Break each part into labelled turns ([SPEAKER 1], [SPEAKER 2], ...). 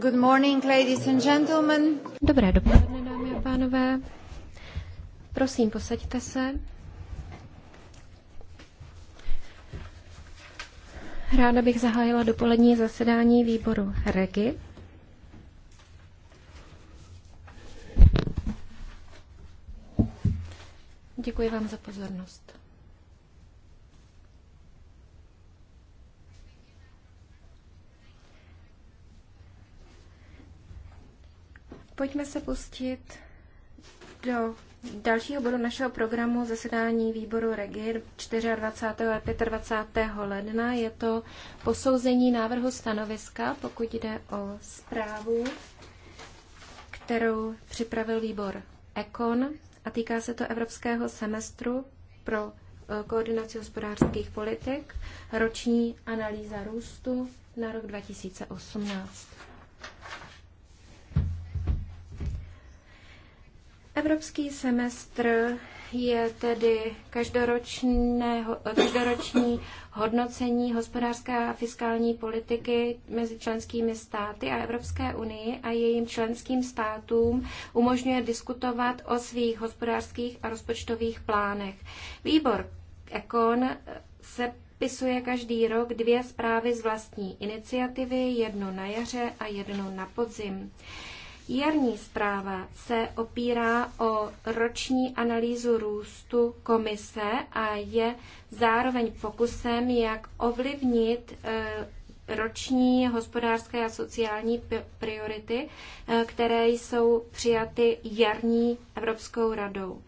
[SPEAKER 1] Good morning, ladies and gentlemen. Dobré dopoledne, dámy a pánové. Prosím, posaďte se. Ráda bych zahájila dopolední zasedání výboru REGI. Děkuji vám za pozornost. pojďme se pustit do dalšího bodu našeho programu zasedání výboru REGI 24. a 25. ledna. Je to posouzení návrhu stanoviska, pokud jde o zprávu, kterou připravil výbor ECON a týká se to evropského semestru pro e, koordinaci hospodářských politik, roční analýza růstu na rok 2018. Evropský semestr je tedy každoroční hodnocení hospodářské a fiskální politiky mezi členskými státy a Evropské unii a jejím členským státům umožňuje diskutovat o svých hospodářských a rozpočtových plánech. Výbor Ekon eh, se Pisuje každý rok dvě zprávy z vlastní iniciativy, jednu na jaře a jednu na podzim. Jarní zpráva se opírá o roční analýzu růstu komise a je zároveň pokusem, jak ovlivnit eh, roční hospodářské a sociální priority, eh, které jsou přijaty jarní Evropskou radou.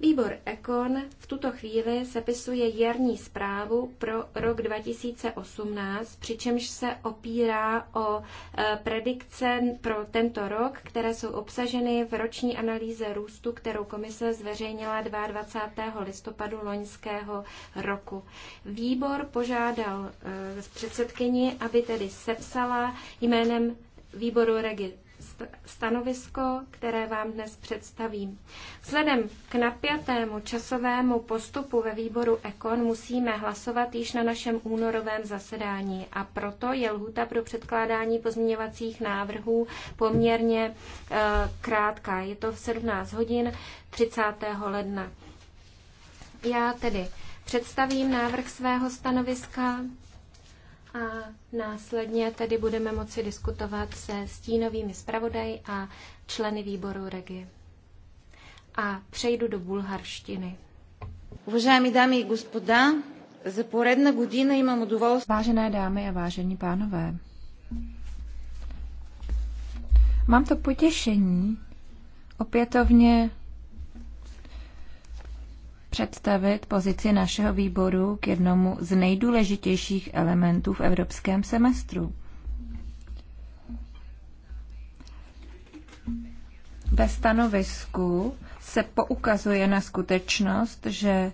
[SPEAKER 1] Výbor Ekon v tuto chvíli sepisuje jarní zprávu pro rok 2018, přičemž se opírá o e, predikce pro tento rok, které jsou obsaženy v roční analýze růstu, kterou komise zveřejnila 22. listopadu loňského roku. Výbor požádal e, předsedkyni, aby tedy sepsala jménem výboru Regi stanovisko, které vám dnes představím. Vzhledem k napjatému časovému postupu ve výboru Ekon musíme hlasovat již na našem únorovém zasedání a proto je lhuta pro předkládání pozměňovacích návrhů poměrně e, krátká. Je to v 17 hodin 30. ledna. Já tedy představím návrh svého stanoviska a následně tedy budeme moci diskutovat se stínovými zpravodaji a členy výboru Regi.
[SPEAKER 2] A přejdu do bulharštiny. Уважаеми dámy a господа, za poredna godina имам удоволствие. Vážené dámy a vážení pánové, mám to potěšení opětovně představit pozici našeho výboru k jednomu z nejdůležitějších elementů v evropském semestru. Ve stanovisku se poukazuje na skutečnost, že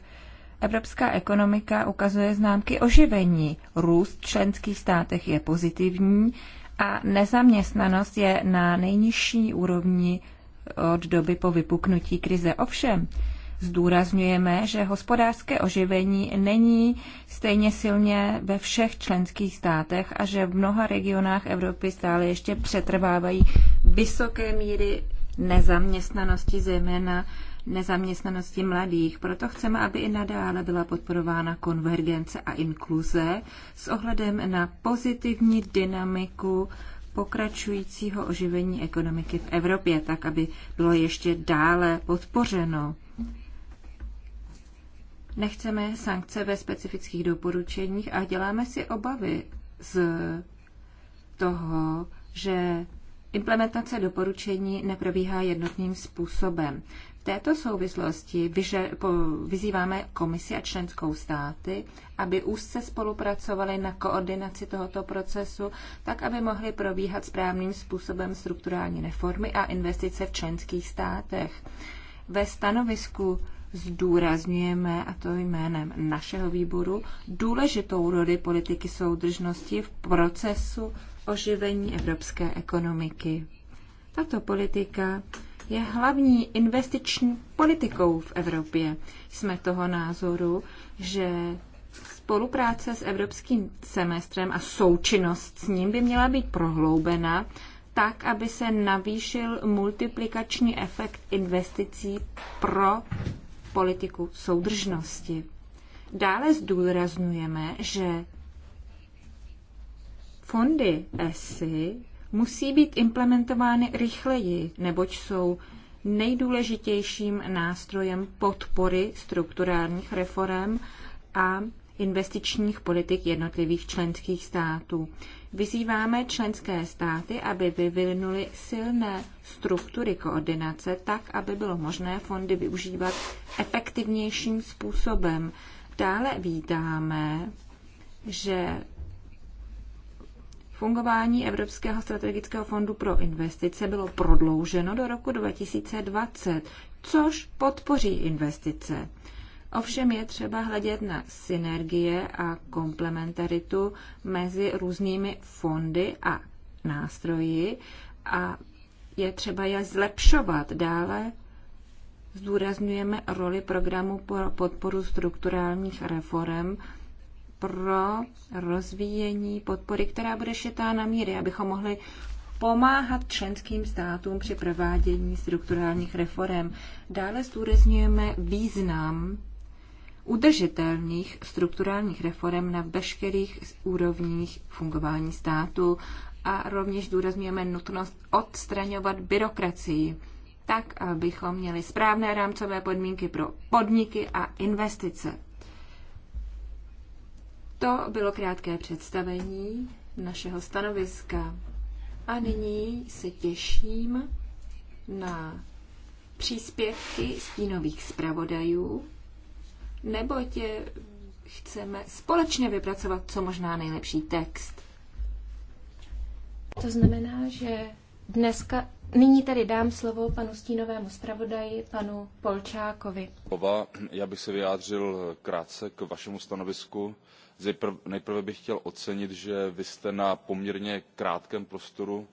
[SPEAKER 2] evropská ekonomika ukazuje známky oživení. Růst v členských státech je pozitivní a nezaměstnanost je na nejnižší úrovni od doby po vypuknutí krize. Ovšem, Zdůrazňujeme, že hospodářské oživení není stejně silně ve všech členských státech a že v mnoha regionách Evropy stále ještě přetrvávají vysoké míry nezaměstnanosti, zejména nezaměstnanosti mladých. Proto chceme, aby i nadále byla podporována konvergence a inkluze s ohledem na pozitivní dynamiku pokračujícího oživení ekonomiky v Evropě, tak aby bylo ještě dále podpořeno nechceme sankce ve specifických doporučeních a děláme si obavy z toho, že implementace doporučení neprobíhá jednotným způsobem. V této souvislosti vyže, po, vyzýváme komisi a členskou státy, aby úzce spolupracovali na koordinaci tohoto procesu, tak aby mohly probíhat správným způsobem strukturální reformy a investice v členských státech. Ve stanovisku zdůrazňujeme, a to jménem našeho výboru, důležitou roli politiky soudržnosti v procesu oživení evropské ekonomiky. Tato politika je hlavní investiční politikou v Evropě. Jsme toho názoru, že spolupráce s evropským semestrem a součinnost s ním by měla být prohloubena tak, aby se navýšil multiplikační efekt investicí pro politiku soudržnosti. Dále zdůrazňujeme, že fondy ESI musí být implementovány rychleji, neboť jsou nejdůležitějším nástrojem podpory strukturálních reform a investičních politik jednotlivých členských států. Vyzýváme členské státy, aby vyvinuly silné struktury koordinace tak, aby bylo možné fondy využívat efektivnějším způsobem. Dále vítáme, že fungování Evropského strategického fondu pro investice bylo prodlouženo do roku 2020, což podpoří investice. Ovšem je třeba hledět na synergie a komplementaritu mezi různými fondy a nástroji a je třeba je zlepšovat. Dále zdůrazňujeme roli programu pro podporu strukturálních reform pro rozvíjení podpory, která bude šitá na míry, abychom mohli pomáhat členským státům při provádění strukturálních reform. Dále zdůrazňujeme význam udržitelných strukturálních reform na veškerých úrovních fungování státu a rovněž důrazňujeme nutnost odstraňovat byrokracii, tak, abychom měli správné rámcové podmínky pro podniky a investice. To bylo krátké představení našeho stanoviska. A nyní se těším na příspěvky stínových zpravodajů neboť eh, chceme společně vypracovat co možná nejlepší text.
[SPEAKER 1] To znamená, že dneska, nyní tady dám slovo panu stínovému zpravodaji, panu
[SPEAKER 3] Polčákovi.
[SPEAKER 4] Oba, já bych se vyjádřil eh, krátce k vašemu stanovisku. Nejprve bych chtěl ocenit, že vy jste na poměrně krátkém prostoru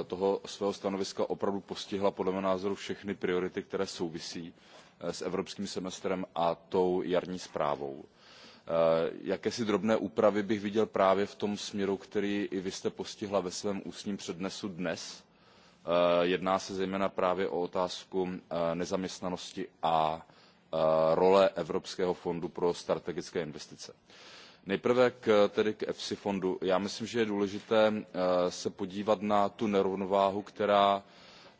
[SPEAKER 4] eh, toho svého stanoviska opravdu postihla podle mého názoru všechny priority, které souvisí Eh, s evropským semestrem a tou jarní zprávou. Eh, jakési drobné úpravy bych viděl právě v tom směru který i vy jste postihla ve svém ústním přednesu dnes eh, jedná se zejména právě o otázku nezaměstnanosti a role evropského fondu pro strategické investice. nejprve k, tedy k efsi fondu. já myslím že je důležité se podívat na tu nerovnováhu která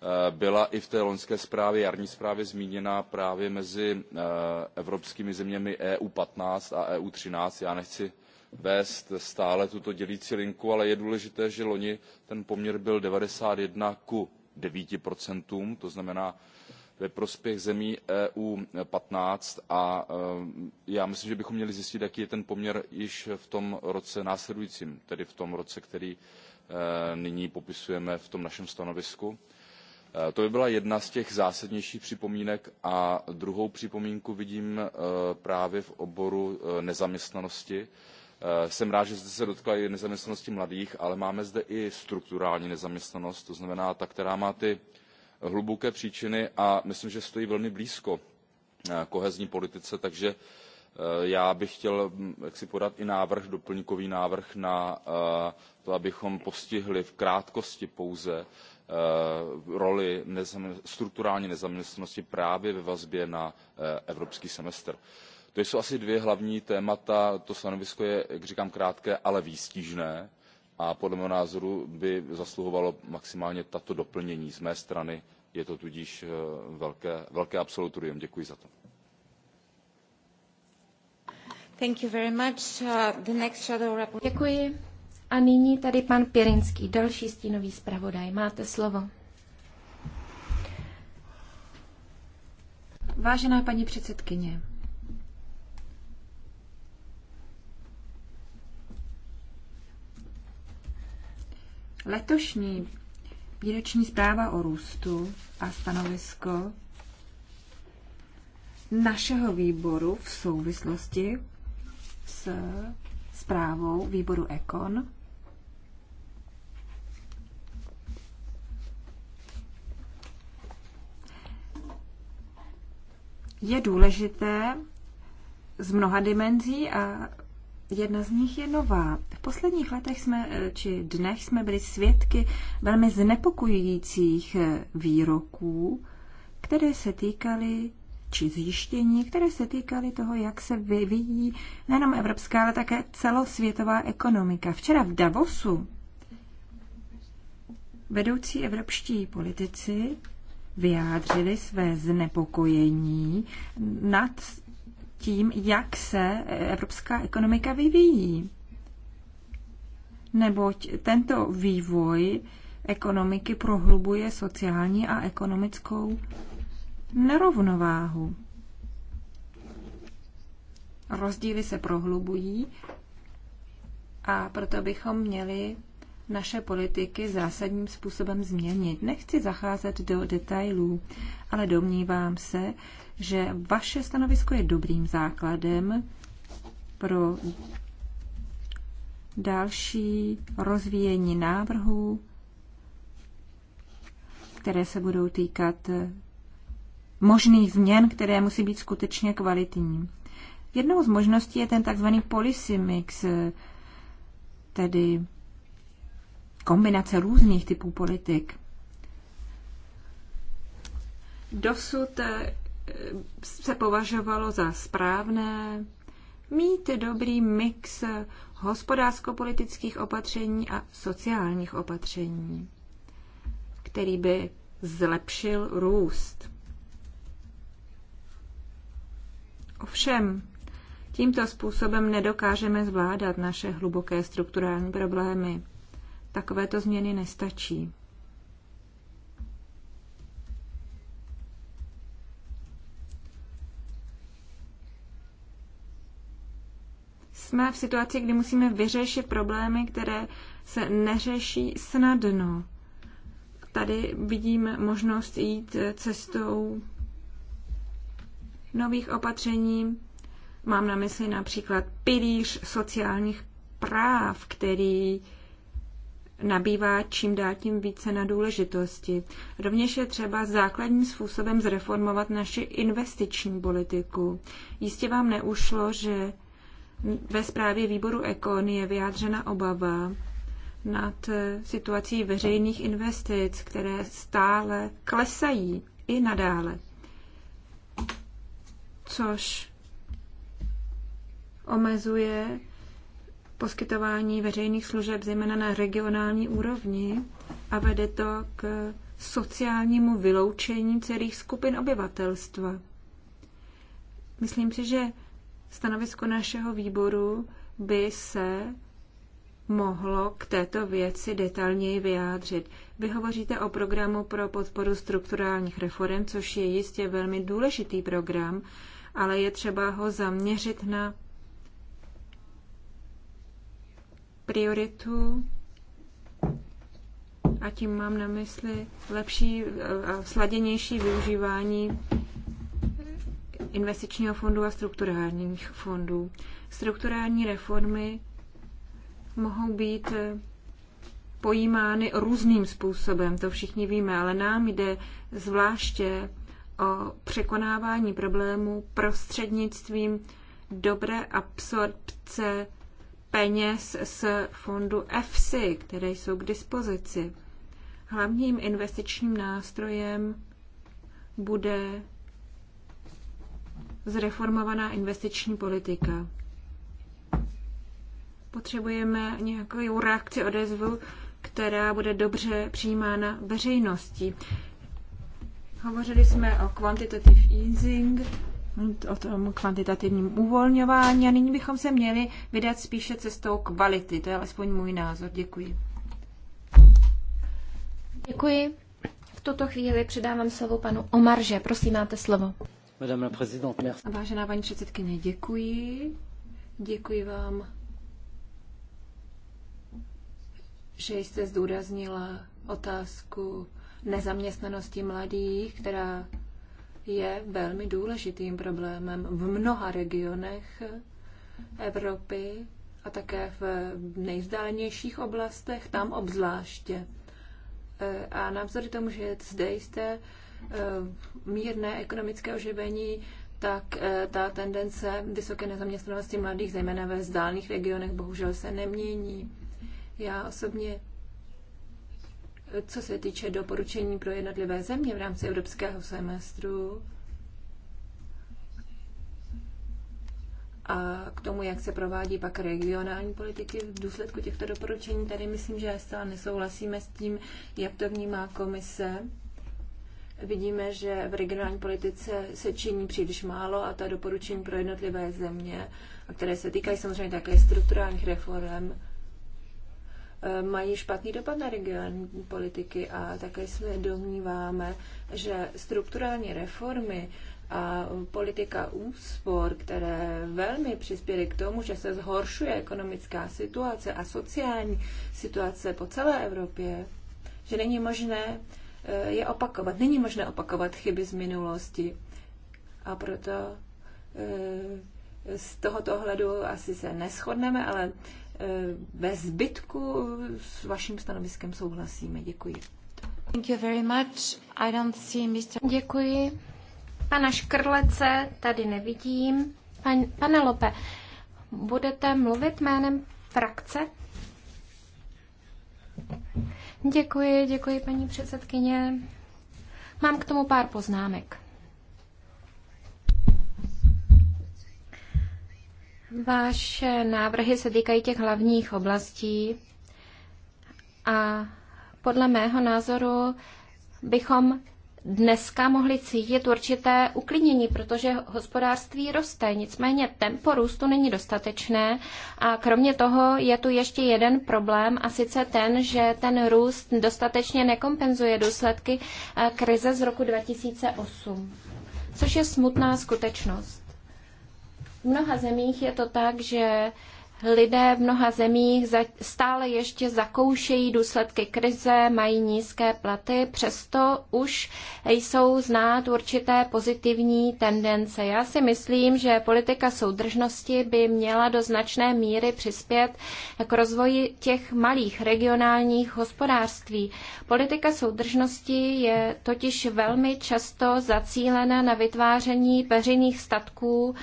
[SPEAKER 4] Eh, byla i v té loňské zprávě jarní zprávě zmíněna právě mezi eh, evropskými zeměmi eu fifteen a eu thirteen já nechci vést stále tuto dělící linku ale je důležité že loni ten poměr byl ninety one nine to znamená ve prospěch zemí eu fifteen a eh, já myslím že bychom měli zjistit jaký je ten poměr již v tom roce následujícím tedy v tom roce který nyní popisujeme v tom našem stanovisku Eh, to by byla jedna z těch zásadnějších připomínek a druhou připomínku vidím eh, právě v oboru eh, nezaměstnanosti. jsem rád že jste se dotkla i nezaměstnanosti mladých ale máme zde i strukturální nezaměstnanost to znamená ta která má ty hluboké příčiny a myslím že stojí velmi blízko kohezní politice takže já bych chtěl mm, podat i návrh doplňkový návrh na to abychom postihli v krátkosti pouze Eh, roli strukturální nezaměstnanosti právě ve vazbě na eh, evropský semestr. to jsou asi dvě hlavní témata to stanovisko je jak říkám krátké ale výstižné a podle mého názoru by zasluhovalo maximálně tato doplnění z mé strany je to tudíž eh, velké, velké absolutorium. děkuji za to.
[SPEAKER 1] Uh, děkuji. A nyní tady pan Pěrinský, další stínový
[SPEAKER 2] zpravodaj. Máte slovo. Vážená paní předsedkyně, letošní výroční zpráva o růstu a stanovisko našeho výboru v souvislosti s zprávou výboru Ekon. Je důležité z mnoha dimenzí a Jedna z nich je nová. V posledních letech jsme, eh, či dnech jsme byli svědky velmi znepokojujících eh, výroků, které se týkaly či zjištění, které se týkaly toho, jak se vyvíjí nejenom evropská, ale také celosvětová ekonomika. Včera v Davosu vedoucí evropští politici vyjádřili své znepokojení nad tím, jak se evropská ekonomika vyvíjí. Neboť tento vývoj ekonomiky prohlubuje sociální a ekonomickou nerovnováhu. Rozdíly se prohlubují a proto bychom měli naše politiky zásadním způsobem změnit. Nechci zacházet do detailů, ale domnívám se, že vaše stanovisko je dobrým základem pro další rozvíjení návrhů, které se budou týkat možných změn, které musí být skutečně kvalitní. Jednou z možností je ten tzv. policy mix, tedy kombinace různých typů politik. Dosud eh, se považovalo za správné mít dobrý mix hospodářsko-politických opatření a sociálních opatření, který by zlepšil růst. Ovšem, tímto způsobem nedokážeme zvládat naše hluboké strukturální problémy. Takovéto změny nestačí. Jsme v situaci, kdy musíme vyřešit problémy, které se neřeší snadno. Tady vidím možnost jít cestou nových opatření. Mám na mysli například pilíř sociálních práv, který nabývá čím dál tím více na důležitosti. Rovněž je třeba základním způsobem zreformovat naši investiční politiku. Jistě vám neušlo, že ve zprávě výboru Ekon je vyjádřena obava nad eh, situací veřejných investic, které stále klesají i nadále což omezuje poskytování veřejných služeb, zejména na regionální úrovni, a vede to k sociálnímu vyloučení celých skupin obyvatelstva. Myslím si, že stanovisko našeho výboru by se mohlo k této věci detailněji vyjádřit. Vy hovoříte o programu pro podporu strukturálních reform, což je jistě velmi důležitý program, ale je třeba ho zaměřit na prioritu a tím mám na mysli lepší eh, a sladěnější využívání investičního fondu a strukturálních fondů. Strukturální reformy mohou být eh, pojímány různým způsobem, to všichni víme, ale nám jde zvláště o překonávání problémů prostřednictvím dobré absorpce peněz z fondu EFSI, které jsou k dispozici. Hlavním investičním nástrojem bude zreformovaná investiční politika. Potřebujeme nějakou reakci odezvu, která bude dobře přijímána veřejností. Hovořili jsme o quantitative easing, o tom kvantitativním uvolňování a nyní bychom se měli vydat spíše cestou kvality. To je alespoň můj názor. Děkuji.
[SPEAKER 1] Děkuji. V tuto chvíli předávám slovo panu Omarže. Prosím, máte slovo. Madame la présidente, merci.
[SPEAKER 2] Vážená paní předsedkyně, děkuji. Děkuji vám, že jste zdůraznila otázku nezaměstnanosti mladých, která je velmi důležitým problémem v mnoha regionech Evropy a také v nejzdálenějších oblastech, tam obzvláště. E, a navzdory tomu, že zde jste e, mírné ekonomické oživení, tak e, ta tendence vysoké nezaměstnanosti mladých, zejména ve zdálných regionech, bohužel se nemění. Já osobně co se týče doporučení pro jednotlivé země v rámci evropského semestru a k tomu, jak se provádí pak regionální politiky v důsledku těchto doporučení, tady myslím, že zcela nesouhlasíme s tím, jak to vnímá komise. Vidíme, že v regionální politice se činí příliš málo a ta doporučení pro jednotlivé země, a které se týkají samozřejmě také strukturálních reform, Eh, mají špatný dopad na regionální politiky a také jsme domníváme, že strukturální reformy a politika úspor, které velmi přispěly k tomu, že se zhoršuje ekonomická situace a sociální situace po celé Evropě, že není možné eh, je opakovat. Není možné opakovat chyby z minulosti. A proto eh, z tohoto hledu asi se neschodneme, ale Eh, ve zbytku s vaším stanoviskem souhlasíme. Děkuji. Thank you very much. I don't see Mr. Děkuji. Pana
[SPEAKER 1] Škrlece tady nevidím. Pan, pane Lope, budete mluvit jménem frakce? Děkuji, děkuji paní předsedkyně. Mám k tomu pár poznámek. Vaše návrhy se týkají těch hlavních oblastí a podle mého názoru bychom dneska mohli cítit určité uklidnění, protože hospodářství roste, nicméně tempo růstu není dostatečné a kromě toho je tu ještě jeden problém a sice ten, že ten růst dostatečně nekompenzuje důsledky eh, krize z roku 2008, což je smutná skutečnost. V mnoha zemích je to tak, že lidé v mnoha zemích stále ještě zakoušejí důsledky krize, mají nízké platy, přesto už jsou znát určité pozitivní tendence. Já si myslím, že politika soudržnosti by měla do značné míry přispět k rozvoji těch malých regionálních hospodářství. Politika soudržnosti je totiž velmi často zacílena na vytváření veřejných statků,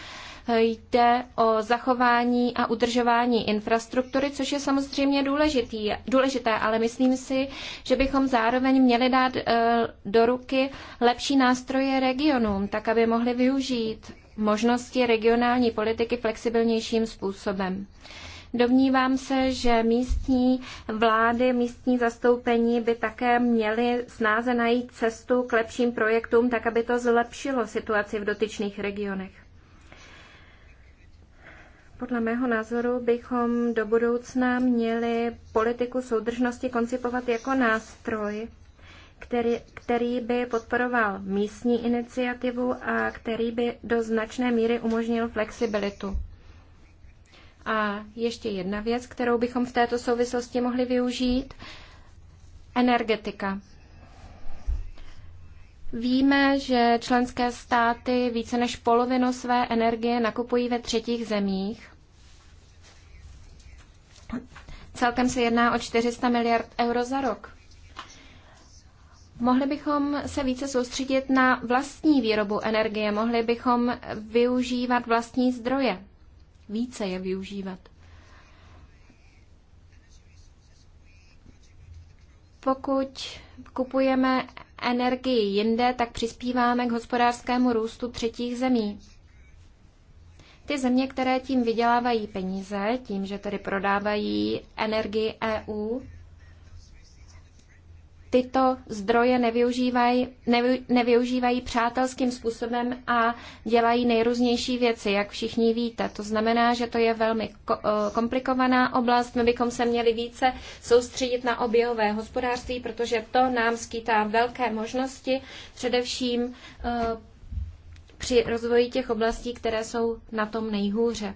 [SPEAKER 1] jde o zachování a udržování infrastruktury, což je samozřejmě důležitý, důležité, ale myslím si, že bychom zároveň měli dát eh, do ruky lepší nástroje regionům, tak aby mohli využít možnosti regionální politiky flexibilnějším způsobem. Domnívám se, že místní vlády, místní zastoupení by také měly snáze najít cestu k lepším projektům, tak aby to zlepšilo situaci v dotyčných regionech. Podle mého názoru
[SPEAKER 4] bychom
[SPEAKER 1] do budoucna měli politiku soudržnosti koncipovat jako nástroj, který, který by podporoval místní iniciativu a který by do značné míry umožnil flexibilitu. A ještě jedna věc, kterou bychom v této souvislosti mohli využít, energetika. Víme, že členské státy více než polovinu své energie nakupují ve třetích zemích. Celkem se jedná o 400 miliard euro za rok. Mohli bychom se více soustředit na vlastní výrobu energie, mohli bychom využívat vlastní zdroje, více je využívat. Pokud kupujeme energii jinde, tak přispíváme k hospodářskému růstu třetích zemí. Ty země, které tím vydělávají peníze, tím, že tedy prodávají energii EU, tyto zdroje nevyužívají, nevy, nevyužívají přátelským způsobem a dělají nejrůznější věci, jak všichni víte. To znamená, že to je velmi eh, komplikovaná oblast. My bychom se měli více soustředit na oběhové hospodářství, protože to nám skýtá velké možnosti, především eh, při rozvoji těch oblastí, které jsou na tom nejhůře.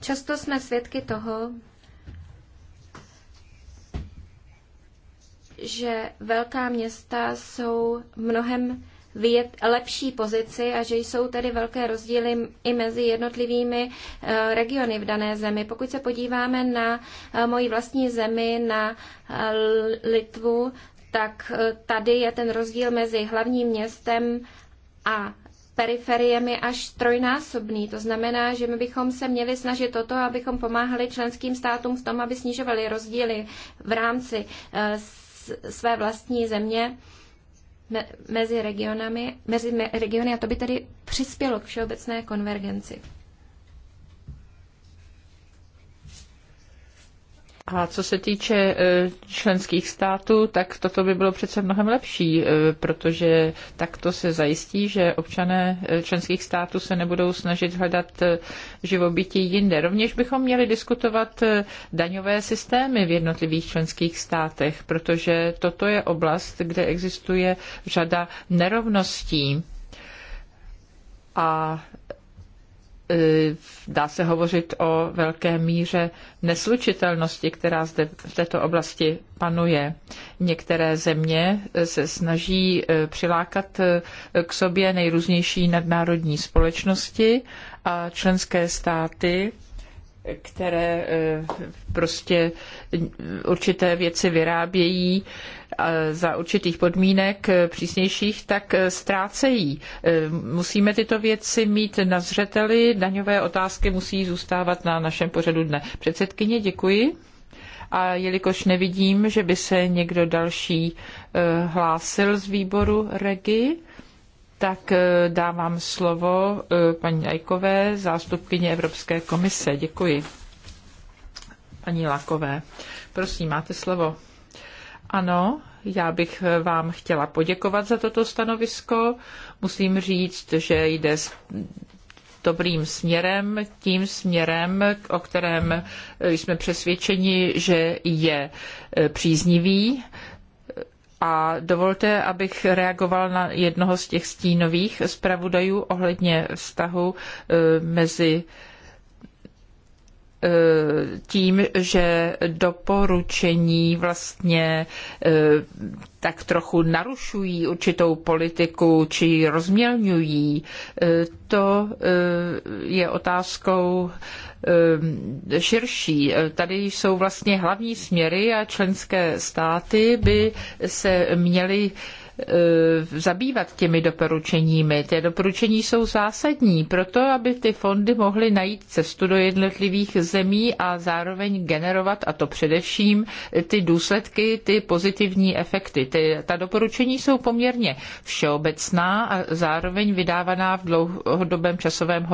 [SPEAKER 1] Často jsme svědky toho, že velká města jsou mnohem lepší pozici a že jsou tedy velké rozdíly i mezi jednotlivými eh, regiony v dané zemi. Pokud se podíváme na eh, moji vlastní zemi, na eh, Litvu, tak eh, tady je ten rozdíl mezi hlavním městem a periferiemi až trojnásobný. To znamená, že my bychom se měli snažit o to, abychom pomáhali členským státům v tom, aby snižovali rozdíly v rámci eh, své vlastní země mezi, regionami, mezi regiony a to by tedy přispělo k všeobecné konvergenci.
[SPEAKER 3] A co se týče e, členských států, tak toto by bylo přece mnohem lepší, e, protože takto se zajistí, že občané e, členských států se nebudou snažit hledat živobytí jinde. Rovněž bychom měli diskutovat daňové systémy v jednotlivých členských státech, protože toto je oblast, kde existuje řada nerovností. A E, dá se hovořit o velké míře neslučitelnosti, která zde v této oblasti panuje. Některé země se snaží e, přilákat e, k sobě nejrůznější nadnárodní společnosti a členské státy které eh, prostě eh, určité věci vyrábějí za určitých podmínek eh, přísnějších, tak ztrácejí. Musíme tyto věci mít na zřeteli, daňové otázky musí zůstávat na našem pořadu dne. Předsedkyně, děkuji. A jelikož nevidím, že by se někdo další hlásil z výboru REGI, tak eh, dávám slovo eh, paní Lajkové, zástupkyně Evropské komise. Děkuji. Paní Lakové, prosím, máte slovo. Ano, já bych eh, vám chtěla poděkovat za toto stanovisko. Musím říct, že jde dobrým směrem, tím směrem, o kterém jsme přesvědčeni, že je příznivý a dovolte, abych reagoval na jednoho z těch stínových zpravodajů ohledně vztahu e, mezi Eh, tím, že doporučení vlastně eh, tak trochu narušují určitou politiku či ji rozmělňují. Eh, to je otázkou širší. Tady jsou vlastně hlavní směry a členské státy by se měly Eh, zabývat těmi doporučeními. Ty doporučení jsou zásadní proto, aby ty fondy mohly najít cestu do jednotlivých zemí a zároveň generovat, a to především, ty důsledky, ty pozitivní efekty. Ty, ta doporučení jsou poměrně všeobecná a zároveň vydávaná v dlouhodobém časovém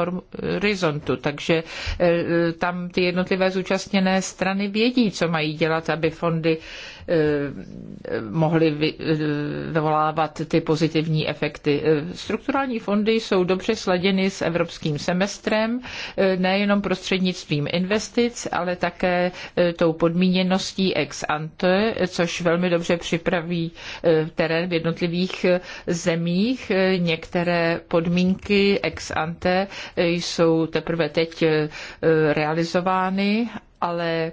[SPEAKER 3] horizontu, takže eh, tam ty jednotlivé zúčastněné strany vědí, co mají dělat, aby fondy Eh, mohly eh, vyvolávat ty pozitivní efekty. Eh, strukturální fondy jsou dobře sladěny s evropským semestrem, nejenom prostřednictvím investic, ale také tou podmíněností ex ante, což velmi dobře připraví terén v jednotlivých zemích. Některé podmínky ex ante jsou teprve teď realizovány, ale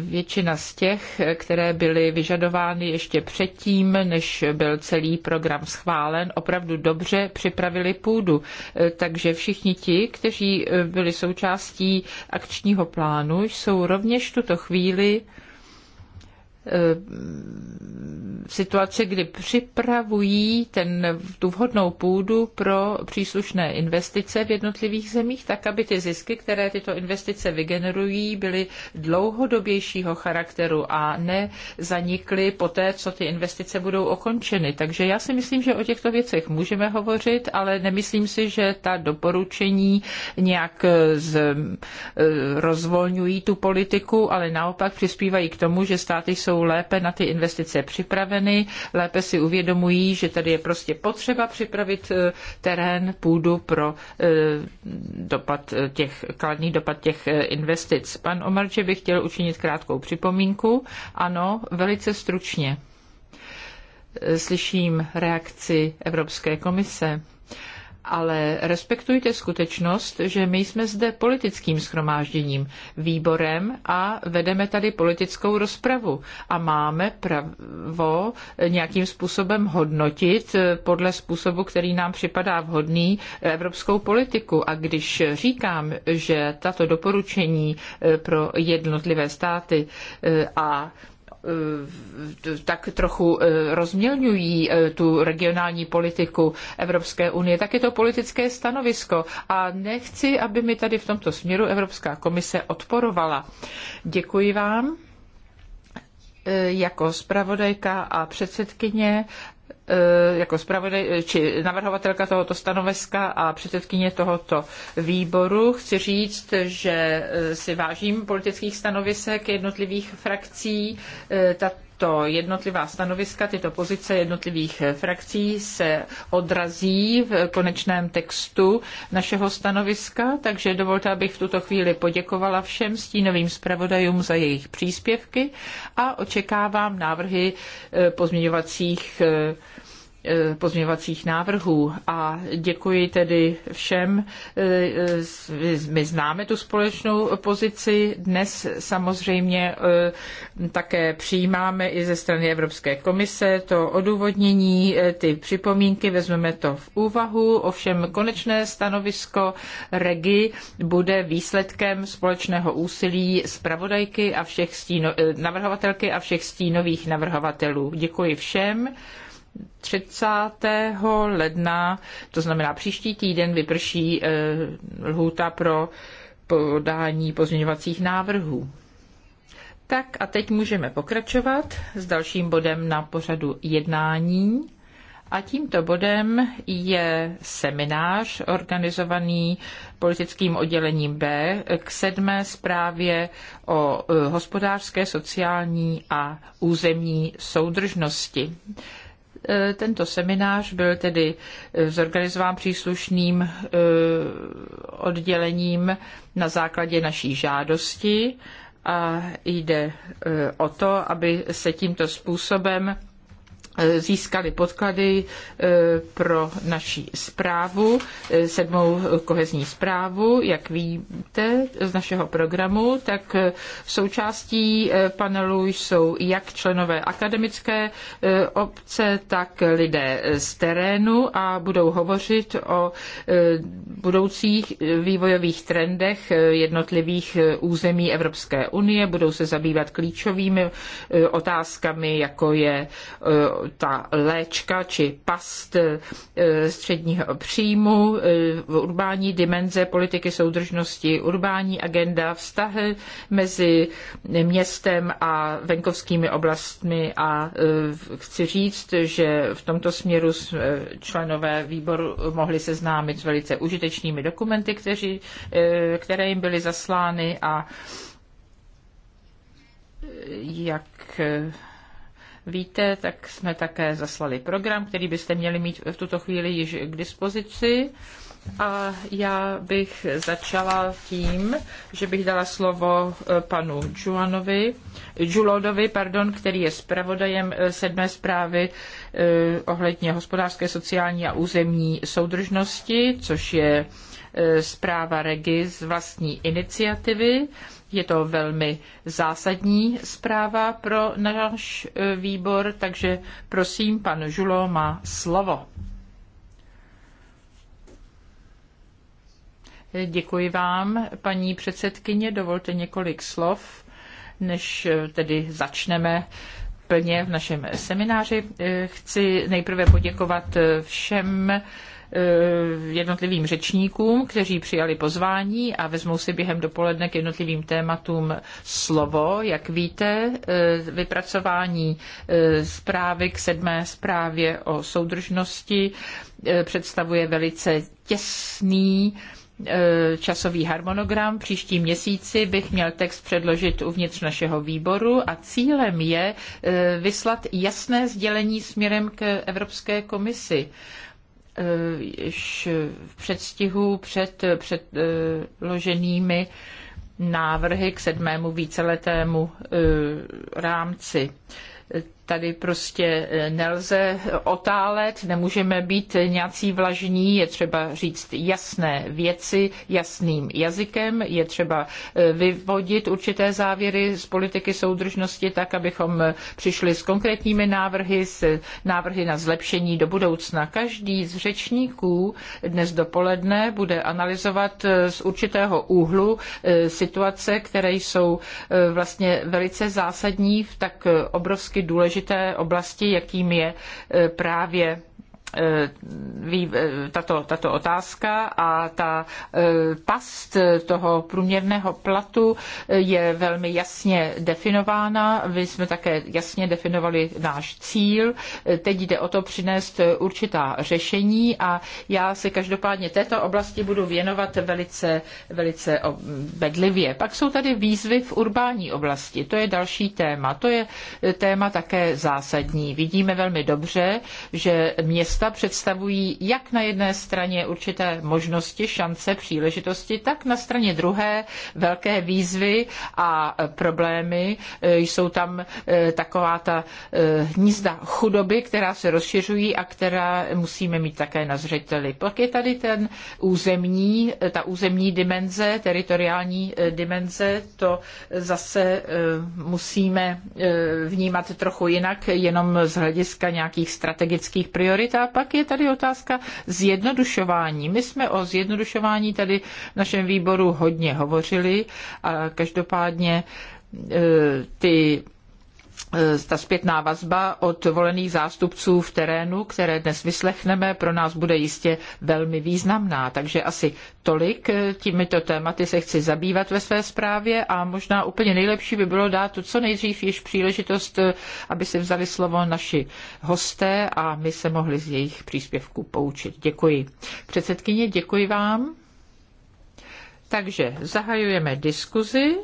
[SPEAKER 3] Většina z těch, které byly vyžadovány ještě předtím, než byl celý program schválen, opravdu dobře připravili půdu. Eh, takže všichni ti, kteří eh, byli součástí akčního plánu, jsou rovněž tuto chvíli Eh, situace, kdy připravují ten, tu vhodnou půdu pro příslušné investice v jednotlivých zemích, tak aby ty zisky, které tyto investice vygenerují, byly dlouhodobějšího charakteru a ne zanikly poté, co ty investice budou ukončeny. Takže já si myslím, že o těchto věcech můžeme hovořit, ale nemyslím si, že ta doporučení nějak eh, z, eh, rozvolňují tu politiku, ale naopak přispívají k tomu, že státy jsou jsou lépe na ty investice připraveny, lépe si uvědomují, že tady je prostě potřeba připravit eh, terén, půdu pro eh, dopad eh, těch, kladný dopad těch investic. Pan Omarče by chtěl učinit krátkou připomínku. Ano, velice stručně. Slyším reakci Evropské komise ale respektujte skutečnost, že my jsme zde politickým schromážděním, výborem a vedeme tady politickou rozpravu a máme právo nějakým způsobem hodnotit podle způsobu, který nám připadá vhodný, evropskou politiku. A když říkám, že tato doporučení eh, pro jednotlivé státy eh, a Eh, tak trochu eh, rozmělňují eh, tu regionální politiku Evropské unie, tak je to politické stanovisko. A nechci, aby mi tady v tomto směru Evropská komise odporovala. Děkuji vám jako zpravodajka a předsedkyně Eh, jako zpravodaj, eh, či navrhovatelka tohoto stanoviska a předsedkyně tohoto výboru chci říct, že eh, si vážím politických stanovisek jednotlivých frakcí tato jednotlivá stanoviska, tyto pozice jednotlivých frakcí se odrazí v konečném textu našeho stanoviska, takže dovolte, abych v tuto chvíli poděkovala všem stínovým zpravodajům za jejich příspěvky a očekávám návrhy eh, pozměňovacích eh, Eh, pozměňovacích návrhů a děkuji tedy všem. Eh, eh, my známe tu společnou pozici. Dnes samozřejmě také přijímáme i ze strany Evropské komise to odůvodnění, ty připomínky, vezmeme to v úvahu. Ovšem konečné stanovisko REGI bude výsledkem společného úsilí zpravodajky a všech stíno, navrhovatelky a všech stínových navrhovatelů. Děkuji všem. 30. ledna, to znamená příští týden, vyprší eh, lhůta pro podání pozměňovacích návrhů. Tak a teď můžeme pokračovat s dalším bodem na pořadu jednání. A tímto bodem je seminář organizovaný politickým oddělením B k sedmé zprávě o eh, hospodářské, sociální a územní soudržnosti. Eh, tento seminář byl tedy eh, zorganizován příslušným eh, oddělením na základě naší žádosti a jde o to, aby se tímto způsobem získali podklady e, pro naši zprávu, e, sedmou kohezní zprávu. Jak víte z našeho programu, tak v e, součástí panelu jsou jak členové akademické obce, tak lidé z terénu a budou hovořit o budoucích vývojových trendech jednotlivých území Evropské unie, budou se zabývat klíčovými otázkami, jako je ta léčka či past eh, středního příjmu, eh, urbání dimenze politiky soudržnosti, urbání agenda, vztahy mezi městem a venkovskými oblastmi a eh, chci říct, že v tomto směru členové výboru mohli seznámit s velice užitečnými dokumenty, kteří, které jim byly zaslány a jak víte, tak jsme také zaslali program, který byste měli mít v tuto chvíli již k dispozici. A já bych začala tím, že bych dala slovo eh, panu Juanovi, Julodovi, pardon, který je zpravodajem eh, sedmé zprávy eh, ohledně hospodářské, sociální a územní soudržnosti, což je zpráva Regi z vlastní iniciativy. Je to velmi zásadní zpráva pro náš e, výbor, takže prosím, pan Žulo má slovo. Děkuji vám, paní předsedkyně. Dovolte několik slov, než e, tedy začneme plně v našem semináři. E, chci nejprve poděkovat všem Eh, jednotlivým řečníkům, kteří přijali pozvání a vezmou si během dopoledne k jednotlivým tématům slovo. Jak víte, eh, vypracování eh, zprávy k sedmé zprávě o soudržnosti představuje velice těsný časový harmonogram. Příští měsíci bych měl text předložit uvnitř našeho výboru a cílem je vyslat jasné sdělení směrem k Evropské komisi Eh, již v předstihu před eh, předloženými návrhy k sedmému víceletému eh, rámci Tady prostě e, nelze otálet, nemůžeme být nějací vlažní, je třeba říct jasné věci jasným jazykem, je třeba e, vyvodit určité závěry z politiky soudržnosti tak, abychom přišli s konkrétními návrhy, s návrhy na zlepšení do budoucna. Každý z řečníků dnes dopoledne bude analyzovat e, z určitého úhlu situace, které jsou vlastně velice zásadní v tak obrovsky důležité důležité oblasti, jakým je e, právě Eh, eh, tato, tato otázka a ta eh, past toho průměrného platu je velmi jasně definována. My jsme také jasně definovali náš cíl. Teď jde o to přinést určitá řešení a já se každopádně této oblasti budu věnovat velice, velice bedlivě. Pak jsou tady výzvy v urbání oblasti. To je další téma. To je téma také zásadní. Vidíme velmi dobře, že města cesta představují jak na jedné straně určité možnosti, šance, příležitosti, tak na straně druhé velké výzvy a e, problémy. E, jsou tam e, taková ta hnízda chudoby, která se rozšiřují a která musíme mít také na zřeteli. Pak je tady ten územní, ta územní dimenze, teritoriální dimenze, to zase musíme vnímat trochu jinak, jenom z hlediska nějakých strategických priorit a pak je tady otázka zjednodušování. My jsme o zjednodušování tady v našem výboru hodně hovořili a každopádně e, ty Eh, ta zpětná vazba od volených zástupců v terénu, které dnes vyslechneme, pro nás bude jistě velmi významná. Takže asi tolik eh, těmito tématy se chci zabývat ve své zprávě a možná úplně nejlepší by bylo dát to co nejdřív již příležitost, eh, aby si vzali slovo naši hosté a my se mohli z jejich příspěvků poučit. Děkuji. Předsedkyně, děkuji vám. Takže zahajujeme diskuzi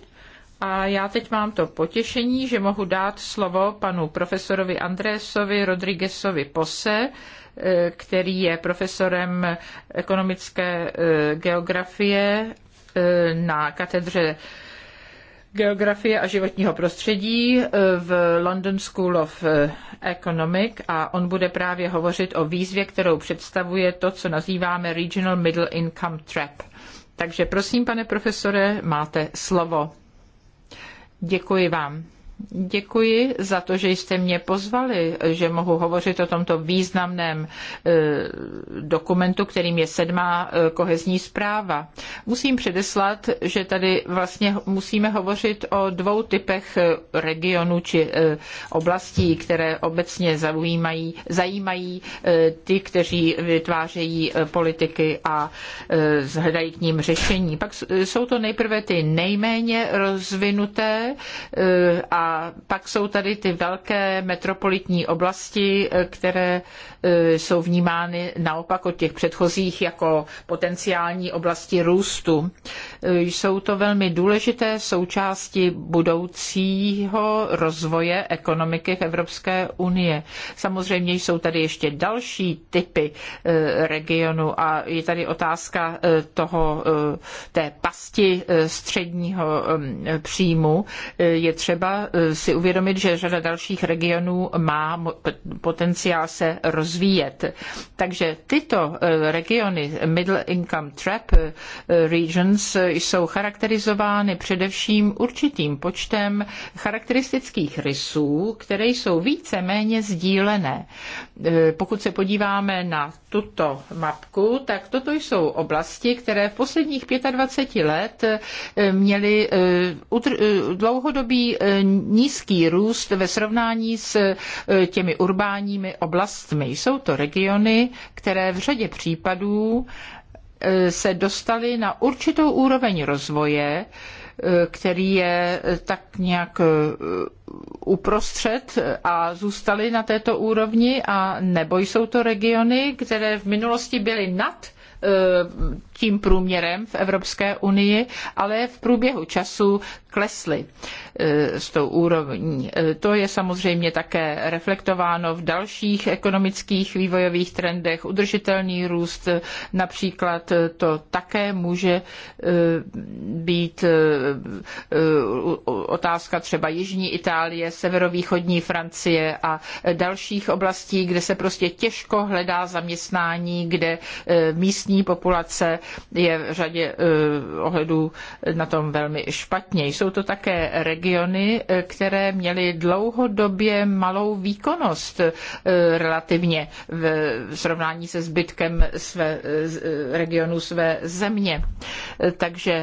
[SPEAKER 3] a já teď mám to potěšení, že mohu dát slovo panu profesorovi Andrésovi Rodriguesovi Pose, eh, který je profesorem ekonomické eh, geografie eh, na katedře geografie a životního prostředí v London School of Economic a on bude právě hovořit o výzvě, kterou představuje to, co nazýváme Regional Middle Income Trap. Takže prosím, pane profesore, máte slovo. Děkuji vám. Děkuji za to, že jste mě pozvali, že mohu hovořit o tomto významném e, dokumentu, kterým je sedmá e, kohezní zpráva. Musím předeslat, že tady vlastně musíme hovořit o dvou typech e, regionů či oblastí, které obecně zaujímají, zajímají ty, kteří vytvářejí politiky a hledají k ním řešení. Pak jsou to nejprve ty nejméně rozvinuté a pak jsou tady ty velké metropolitní oblasti, eh, které eh, jsou vnímány naopak od těch předchozích jako potenciální oblasti růstu. Eh, jsou to velmi důležité součásti budoucího rozvoje ekonomiky v Evropské unie. Samozřejmě jsou tady ještě další typy regionu a je tady otázka toho, té pasti středního příjmu. Je třeba si uvědomit, že řada dalších regionů má potenciál se rozvíjet. Takže tyto eh, regiony, middle income trap eh, regions, jsou charakterizovány především určitým počtem charakteristických rysů, které jsou více-méně sdílené. Eh, pokud se podíváme na tuto mapku, tak toto jsou oblasti, které v posledních 25 let měly dlouhodobý nízký růst ve srovnání s e, těmi urbánními oblastmi. Jsou to regiony, které v řadě případů e, se dostaly na určitou úroveň rozvoje, e, který je tak nějak uprostřed a zůstaly na této úrovni, a nebo jsou to regiony, které v minulosti byly nad tím průměrem v Evropské unii, ale v průběhu času klesly eh, s tou úrovní. Eh, to je samozřejmě také reflektováno v dalších ekonomických vývojových trendech. Udržitelný růst eh, například to také může být otázka třeba Jižní Itálie, severovýchodní Francie a dalších oblastí, kde se prostě těžko hledá zaměstnání, kde místní populace je v řadě ohledů na tom velmi špatně jsou to také regiony, eh, které měly dlouhodobě malou výkonnost eh, relativně v srovnání se zbytkem své, eh, regionu své země. Takže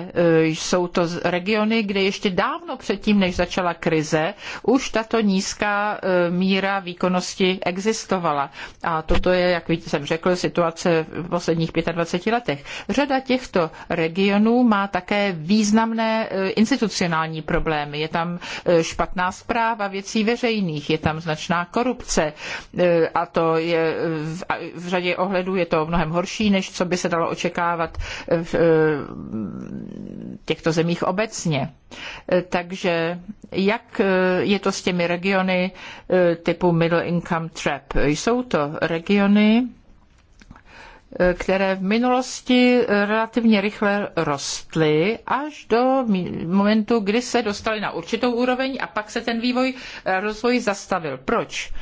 [SPEAKER 3] jsou to regiony, kde ještě dávno předtím, než začala krize, už tato nízká míra výkonnosti existovala. A toto je, jak jsem řekl, situace v posledních 25 letech. Řada těchto regionů má také významné institucionální institucionální problémy, je tam eh, špatná správa věcí veřejných, je tam značná korupce eh, a to je eh, v, v řadě ohledů je to mnohem horší, než co by se dalo očekávat v těchto zemích obecně. Takže jak je to s těmi regiony typu Middle Income Trap? Jsou to regiony, které v minulosti relativně rychle rostly až do momentu, kdy se dostaly na určitou úroveň a pak se ten vývoj eh, rozvoj zastavil. Proč?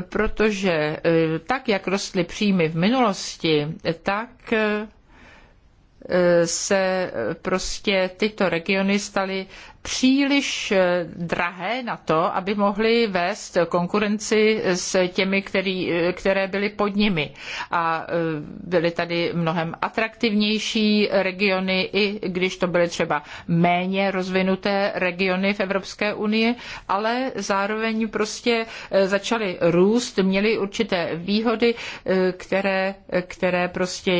[SPEAKER 3] Protože eh, tak, jak rostly příjmy v minulosti, tak eh, se prostě tyto regiony staly příliš eh, drahé na to, aby mohly vést konkurenci s těmi, který, eh, které byly pod nimi. A eh, byly tady mnohem atraktivnější regiony, i když to byly třeba méně rozvinuté regiony v Evropské unii, ale zároveň prostě začaly růst, měly určité výhody, které, které prostě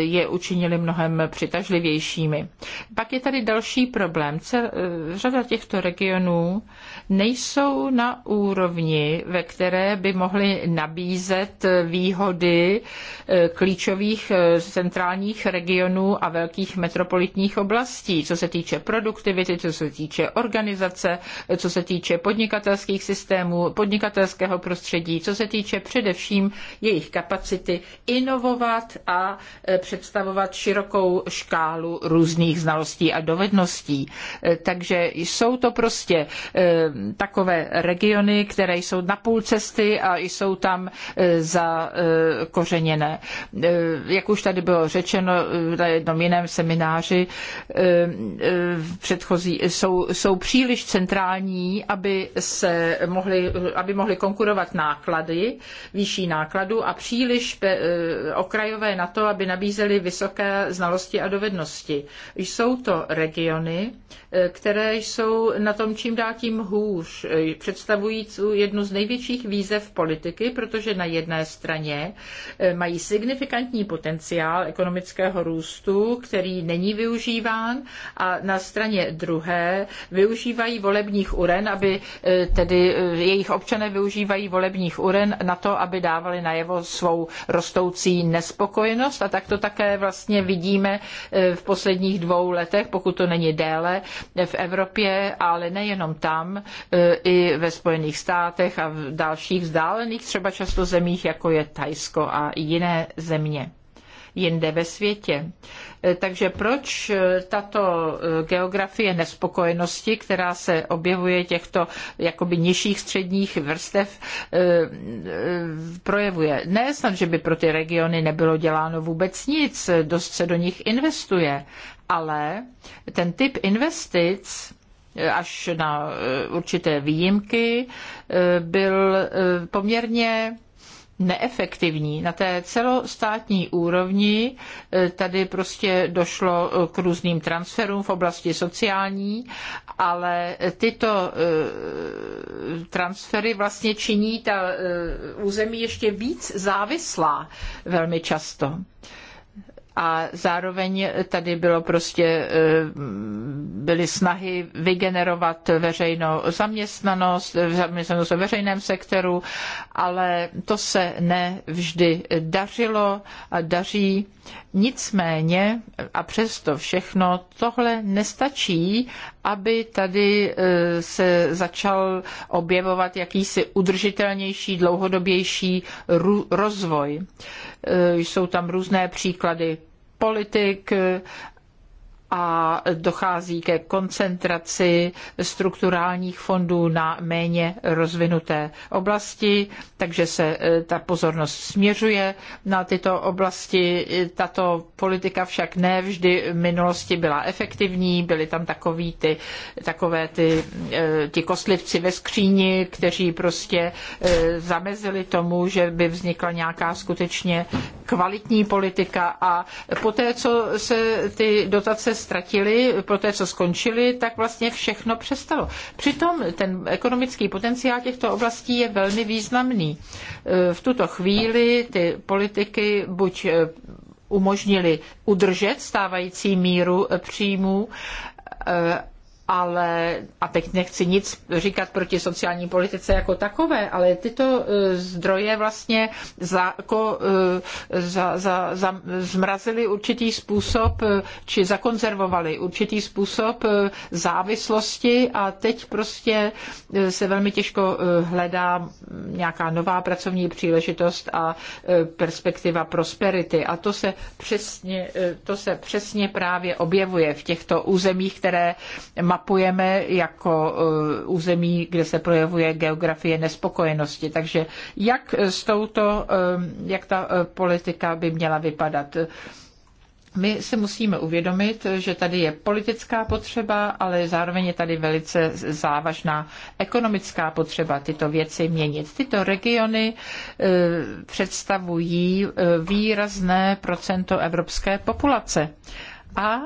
[SPEAKER 3] je učinily mnohem přitažlivějšími. Pak je tady další problém. Cel, řada těchto regionů nejsou na úrovni, ve které by mohly nabízet výhody eh, klíčových eh, centrálních regionů a velkých metropolitních oblastí, co se týče produktivity, co se týče organizace, eh, co se týče podnikatelských systémů, podnikatelského prostředí, co se týče především jejich kapacity inovovat a představovat širokou škálu různých znalostí a dovedností. Takže jsou to prostě takové regiony, které jsou na půl cesty a jsou tam e, zakořeněné. E, jak už tady bylo řečeno e, na jednom jiném semináři, předchozí, jsou, jsou příliš centrální, aby, se mohli, aby mohli konkurovat náklady, výšší nákladu a příliš okrajové na to, aby nabízely vysoké znalosti a dovednosti. Jsou to regiony, které jsou na tom čím dál tím hůř už eh, představují jednu z největších výzev politiky, protože na jedné straně eh, mají signifikantní potenciál ekonomického růstu, který není využíván a na straně druhé využívají volebních uren, aby eh, tedy jejich občané využívají volebních uren na to, aby dávali najevo svou rostoucí nespokojenost a tak to také vlastně vidíme v posledních dvou letech, pokud to není déle v Evropě, ale nejenom tam, E, i ve Spojených státech a v dalších vzdálených třeba často zemích, jako je Tajsko a jiné země jinde ve světě. E, takže proč e, tato geografie nespokojenosti, která se objevuje těchto jakoby nižších středních vrstev, projevuje? Ne snad, že by pro ty regiony nebylo děláno vůbec nic, dost se do nich investuje, ale ten typ investic až na eh, určité výjimky, eh, byl eh, poměrně neefektivní. Na té celostátní úrovni tady prostě došlo k různým transferům v oblasti sociální, ale tyto transfery vlastně činí ta území ještě víc závislá velmi často a zároveň tady bylo prostě, e, byly snahy vygenerovat veřejnou zaměstnanost, zaměstnanost ve veřejném sektoru, ale to se ne vždy dařilo a daří. Nicméně a přesto všechno tohle nestačí, aby tady e, se začal objevovat jakýsi udržitelnější, dlouhodobější rozvoj. E, jsou tam různé příklady politik a dochází ke koncentraci strukturálních fondů na méně rozvinuté oblasti, takže se e, ta pozornost směřuje na tyto oblasti. Tato politika však ne vždy v minulosti byla efektivní, byly tam takový ty, takové ty, e, ty kostlivci ve skříni, kteří prostě e, zamezili tomu, že by vznikla nějaká skutečně kvalitní politika a poté, co se ty dotace ztratili po té, co skončili, tak vlastně všechno přestalo. Přitom ten ekonomický potenciál těchto oblastí je velmi významný. E, v tuto chvíli ty politiky buď e, umožnili udržet stávající míru e, příjmů, ale, a teď nechci nic říkat proti sociální politice jako takové, ale tyto e, zdroje vlastně za, jako, za, za, za, určitý způsob, e, či zakonzervovali určitý způsob závislosti a teď prostě se velmi těžko hledá nějaká nová pracovní příležitost a perspektiva prosperity. A to se přesně, to se přesně právě objevuje v těchto územích, které má mapujeme jako eh, území, kde se projevuje geografie nespokojenosti. Takže jak s touto, eh, jak ta eh, politika by měla vypadat? My si musíme uvědomit, že tady je politická potřeba, ale zároveň je tady velice závažná ekonomická potřeba tyto věci měnit. Tyto regiony představují výrazné procento evropské populace a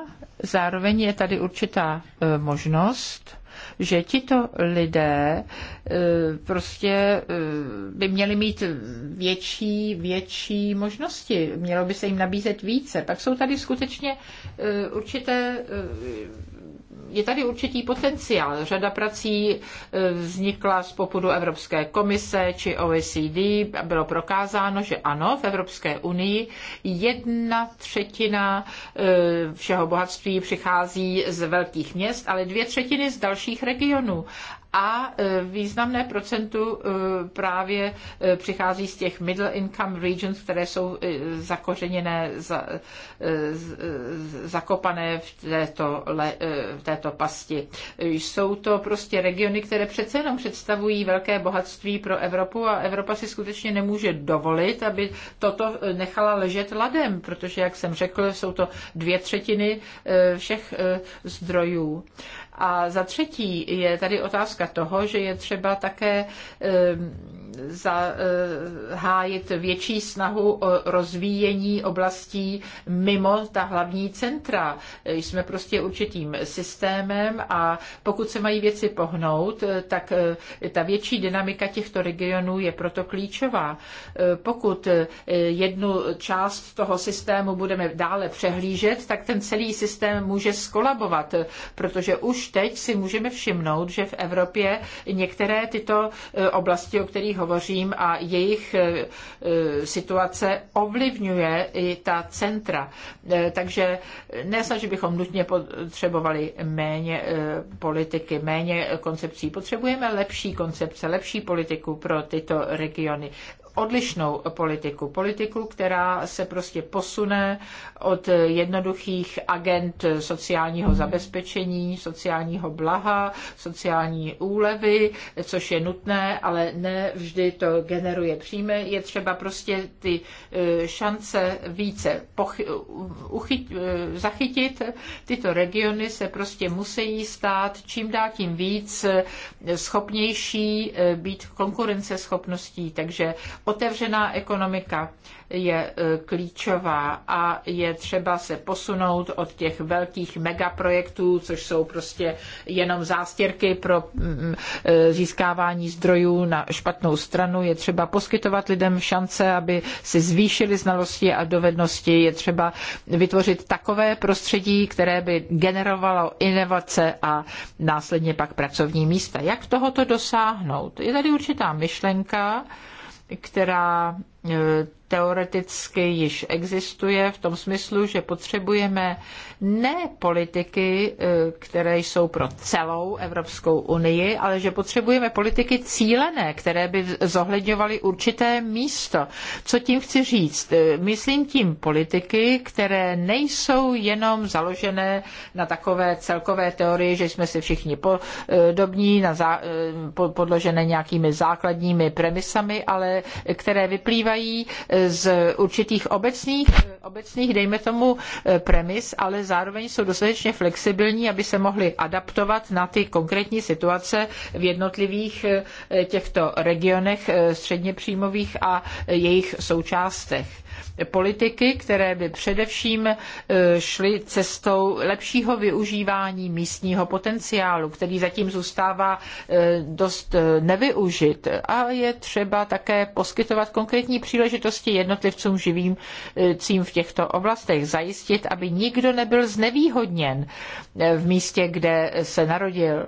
[SPEAKER 3] Zároveň je tady určitá e, možnost, že tito lidé e, prostě e, by měli mít větší, větší možnosti, mělo by se jim nabízet více. Pak jsou tady skutečně určité je tady určitý potenciál. Řada prací e, vznikla z popudu Evropské komise či OECD. Bylo prokázáno, že ano, v Evropské unii jedna třetina e, všeho bohatství přichází z velkých měst, ale dvě třetiny z dalších regionů a e, významné procentu e, právě e, přichází z těch middle income regions, které jsou zakořeněné, zakopané v této, v této pasti. Jsou to prostě regiony, které přece jenom představují velké bohatství pro Evropu a Evropa si skutečně nemůže dovolit, aby toto nechala ležet ladem, protože, jak jsem řekl, jsou to dvě třetiny všech zdrojů. A za třetí je tady otázka toho, že je třeba také zahájit větší snahu o rozvíjení oblastí mimo ta hlavní centra. Jsme prostě určitým systémem a pokud se mají věci pohnout, tak eh, ta větší dynamika těchto regionů je proto klíčová. Eh, pokud eh, jednu část toho systému budeme dále přehlížet, tak ten celý systém může skolabovat, protože už teď si můžeme všimnout, že v Evropě některé tyto oblasti, o kterých hovořím, a jejich e, e, situace ovlivňuje i ta centra. E, takže nesnad, že bychom nutně potřebovali méně politiky, méně koncepcí. Potřebujeme lepší koncepce, lepší politiku pro tyto regiony odlišnou politiku. Politiku, která se prostě posune od jednoduchých agent sociálního hmm. zabezpečení, sociálního blaha, sociální úlevy, což je nutné, ale ne vždy to generuje příjmy. Je třeba prostě ty eh, šance více uchyt- eh, zachytit. Tyto regiony se prostě musí stát čím dál tím víc eh, schopnější být konkurenceschopností. Takže Otevřená ekonomika je e, klíčová a je třeba se posunout od těch velkých megaprojektů, což jsou prostě jenom zástěrky pro mm, mm, e, získávání zdrojů na špatnou stranu. Je třeba poskytovat lidem šance, aby si zvýšili znalosti a dovednosti. Je třeba vytvořit takové prostředí, které by generovalo inovace a následně pak pracovní místa. Jak tohoto dosáhnout? Je tady určitá myšlenka, která eh, teoreticky již existuje v tom smyslu, že potřebujeme ne politiky, e, které jsou pro celou Evropskou unii, ale že potřebujeme politiky cílené, které by zohledňovaly určité místo. Co tím chci říct? E, myslím tím politiky, které nejsou jenom založené na takové celkové teorii, že jsme si všichni podobní, e, na zá, podložené nějakými základními premisami, ale které vyplývají z určitých obecných, obecných dejme tomu, eh, premis, ale zároveň jsou dostatečně flexibilní, aby se mohli adaptovat na ty konkrétní situace v jednotlivých eh, těchto regionech eh, středně příjmových a jejich součástech politiky, které by především e, šly cestou lepšího využívání místního potenciálu, který zatím zůstává e, dost e, nevyužit. A je třeba také poskytovat konkrétní příležitosti jednotlivcům živým cím v těchto oblastech, zajistit, aby nikdo nebyl znevýhodněn v místě, kde se narodil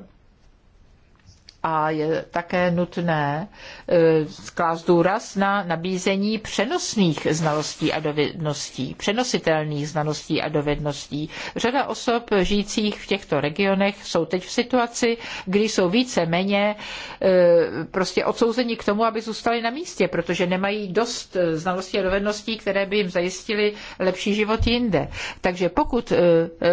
[SPEAKER 3] a je také nutné sklást eh, důraz na nabízení přenosných znalostí a dovedností, přenositelných znalostí a dovedností. Řada osob žijících v těchto regionech jsou teď v situaci, kdy jsou více méně eh, prostě odsouzeni k tomu, aby zůstali na místě, protože nemají dost eh, znalostí a dovedností, které by jim zajistily lepší život jinde. Takže pokud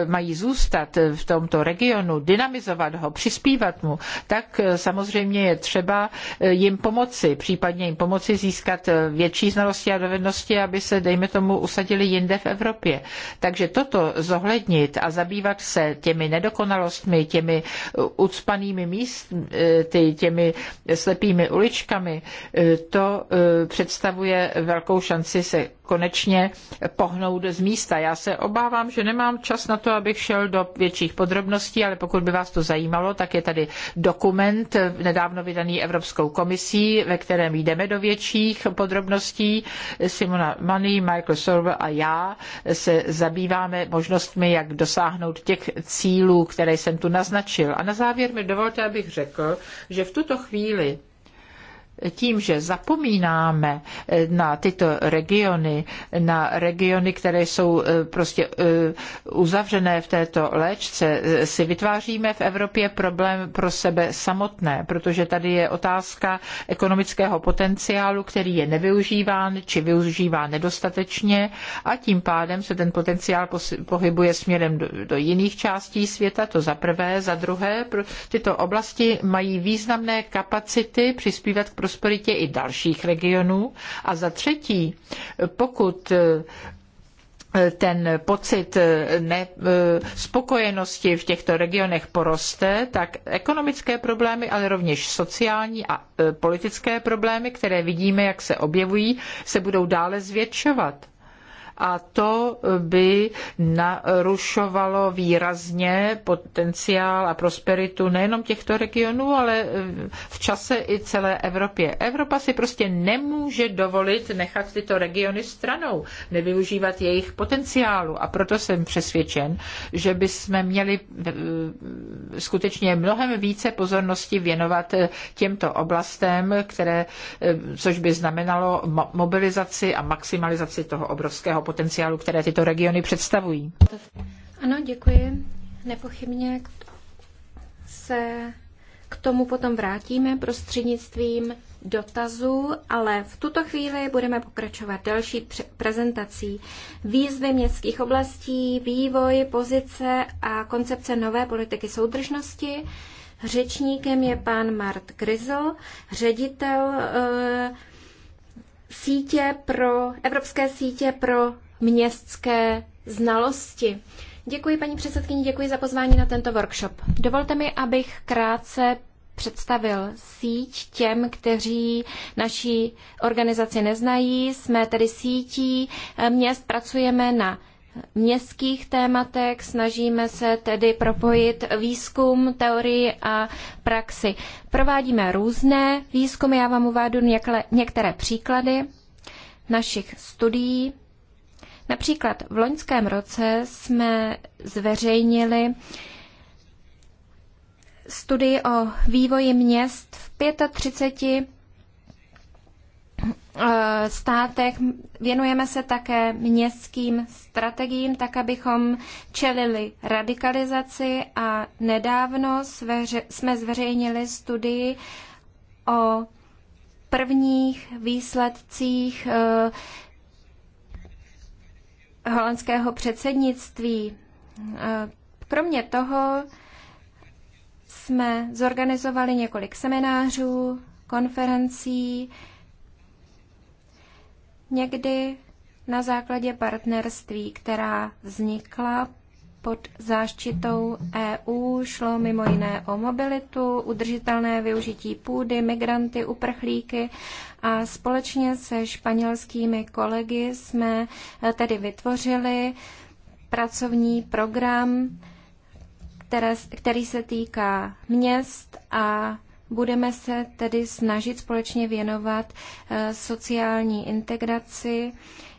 [SPEAKER 3] mají zůstat v tomto regionu, dynamizovat ho, přispívat mu, tak samozřejmě je třeba eh, jim pomoci, případně jim pomoci získat eh, větší znalosti a dovednosti, aby se, dejme tomu, usadili jinde v Evropě. Takže toto zohlednit a zabývat se těmi nedokonalostmi, těmi eh, ucpanými místy, těmi slepými uličkami, to představuje velkou šanci se konečně pohnout z místa. Já se obávám, že nemám čas na to, abych šel do větších podrobností, ale pokud by vás to zajímalo, tak je tady dokument dokument nedávno vydaný Evropskou komisí, ve kterém jdeme do větších podrobností. Simona Money, Michael Sorber a já se zabýváme možnostmi, jak dosáhnout těch cílů, které jsem tu naznačil. A na závěr mi dovolte, abych řekl, že v tuto chvíli tím, že zapomínáme eh, na tyto regiony, na regiony, které jsou eh, prostě eh, uzavřené v této léčce, si vytváříme v Evropě problém pro sebe samotné, protože tady je otázka ekonomického potenciálu, který je nevyužíván či využíván nedostatečně a tím pádem se ten potenciál pohybuje směrem do, jiných částí světa, to za prvé, za druhé, tyto oblasti mají významné kapacity přispívat k prosperitě i dalších regionů. A za třetí, pokud eh, ten pocit eh, eh, spokojenosti v těchto regionech poroste, tak ekonomické problémy, ale rovněž sociální a politické problémy, které vidíme, jak se objevují, se budou dále zvětšovat a to by narušovalo výrazně potenciál a prosperitu nejenom těchto regionů, ale v čase i celé Evropě. Evropa si prostě nemůže dovolit nechat tyto regiony stranou, nevyužívat jejich potenciálu a proto jsem přesvědčen, že bychom měli eh, skutečně mnohem více pozornosti věnovat eh, těmto oblastem, které, eh, což by znamenalo mobilizaci a maximalizaci toho obrovského potenciálu, které tyto regiony představují.
[SPEAKER 1] Ano, děkuji. Nepochybně se k tomu potom vrátíme prostřednictvím dotazů, ale v tuto chvíli budeme pokračovat další prezentací. Výzvy městských oblastí, vývoj, pozice a koncepce nové politiky soudržnosti. Řečníkem je pan Mart Grizel, ředitel eh, sítě pro, Evropské sítě pro městské znalosti. Děkuji paní předsedkyni, děkuji za pozvání na tento workshop. Dovolte mi, abych krátce představil síť těm, kteří naší organizaci neznají. Jsme tedy sítí eh, měst, pracujeme na městských tématech. Snažíme se tedy propojit výzkum, teorii a praxi. Provádíme různé výzkumy, já vám uvádu některé příklady našich studií. Například v loňském roce jsme zveřejnili studii o vývoji měst v 35 Eh, státech. Věnujeme se také městským strategiím, tak abychom čelili radikalizaci a nedávno jsme zveřejnili studii o prvních výsledcích eh, holandského předsednictví. Eh, kromě toho jsme zorganizovali několik seminářů, konferencí, Někdy na základě partnerství, která vznikla pod záštitou EU šlo mimo jiné o mobilitu, udržitelné využití půdy, migranty, uprchlíky a společně se španělskými kolegy jsme eh, tedy vytvořili pracovní program, které, který se týká měst a Budeme se tedy snažit společně věnovat eh, sociální integraci,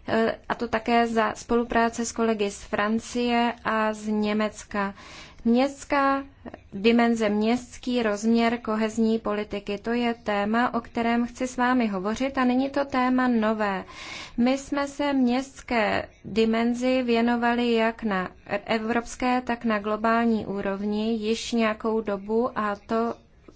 [SPEAKER 1] eh, a to také za spolupráce s kolegy z Francie a z Německa. Městská dimenze, městský rozměr kohezní politiky, to je téma, o kterém chci s vámi hovořit a není to téma nové. My jsme se městské dimenzi věnovali jak na evropské, tak na globální úrovni již nějakou dobu a to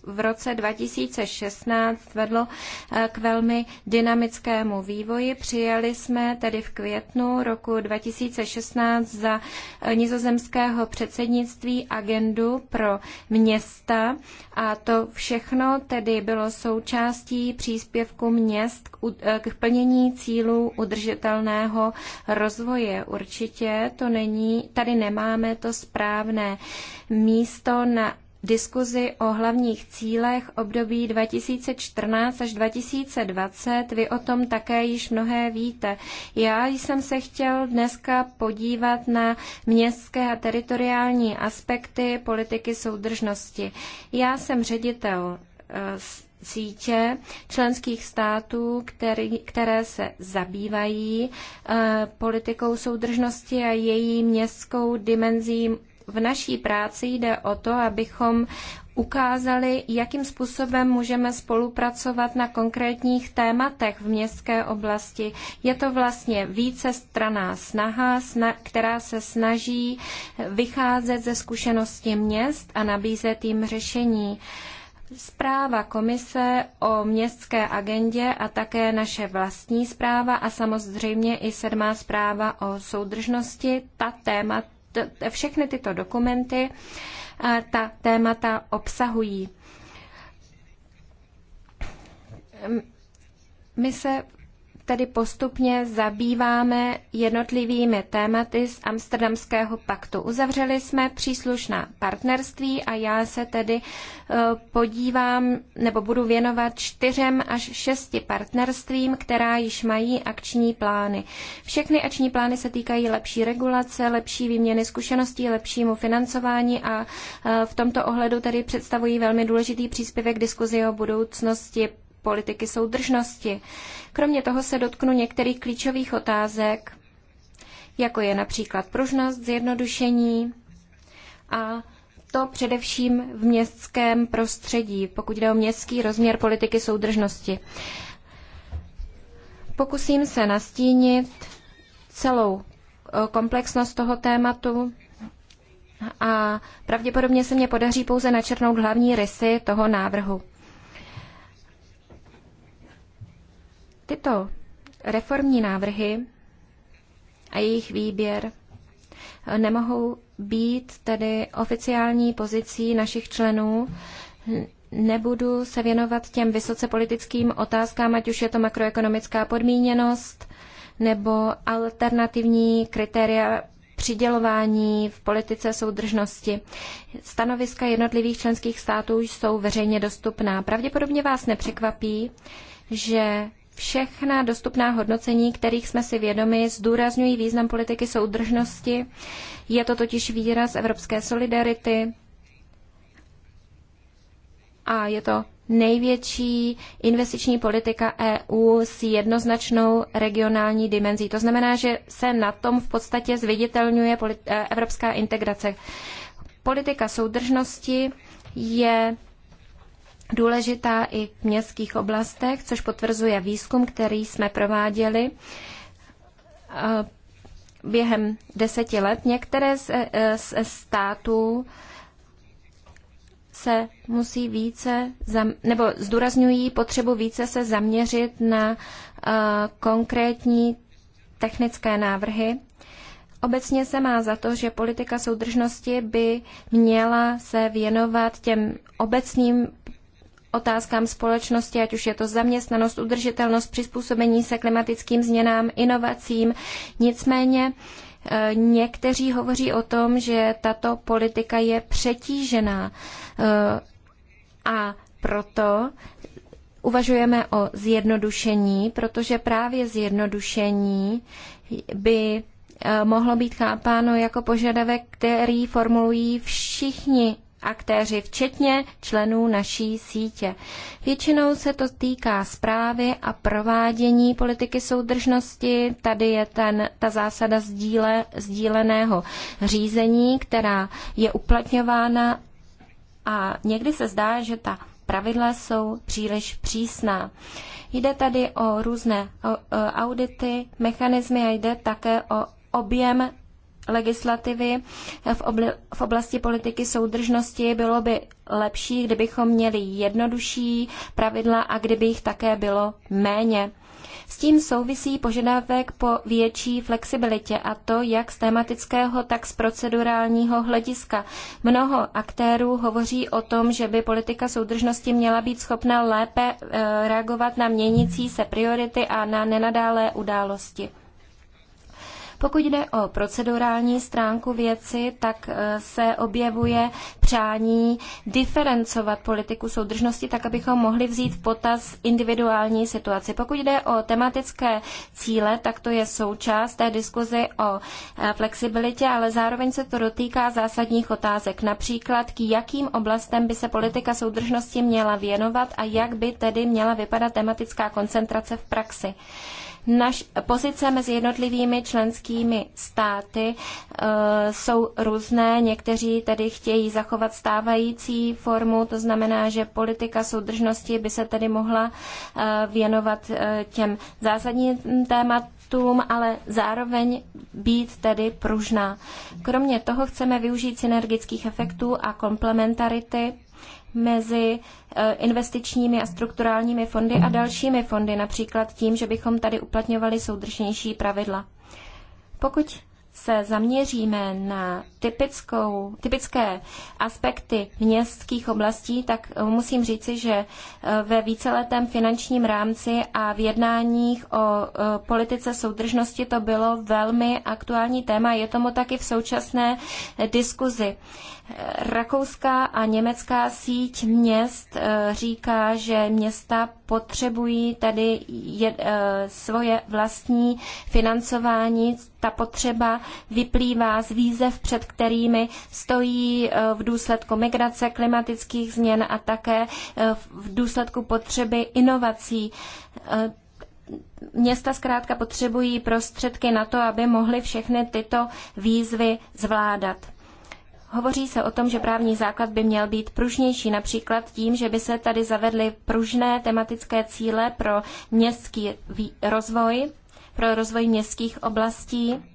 [SPEAKER 1] v roce 2016 vedlo eh, k velmi dynamickému vývoji. Přijali jsme tedy v květnu roku 2016 za eh, nizozemského předsednictví agendu pro města a to všechno tedy bylo součástí příspěvku měst k eh, plnění cílů udržitelného rozvoje. Určitě to není, tady nemáme to správné místo na diskuzi o hlavních cílech období 2014 až 2020. Vy o tom také již mnohé víte. Já jsem se chtěl dneska podívat na městské a teritoriální aspekty politiky soudržnosti. Já jsem ředitel eh, sítě členských států, který, které se zabývají e, politikou soudržnosti a její městskou dimenzí v naší práci jde o to, abychom ukázali, jakým způsobem můžeme spolupracovat na konkrétních tématech v městské oblasti. Je to vlastně vícestraná snaha, která se snaží vycházet ze zkušenosti měst a nabízet jim řešení. Zpráva komise o městské agendě a také naše vlastní zpráva a samozřejmě i sedmá zpráva o soudržnosti, ta témata všechny tyto dokumenty ta témata obsahují. My se tedy postupně zabýváme jednotlivými tématy z Amsterdamského paktu. Uzavřeli jsme příslušná partnerství a já se tedy e, podívám nebo budu věnovat čtyřem až šesti partnerstvím, která již mají akční plány. Všechny akční plány se týkají lepší regulace, lepší výměny zkušeností, lepšímu financování a e, v tomto ohledu tedy představují velmi důležitý příspěvek diskuzi o budoucnosti politiky soudržnosti. Kromě toho se dotknu některých klíčových otázek, jako je například pružnost, zjednodušení a to především v městském prostředí, pokud jde o městský rozměr politiky soudržnosti. Pokusím se nastínit celou eh, komplexnost toho tématu a pravděpodobně se mě podaří pouze načrtnout hlavní rysy toho návrhu. Tyto reformní návrhy a jejich výběr nemohou být tedy oficiální pozicí našich členů. Nebudu se věnovat těm vysoce politickým otázkám, ať už je to makroekonomická podmíněnost nebo alternativní kritéria přidělování v politice soudržnosti. Stanoviska jednotlivých členských států jsou veřejně dostupná. Pravděpodobně vás nepřekvapí, že Všechna dostupná hodnocení, kterých jsme si vědomi, zdůrazňují význam politiky soudržnosti. Je to totiž výraz evropské solidarity a je to největší investiční politika EU s jednoznačnou regionální dimenzí. To znamená, že se na tom v podstatě zviditelňuje eh, evropská integrace. Politika soudržnosti je důležitá i v městských oblastech, což potvrzuje výzkum, který jsme prováděli eh, během deseti let. Některé ze eh, z států se musí více, nebo zdůrazňují potřebu více se zaměřit na eh, konkrétní technické návrhy. Obecně se má za to, že politika soudržnosti by měla se věnovat těm obecným otázkám společnosti, ať už je to zaměstnanost, udržitelnost, přizpůsobení se klimatickým změnám, inovacím. Nicméně eh, někteří hovoří o tom, že tato politika je přetížená eh, a proto uvažujeme o zjednodušení, protože právě zjednodušení by eh, mohlo být chápáno jako požadavek, který formulují všichni aktéři, včetně členů naší sítě. Většinou se to týká zprávy a provádění politiky soudržnosti. Tady je ten, ta zásada sdíle, sdíleného řízení, která je uplatňována a někdy se zdá, že ta pravidla jsou příliš přísná. Jde tady o různé audity, mechanismy a jde také o objem legislativy v oblasti politiky soudržnosti bylo by lepší, kdybychom měli jednodušší pravidla a kdyby jich také bylo méně. S tím souvisí požadavek po větší flexibilitě a to jak z tematického, tak z procedurálního hlediska. Mnoho aktérů hovoří o tom, že by politika soudržnosti měla být schopna lépe eh, reagovat na měnící se priority a na nenadálé události. Pokud jde o procedurální stránku věci, tak eh, se objevuje přání diferencovat politiku soudržnosti tak, abychom mohli vzít v potaz individuální situaci. Pokud jde o tematické cíle, tak to je součást té diskuzi o eh, flexibilitě, ale zároveň se to dotýká zásadních otázek, například k jakým oblastem by se politika soudržnosti měla věnovat a jak by tedy měla vypadat tematická koncentrace v praxi. Naš, pozice mezi jednotlivými členskými státy uh, jsou různé. Někteří tedy chtějí zachovat stávající formu, to znamená, že politika soudržnosti by se tedy mohla uh, věnovat uh, těm zásadním tématům, ale zároveň být tedy pružná. Kromě toho chceme využít synergických efektů a komplementarity mezi eh, investičními a strukturálními fondy a dalšími fondy, například tím, že bychom tady uplatňovali soudržnější pravidla. Pokud se zaměříme na typickou, typické aspekty městských oblastí, tak eh, musím říci, že eh, ve víceletém finančním rámci a v jednáních o politice soudržnosti to bylo velmi aktuální téma. Je tomu taky v současné diskuzi. Rakouská a německá síť měst eh, říká, že města potřebují tady je, eh, svoje vlastní financování. Ta potřeba vyplývá z výzev, před kterými stojí eh, v důsledku migrace, klimatických změn a také v důsledku potřeby inovací města zkrátka potřebují prostředky na to, aby mohly všechny tyto výzvy zvládat. Hovoří se o tom, že právní základ by měl být pružnější, například tím, že by se tady zavedly pružné tematické cíle pro městský rozvoj, pro rozvoj městských oblastí,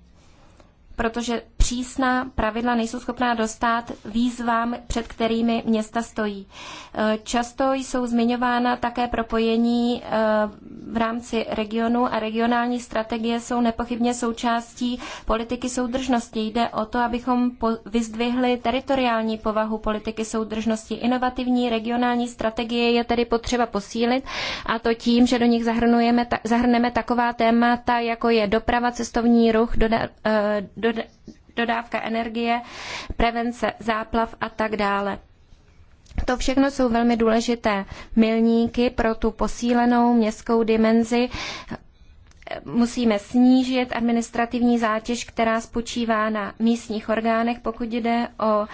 [SPEAKER 1] protože přísná pravidla nejsou schopná dostat výzvám, před kterými města stojí. E, často jsou zmiňována také propojení e, v rámci regionu a regionální strategie jsou nepochybně součástí politiky soudržnosti. Jde o to, abychom vyzdvihli teritoriální povahu politiky soudržnosti. Inovativní regionální strategie je tedy potřeba posílit a to tím, že do nich zahrnujeme, zahrneme taková témata, jako je doprava, cestovní ruch, doda, e, doda, dodávka energie, prevence záplav a tak dále. To všechno jsou velmi důležité milníky pro tu posílenou městskou dimenzi. Musíme snížit administrativní zátěž, která spočívá na místních orgánech. Pokud jde o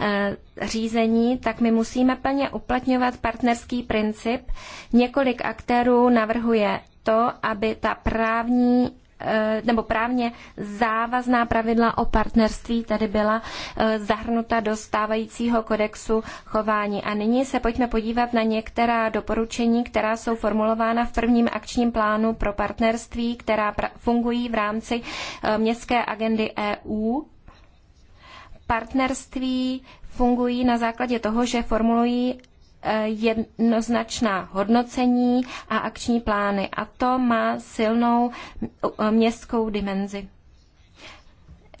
[SPEAKER 1] e, řízení, tak my musíme plně uplatňovat partnerský princip. Několik aktérů navrhuje to, aby ta právní Eh, nebo právně závazná pravidla o partnerství tady byla eh, zahrnuta do stávajícího kodexu chování. A nyní se pojďme podívat na některá doporučení, která jsou formulována v prvním akčním plánu pro partnerství, která fungují v rámci eh, městské agendy EU. Partnerství fungují na základě toho, že formulují jednoznačná hodnocení a akční plány. A to má silnou městskou dimenzi.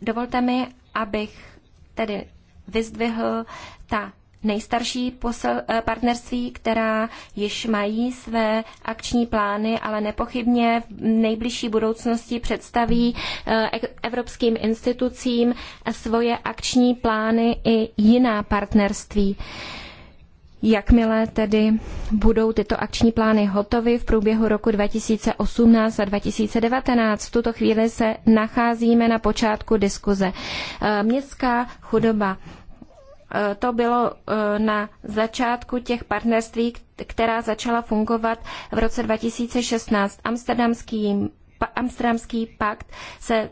[SPEAKER 1] Dovolte mi, abych tedy vyzdvihl ta nejstarší posel, eh, partnerství, která již mají své akční plány, ale nepochybně v nejbližší budoucnosti představí eh, evropským institucím svoje akční plány i jiná partnerství. Jakmile tedy budou tyto akční plány hotovy v průběhu roku 2018 a 2019, v tuto chvíli se nacházíme na počátku diskuze. E, městská chudoba. E, to bylo e, na začátku těch partnerství, která začala fungovat v roce 2016. Amsterdamský Amsterdamský pakt se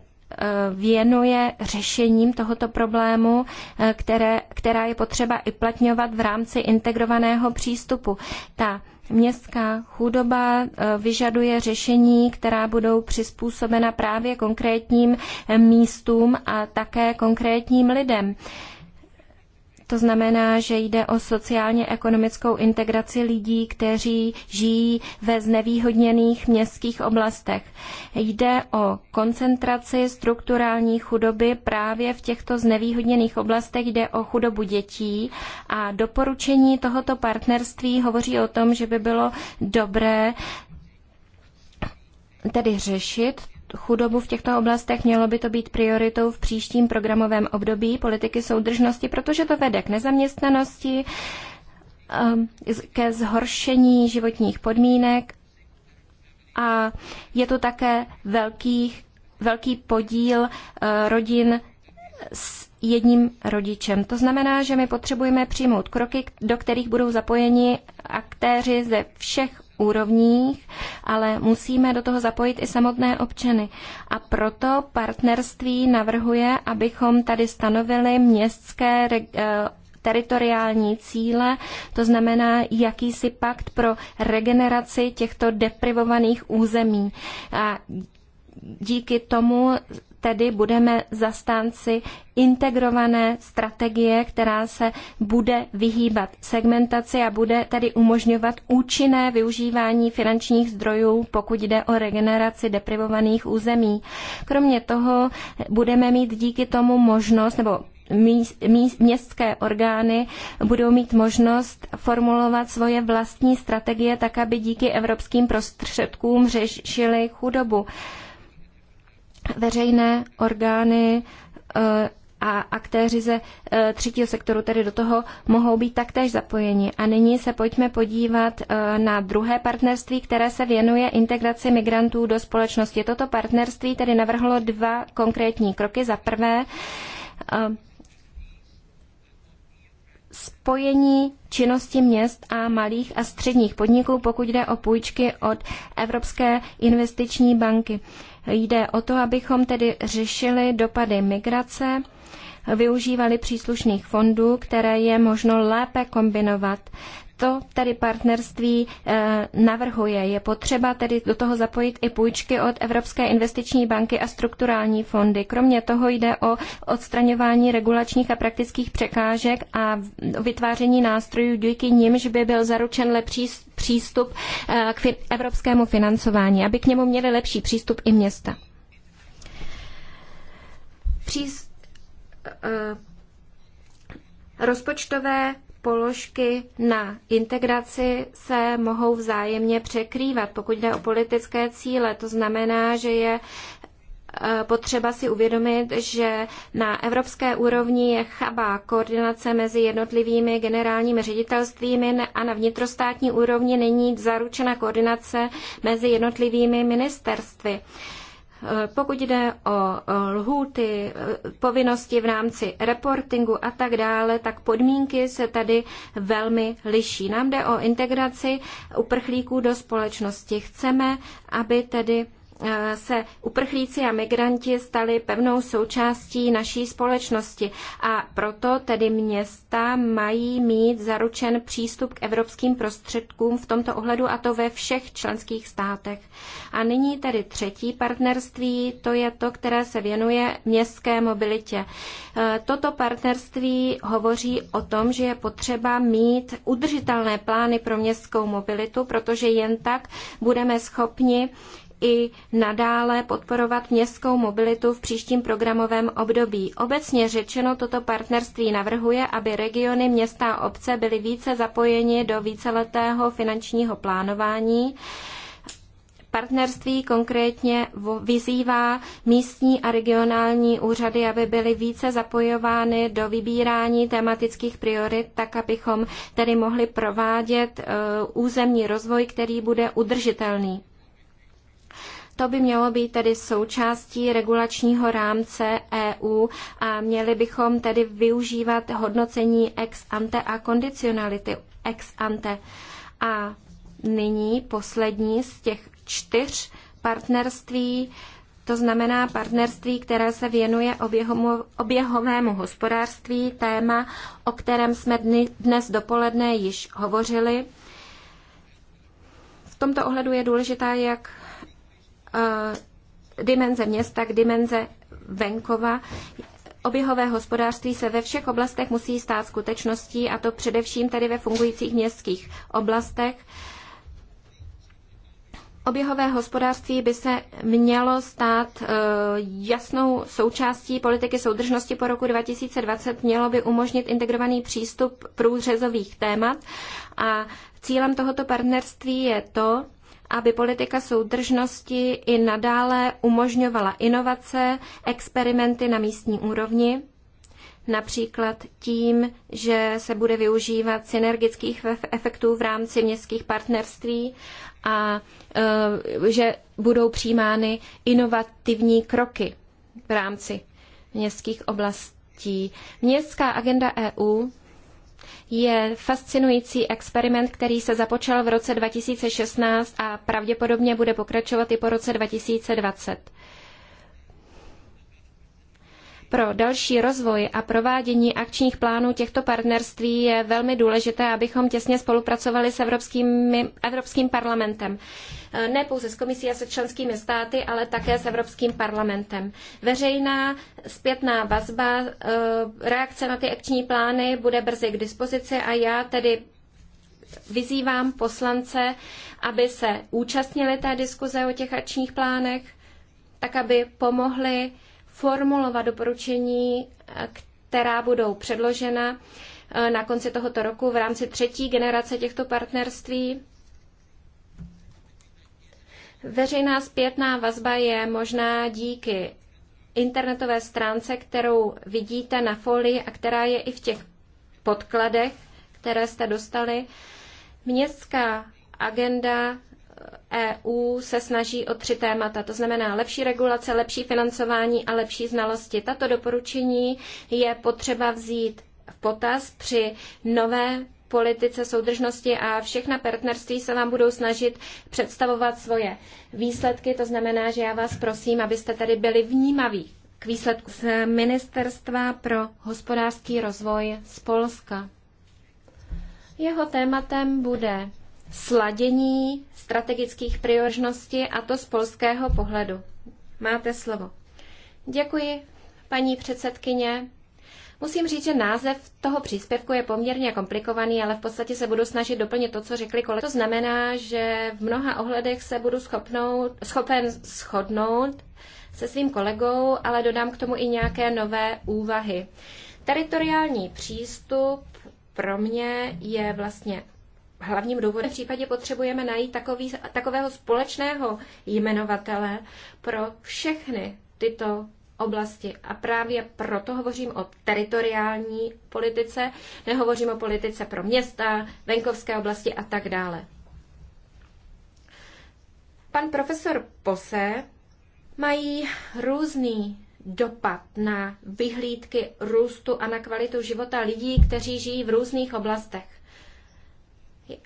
[SPEAKER 1] věnuje řešením tohoto problému, eh, které, která je potřeba i platňovat v rámci integrovaného přístupu. Ta Městská chudoba eh, vyžaduje řešení, která budou přizpůsobena právě konkrétním eh, místům a také konkrétním lidem. To znamená, že jde o sociálně-ekonomickou integraci lidí, kteří žijí ve znevýhodněných městských oblastech. Jde o koncentraci strukturální chudoby právě v těchto znevýhodněných oblastech, jde o chudobu dětí a doporučení tohoto partnerství hovoří o tom, že by bylo dobré tedy řešit chudobu v těchto oblastech. Mělo by to být prioritou v příštím programovém období politiky soudržnosti, protože to vede k nezaměstnanosti, ehm, ke zhoršení životních podmínek a je to také velký, velký podíl eh, rodin s jedním rodičem. To znamená, že my potřebujeme přijmout kroky, do kterých budou zapojeni aktéři ze všech úrovních, ale musíme do toho zapojit i samotné občany. A proto partnerství navrhuje, abychom tady stanovili městské eh, teritoriální cíle, to znamená jakýsi pakt pro regeneraci těchto deprivovaných území. A díky tomu tedy budeme zastánci integrované strategie, která se bude vyhýbat segmentaci a bude tedy umožňovat účinné využívání finančních zdrojů, pokud jde o regeneraci deprivovaných území. Kromě toho budeme mít díky tomu možnost nebo městské orgány budou mít možnost formulovat svoje vlastní strategie tak, aby díky evropským prostředkům řešili chudobu veřejné orgány eh, a aktéři ze eh, třetího sektoru tedy do toho mohou být taktéž zapojeni. A nyní se pojďme podívat eh, na druhé partnerství, které se věnuje integraci migrantů do společnosti. Toto partnerství tedy navrhlo dva konkrétní kroky. Za prvé spojení činnosti měst a malých a středních podniků, pokud jde o půjčky od Evropské investiční banky. Jde o to, abychom tedy řešili dopady migrace, využívali příslušných fondů, které je možno lépe kombinovat to tedy partnerství eh, navrhuje. Je potřeba tedy do toho zapojit i půjčky od Evropské investiční banky a strukturální fondy. Kromě toho jde o odstraňování regulačních a praktických překážek a vytváření nástrojů, díky nimž by byl zaručen lepší přístup eh, k evropskému financování, aby k němu měli lepší přístup i města. Přís, eh, rozpočtové položky na integraci se mohou vzájemně překrývat, pokud jde o politické cíle. To znamená, že je eh, potřeba si uvědomit, že na evropské úrovni je chabá koordinace mezi jednotlivými generálními ředitelstvími a na vnitrostátní úrovni není zaručena koordinace mezi jednotlivými ministerstvy. Pokud jde o lhůty, povinnosti v rámci reportingu a tak dále, tak podmínky se tady velmi liší. Nám jde o integraci uprchlíků do společnosti. Chceme, aby tedy se uprchlíci a migranti stali pevnou součástí naší společnosti a proto tedy města mají mít zaručen přístup k evropským prostředkům v tomto ohledu a to ve všech členských státech. A nyní tedy třetí partnerství, to je to, které se věnuje městské mobilitě. E, toto partnerství hovoří o tom, že je potřeba mít udržitelné plány pro městskou mobilitu, protože jen tak budeme schopni i nadále podporovat městskou mobilitu v příštím programovém období. Obecně řečeno, toto partnerství navrhuje, aby regiony, města a obce byly více zapojeni do víceletého finančního plánování. Partnerství konkrétně vyzývá místní a regionální úřady, aby byly více zapojovány do vybírání tematických priorit, tak abychom tedy mohli provádět eh, územní rozvoj, který bude udržitelný. To by mělo být tedy součástí regulačního rámce EU a měli bychom tedy využívat hodnocení ex ante a kondicionality ex ante. A nyní poslední z těch čtyř partnerství, to znamená partnerství, které se věnuje oběhomu, oběhovému hospodářství, téma, o kterém jsme dny, dnes dopoledne již hovořili. V tomto ohledu je důležitá jak dimenze města k dimenze venkova. Oběhové hospodářství se ve všech oblastech musí stát skutečností, a to především tedy ve fungujících městských oblastech. Oběhové hospodářství by se mělo stát e, jasnou součástí politiky soudržnosti po roku 2020, mělo by umožnit integrovaný přístup průřezových témat a cílem tohoto partnerství je to, aby politika soudržnosti i nadále umožňovala inovace, experimenty na místní úrovni, například tím, že se bude využívat synergických efektů v rámci městských partnerství a eh, že budou přijímány inovativní kroky v rámci městských oblastí. Městská agenda EU je fascinující experiment, který se započal v roce 2016 a pravděpodobně bude pokračovat i po roce 2020. Pro další rozvoj a provádění akčních plánů těchto partnerství je velmi důležité, abychom těsně spolupracovali s Evropským, Evropským parlamentem. E, ne pouze s komisí a se členskými státy, ale také s Evropským parlamentem. Veřejná zpětná vazba, e, reakce na ty akční plány bude brzy k dispozici a já tedy vyzývám poslance, aby se účastnili té diskuze o těch akčních plánech, tak aby pomohli formulovat doporučení, eh, která budou předložena eh, na konci tohoto roku v rámci třetí generace těchto partnerství. Veřejná zpětná vazba je možná díky internetové stránce, kterou vidíte na folii a která je i v těch podkladech, které jste dostali. Městská agenda EU e se snaží o tři témata, to znamená lepší regulace, lepší financování a lepší znalosti. Tato doporučení je potřeba vzít v potaz při nové politice soudržnosti a všechna partnerství se vám budou snažit představovat svoje výsledky. To znamená, že já vás prosím, abyste tady byli vnímaví k výsledku z Ministerstva pro hospodářský rozvoj z Polska. Jeho tématem bude sladění strategických prioritností a to z polského pohledu. Máte slovo. Děkuji, paní předsedkyně. Musím říct, že název toho příspěvku je poměrně komplikovaný, ale v podstatě se budu snažit doplnit to, co řekli kolegové. To znamená, že v mnoha ohledech se budu schopnout, schopen shodnout se svým kolegou, ale dodám k tomu i nějaké nové úvahy. Teritoriální přístup pro mě je vlastně hlavním důvodem v případě potřebujeme najít takový, takového společného jmenovatele pro všechny tyto oblasti. A právě proto hovořím o teritoriální politice, nehovořím o politice pro města, venkovské oblasti a tak dále. Pan profesor Pose mají různý dopad na vyhlídky růstu a na kvalitu života lidí, kteří žijí v různých oblastech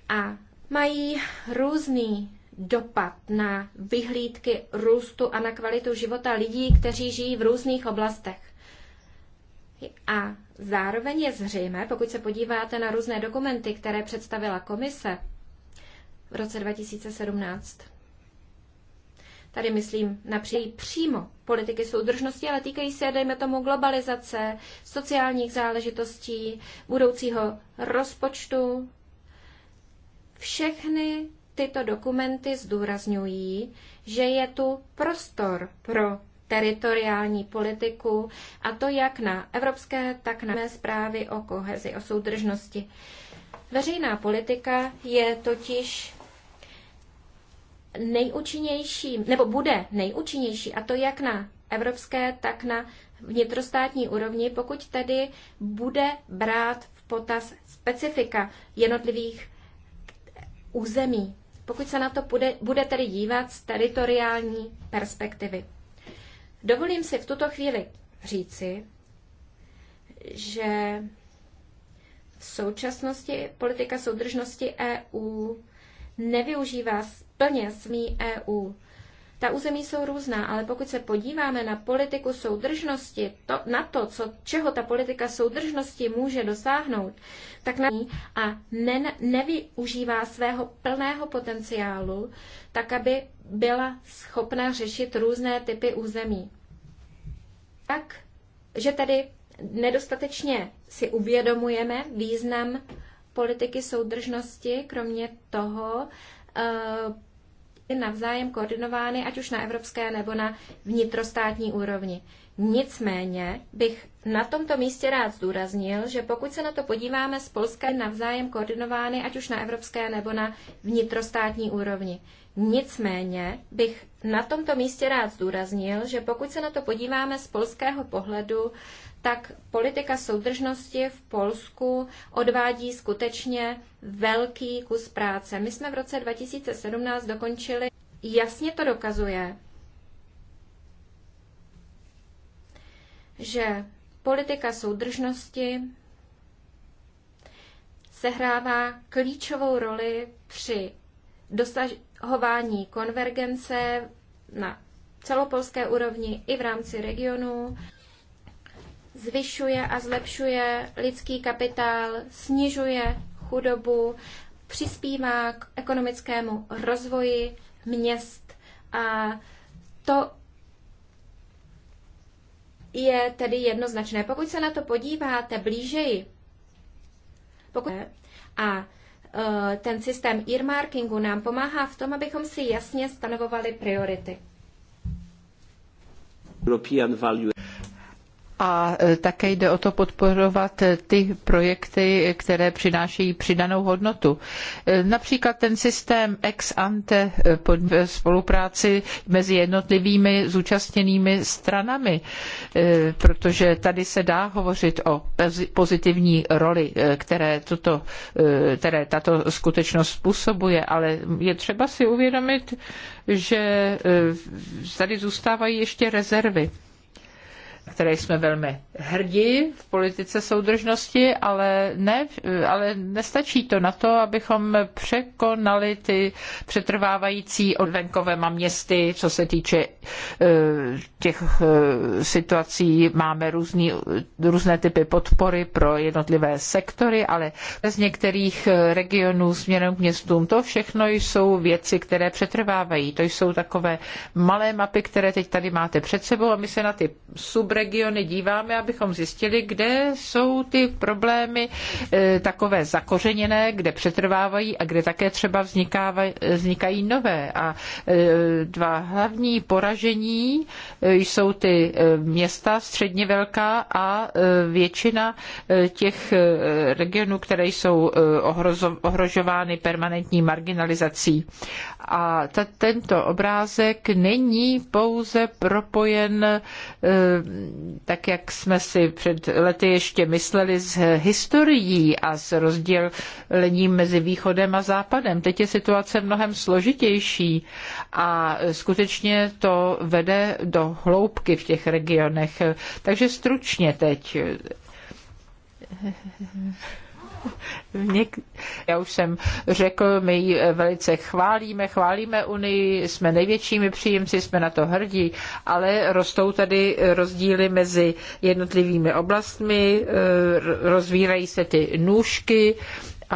[SPEAKER 1] a mají různý dopad na vyhlídky růstu a na kvalitu života lidí, kteří žijí v různých oblastech. A zároveň je zřejmé, pokud se podíváte na různé dokumenty, které představila komise v roce 2017, tady myslím například přímo politiky soudržnosti, ale týkají se, dejme tomu, globalizace, sociálních záležitostí, budoucího rozpočtu všechny tyto dokumenty zdůrazňují, že je tu prostor pro teritoriální politiku, a to jak na evropské, tak na mé zprávy o kohezi, o soudržnosti. Veřejná politika je totiž nejúčinnější, nebo bude nejúčinnější, a to jak na evropské, tak na vnitrostátní úrovni, pokud tedy bude brát v potaz specifika jednotlivých území, pokud se na to bude, bude tedy dívat z teritoriální perspektivy. Dovolím si v tuto chvíli říci, že v současnosti politika soudržnosti EU nevyužívá plně svý EU ta území jsou různá, ale pokud se podíváme na politiku soudržnosti, to, na to, co, čeho ta politika soudržnosti může dosáhnout, tak na ní a ne, nevyužívá svého plného potenciálu, tak aby byla schopna řešit různé typy území. Tak, že tady nedostatečně si uvědomujeme význam politiky soudržnosti, kromě toho, eh, navzájem koordinovány, ať už na evropské nebo na vnitrostátní úrovni. Nicméně bych na tomto místě rád zdůraznil, že pokud se na to podíváme z Polska navzájem koordinovány, ať už na evropské nebo na vnitrostátní úrovni. Nicméně bych na tomto místě rád zdůraznil, že pokud se na to podíváme z polského pohledu, tak politika soudržnosti v Polsku odvádí skutečně velký kus práce. My jsme v roce 2017 dokončili, jasně to dokazuje, že politika soudržnosti sehrává klíčovou roli při dosahování konvergence na celopolské úrovni i v rámci regionu zvyšuje a zlepšuje lidský kapitál, snižuje chudobu, přispívá k ekonomickému rozvoji měst a to je tedy jednoznačné. Pokud se na to podíváte blížeji, pokud a e, ten systém earmarkingu nám pomáhá v tom, abychom si jasně stanovovali
[SPEAKER 3] priority.
[SPEAKER 1] European value
[SPEAKER 3] a e, také jde o to podporovat e, ty projekty, které přinášejí přidanou hodnotu. E, například ten systém ex ante pod spolupráci mezi jednotlivými zúčastněnými stranami, protože tady se dá hovořit o pozitivní roli, které, tuto, které tato skutečnost způsobuje, ale je třeba si uvědomit, že tady zůstávají ještě rezervy které jsme velmi hrdí v politice soudržnosti, ale, ne, ale nestačí to na to, abychom překonali ty přetrvávající od venkovem a městy, co se týče e, těch e, situací. Máme různý, různé typy podpory pro jednotlivé sektory, ale z některých e, regionů směrem k městům, to všechno jsou věci, které přetrvávají. To jsou takové malé mapy, které teď tady máte před sebou a my se na ty sub subregiony díváme, abychom zjistili, kde jsou ty problémy e, takové zakořeněné, kde přetrvávají a kde také třeba vznikají nové. A e, dva hlavní poražení e, jsou ty města středně velká a většina těch regionů, které jsou ohrožovány permanentní marginalizací. A tento obrázek není pouze propojen tak jak jsme si před lety ještě mysleli s historií a s rozdělením mezi východem a západem. Teď je situace mnohem složitější a skutečně to vede do hloubky v těch regionech. Takže stručně teď. Něk... Já už jsem řekl, my ji eh, velice chválíme, chválíme Unii, jsme největšími příjemci, jsme na to hrdí, ale rostou tady rozdíly mezi jednotlivými oblastmi, eh, rozvírají se ty nůžky,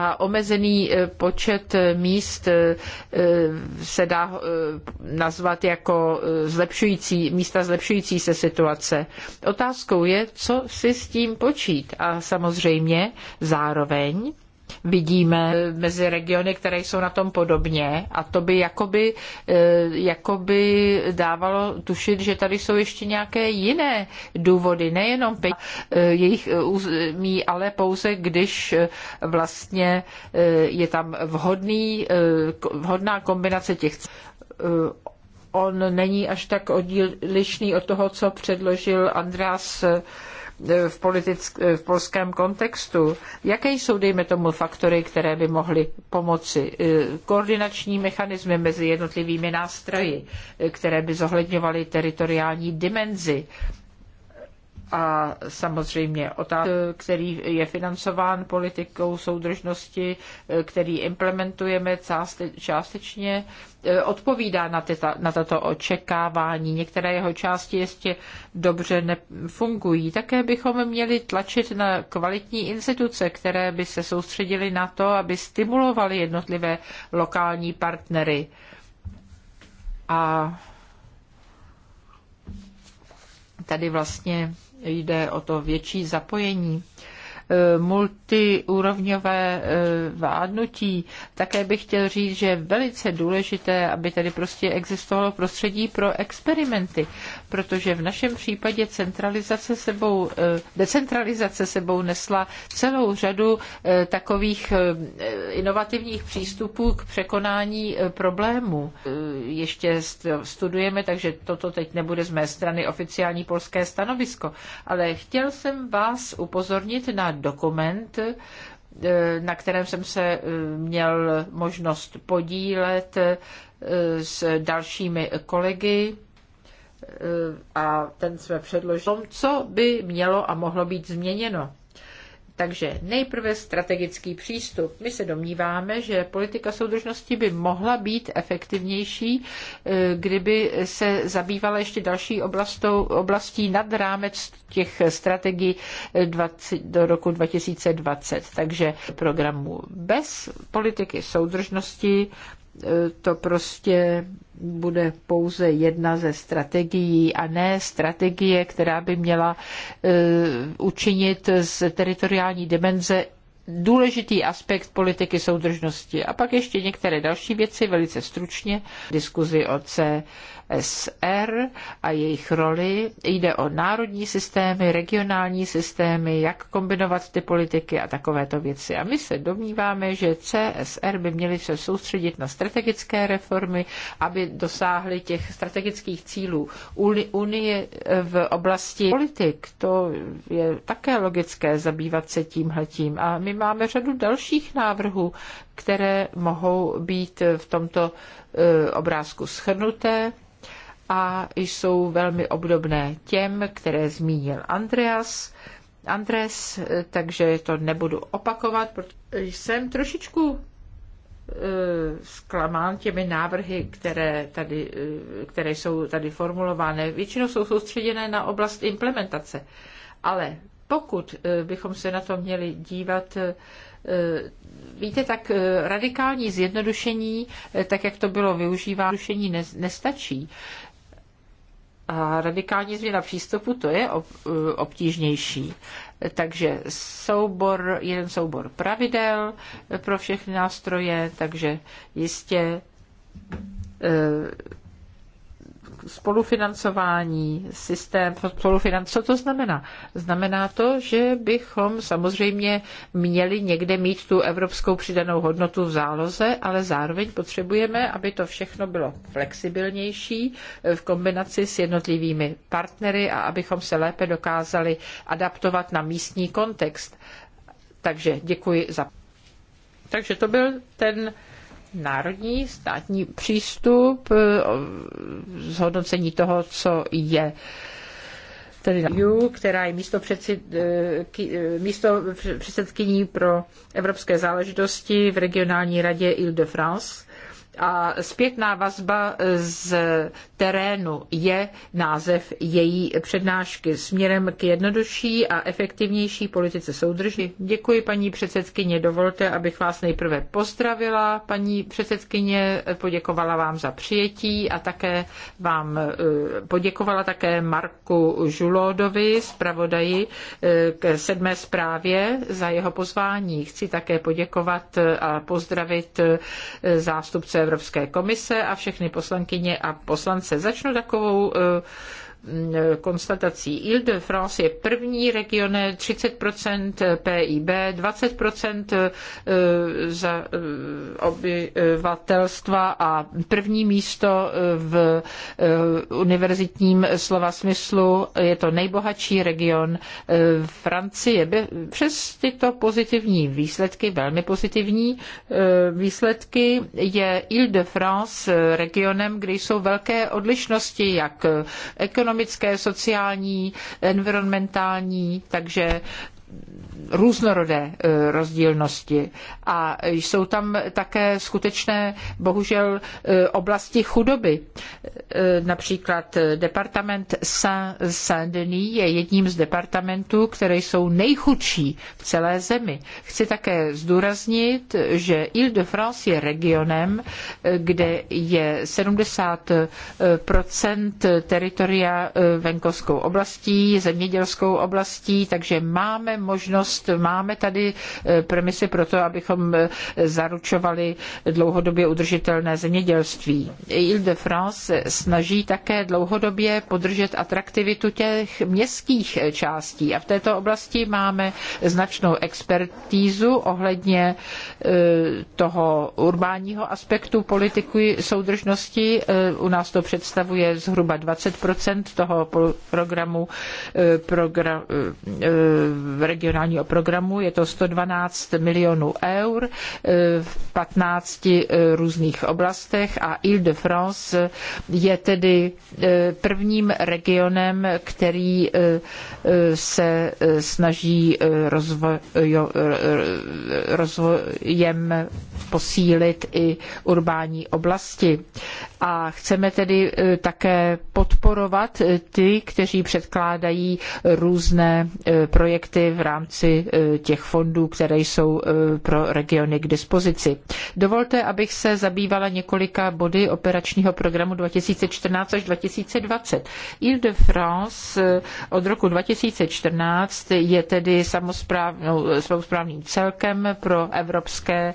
[SPEAKER 3] a omezený eh, počet míst eh, eh, se dá nazvat jako zlepšující, místa zlepšující se situace. Otázkou je, co si s tím počít a samozřejmě zároveň vidíme mezi regiony, které jsou na tom podobně a to by jakoby, eh, jakoby dávalo tušit, že tady jsou ještě nějaké jiné důvody, nejenom eh, jejich eh, území, ale pouze když vlastně je tam vhodný, vhodná kombinace těch on není až tak odlišný od toho, co předložil Andreas. Eh, v, politick- eh, v polském kontextu. Jaké jsou, dejme tomu, faktory, které by mohly pomoci? Eh, koordinační mechanismy mezi jednotlivými nástroji, které by zohledňovaly teritoriální dimenzi a samozřejmě otázka, který je financován politikou soudržnosti, který implementujeme částečně, e, odpovídá na, tyta, na tato očekávání. Některé jeho části ještě dobře nefungují. Také bychom měli tlačit na kvalitní instituce, které by se soustředily na to, aby stimulovaly jednotlivé lokální partnery. A tady vlastně jde o to větší zapojení eh, multiúrovňové eh, vádnutí. Také bych chtěl říct, že je velice důležité, aby tady prostě existovalo prostředí pro experimenty protože v našem případě centralizace sebou, eh, decentralizace sebou nesla celou řadu eh, takových eh, inovativních přístupů k překonání problémů. Ještě studujeme, takže toto teď nebude z mé strany oficiální polské stanovisko, ale chtěl jsem vás upozornit na dokument, na kterém jsem se měl možnost podílet s dalšími kolegy a ten jsme předložili, co by mělo a mohlo být změněno. Takže nejprve strategický přístup. My se domníváme, že politika soudržnosti by mohla být efektivnější, eh, kdyby se zabývala ještě další oblastou, oblastí nad rámec těch strategií 20, eh, do roku 2020. Takže programu bez politiky soudržnosti E, to prostě bude pouze jedna ze strategií a ne strategie, která by měla e, učinit z teritoriální dimenze důležitý aspekt politiky soudržnosti. A pak ještě některé další věci, velice stručně, diskuzi o CSR a jejich roli. Jde o národní systémy, regionální systémy, jak kombinovat ty politiky a takovéto věci. A my se domníváme, že CSR by měly se soustředit na strategické reformy, aby dosáhly těch strategických cílů Unie v oblasti politik. To je také logické zabývat se tímhletím. A my máme řadu dalších návrhů, které mohou být v tomto eh, obrázku schrnuté a jsou velmi obdobné těm, které zmínil Andreas. Andres, eh, takže to nebudu opakovat, protože jsem trošičku eh, zklamán těmi návrhy, které, tady, které jsou tady formulovány. Většinou jsou soustředěné na oblast implementace. Ale pokud eh, bychom se na to měli dívat, eh, víte, tak eh, radikální zjednodušení, tak jak to bylo využíváno, zjednodušení nestačí. A radikální změna přístupu, to je obtížnější. Takže soubor, jeden soubor pravidel pro všechny nástroje, takže jistě spolufinancování, systém spolufinancování, co to znamená? Znamená to, že bychom samozřejmě měli někde mít tu evropskou přidanou hodnotu v záloze, ale zároveň potřebujeme, aby to všechno bylo flexibilnější eh, v kombinaci s jednotlivými partnery a abychom se lépe dokázali adaptovat na místní kontext. Takže děkuji za. Takže to byl ten národní státní přístup, eh, zhodnocení toho, co je tedy EU, která je místo, předsed, eh, eh, místo předsedkyní pro evropské záležitosti v regionální radě Ile-de-France a zpětná vazba z terénu je název její přednášky směrem k jednodušší a efektivnější politice soudrží. Děkuji paní předsedkyně, dovolte, abych vás nejprve pozdravila, paní předsedkyně, poděkovala vám za přijetí a také vám eh, poděkovala také Marku Žulódovi, zpravodaji eh, k sedmé zprávě za jeho pozvání. Chci také poděkovat a pozdravit eh, zástupce Evropské komise a všechny poslankyně a poslance. Začnu takovou eh, Eh, konstatací. Ile-de-France je první region, 30% PIB, 20% za eh, obyvatelstva a první místo eh, v univerzitním slova smyslu. Je to nejbohatší region Francie. Přes tyto pozitivní výsledky, velmi pozitivní výsledky, je Ile-de-France regionem, kde jsou velké odlišnosti, jak ekonomické, ekonomické, sociální, environmentální, takže různorodé eh, rozdílnosti. A jsou tam také skutečné, bohužel, eh, oblasti chudoby. Eh, například departament Saint-Denis je jedním z departamentů, které jsou nejchudší v celé zemi. Chci také zdůraznit, že Ile-de-France je regionem, kde je 70 teritoria venkovskou oblastí, zemědělskou oblastí, takže máme možnost možnost. Máme tady eh, premisy pro to, abychom eh, zaručovali dlouhodobě udržitelné zemědělství. Ile-de-France snaží také dlouhodobě podržet atraktivitu těch městských eh, částí a v této oblasti máme značnou expertízu ohledně toho urbánního aspektu politiky soudržnosti. U nás to představuje zhruba 20 toho programu program, regionální operačního programu. Je to 112 milionů eur eh, v 15 eh, různých oblastech a Ile-de-France eh, je tedy prvním regionem, který se snaží rozvojem posílit i urbání oblasti. A chceme tedy e, také podporovat e, ty, kteří předkládají různé e, projekty v rámci těch fondů, které jsou pro regiony k dispozici. Dovolte, abych se zabývala několika body operačního programu 2014 až 2020. Ile-de-France od roku 2014 je tedy samozprávnou, no, samozprávným celkem pro evropské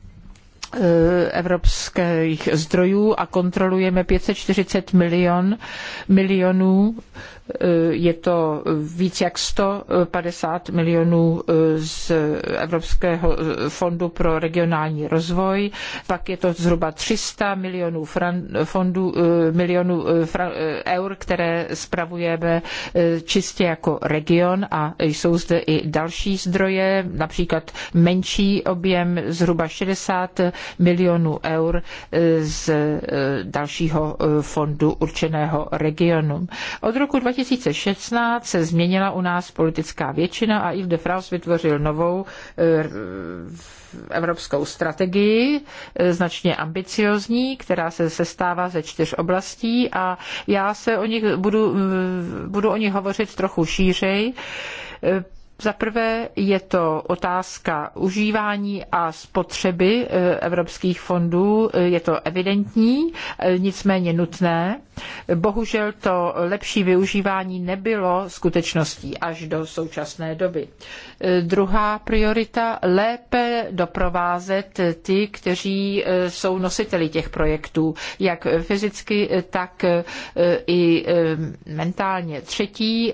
[SPEAKER 3] Eh, evropských zdrojů a kontrolujeme 540 milion, milionů. Eh, je to víc jak 150 milionů eh, z Evropského fondu pro regionální rozvoj, pak je to zhruba 300 milionů, fran, fondu, milionů eur, které spravujeme čistě jako region a jsou zde i další zdroje, například menší objem, zhruba 60 milionů eur eh, z eh, dalšího eh, fondu určeného regionům. Od roku 2016 se změnila u nás politická většina a Yves de France vytvořil novou evropskou strategii, značně ambiciozní, která se sestává ze čtyř oblastí a já se o nich budu, budu o nich hovořit trochu šířej za prvé je to otázka užívání a spotřeby eh, evropských fondů. Eh, je to evidentní, eh, nicméně nutné. Bohužel to lepší využívání nebylo skutečností až do současné doby. Druhá priorita, lépe doprovázet ty, kteří jsou nositeli těch projektů, jak fyzicky, tak i mentálně. Třetí,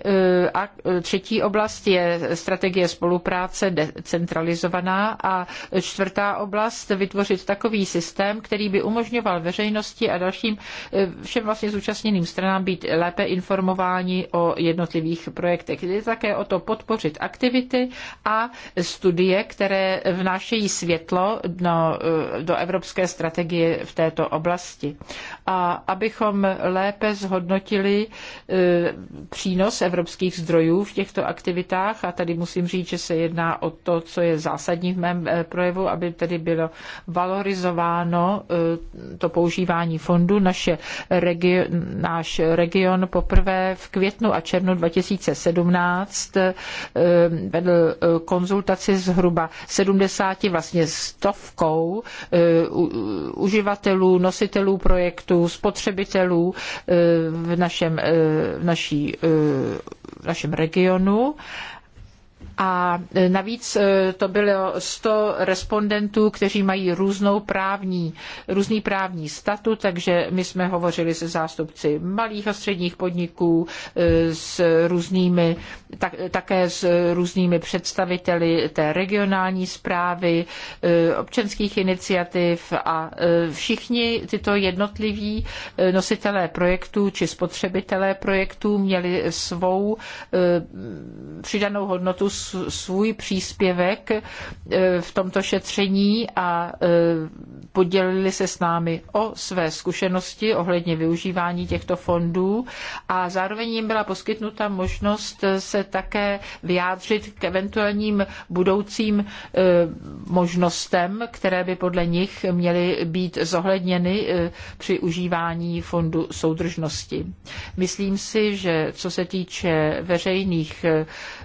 [SPEAKER 3] a třetí oblast je strategie spolupráce decentralizovaná a čtvrtá oblast vytvořit takový systém, který by umožňoval veřejnosti a dalším eh, všem vlastně zúčastněným stranám být lépe informováni o jednotlivých projektech. Jde také o to podpořit aktivity a studie, které vnášejí světlo do, eh, do evropské strategie v této oblasti. A abychom lépe zhodnotili eh, přínos evropských zdrojů v těchto aktivitách a tady tady musím říct, že se jedná o to, co je zásadní v mém eh, projevu, aby tedy bylo valorizováno eh, to používání fondu. Naše region, náš region poprvé v květnu a červnu 2017 eh, vedl konzultaci zhruba 70, vlastně stovkou uživatelů, nositelů projektů, spotřebitelů v našem, v naší, v našem regionu. A e, navíc e, to bylo 100 respondentů, kteří mají různou právní, různý právní statut, takže my jsme hovořili se zástupci malých a středních podniků, e, s různými, tak, také s různými představiteli té regionální zprávy, občanských iniciativ a všichni tyto jednotliví nositelé projektů či spotřebitelé projektů měli svou přidanou hodnotu svůj příspěvek e, v tomto šetření a e, podělili se s námi o své zkušenosti ohledně využívání těchto fondů a zároveň jim byla poskytnuta možnost se také vyjádřit k eventuálním budoucím e, možnostem, které by podle nich měly být zohledněny při užívání fondu soudržnosti. Myslím si, že co se týče veřejných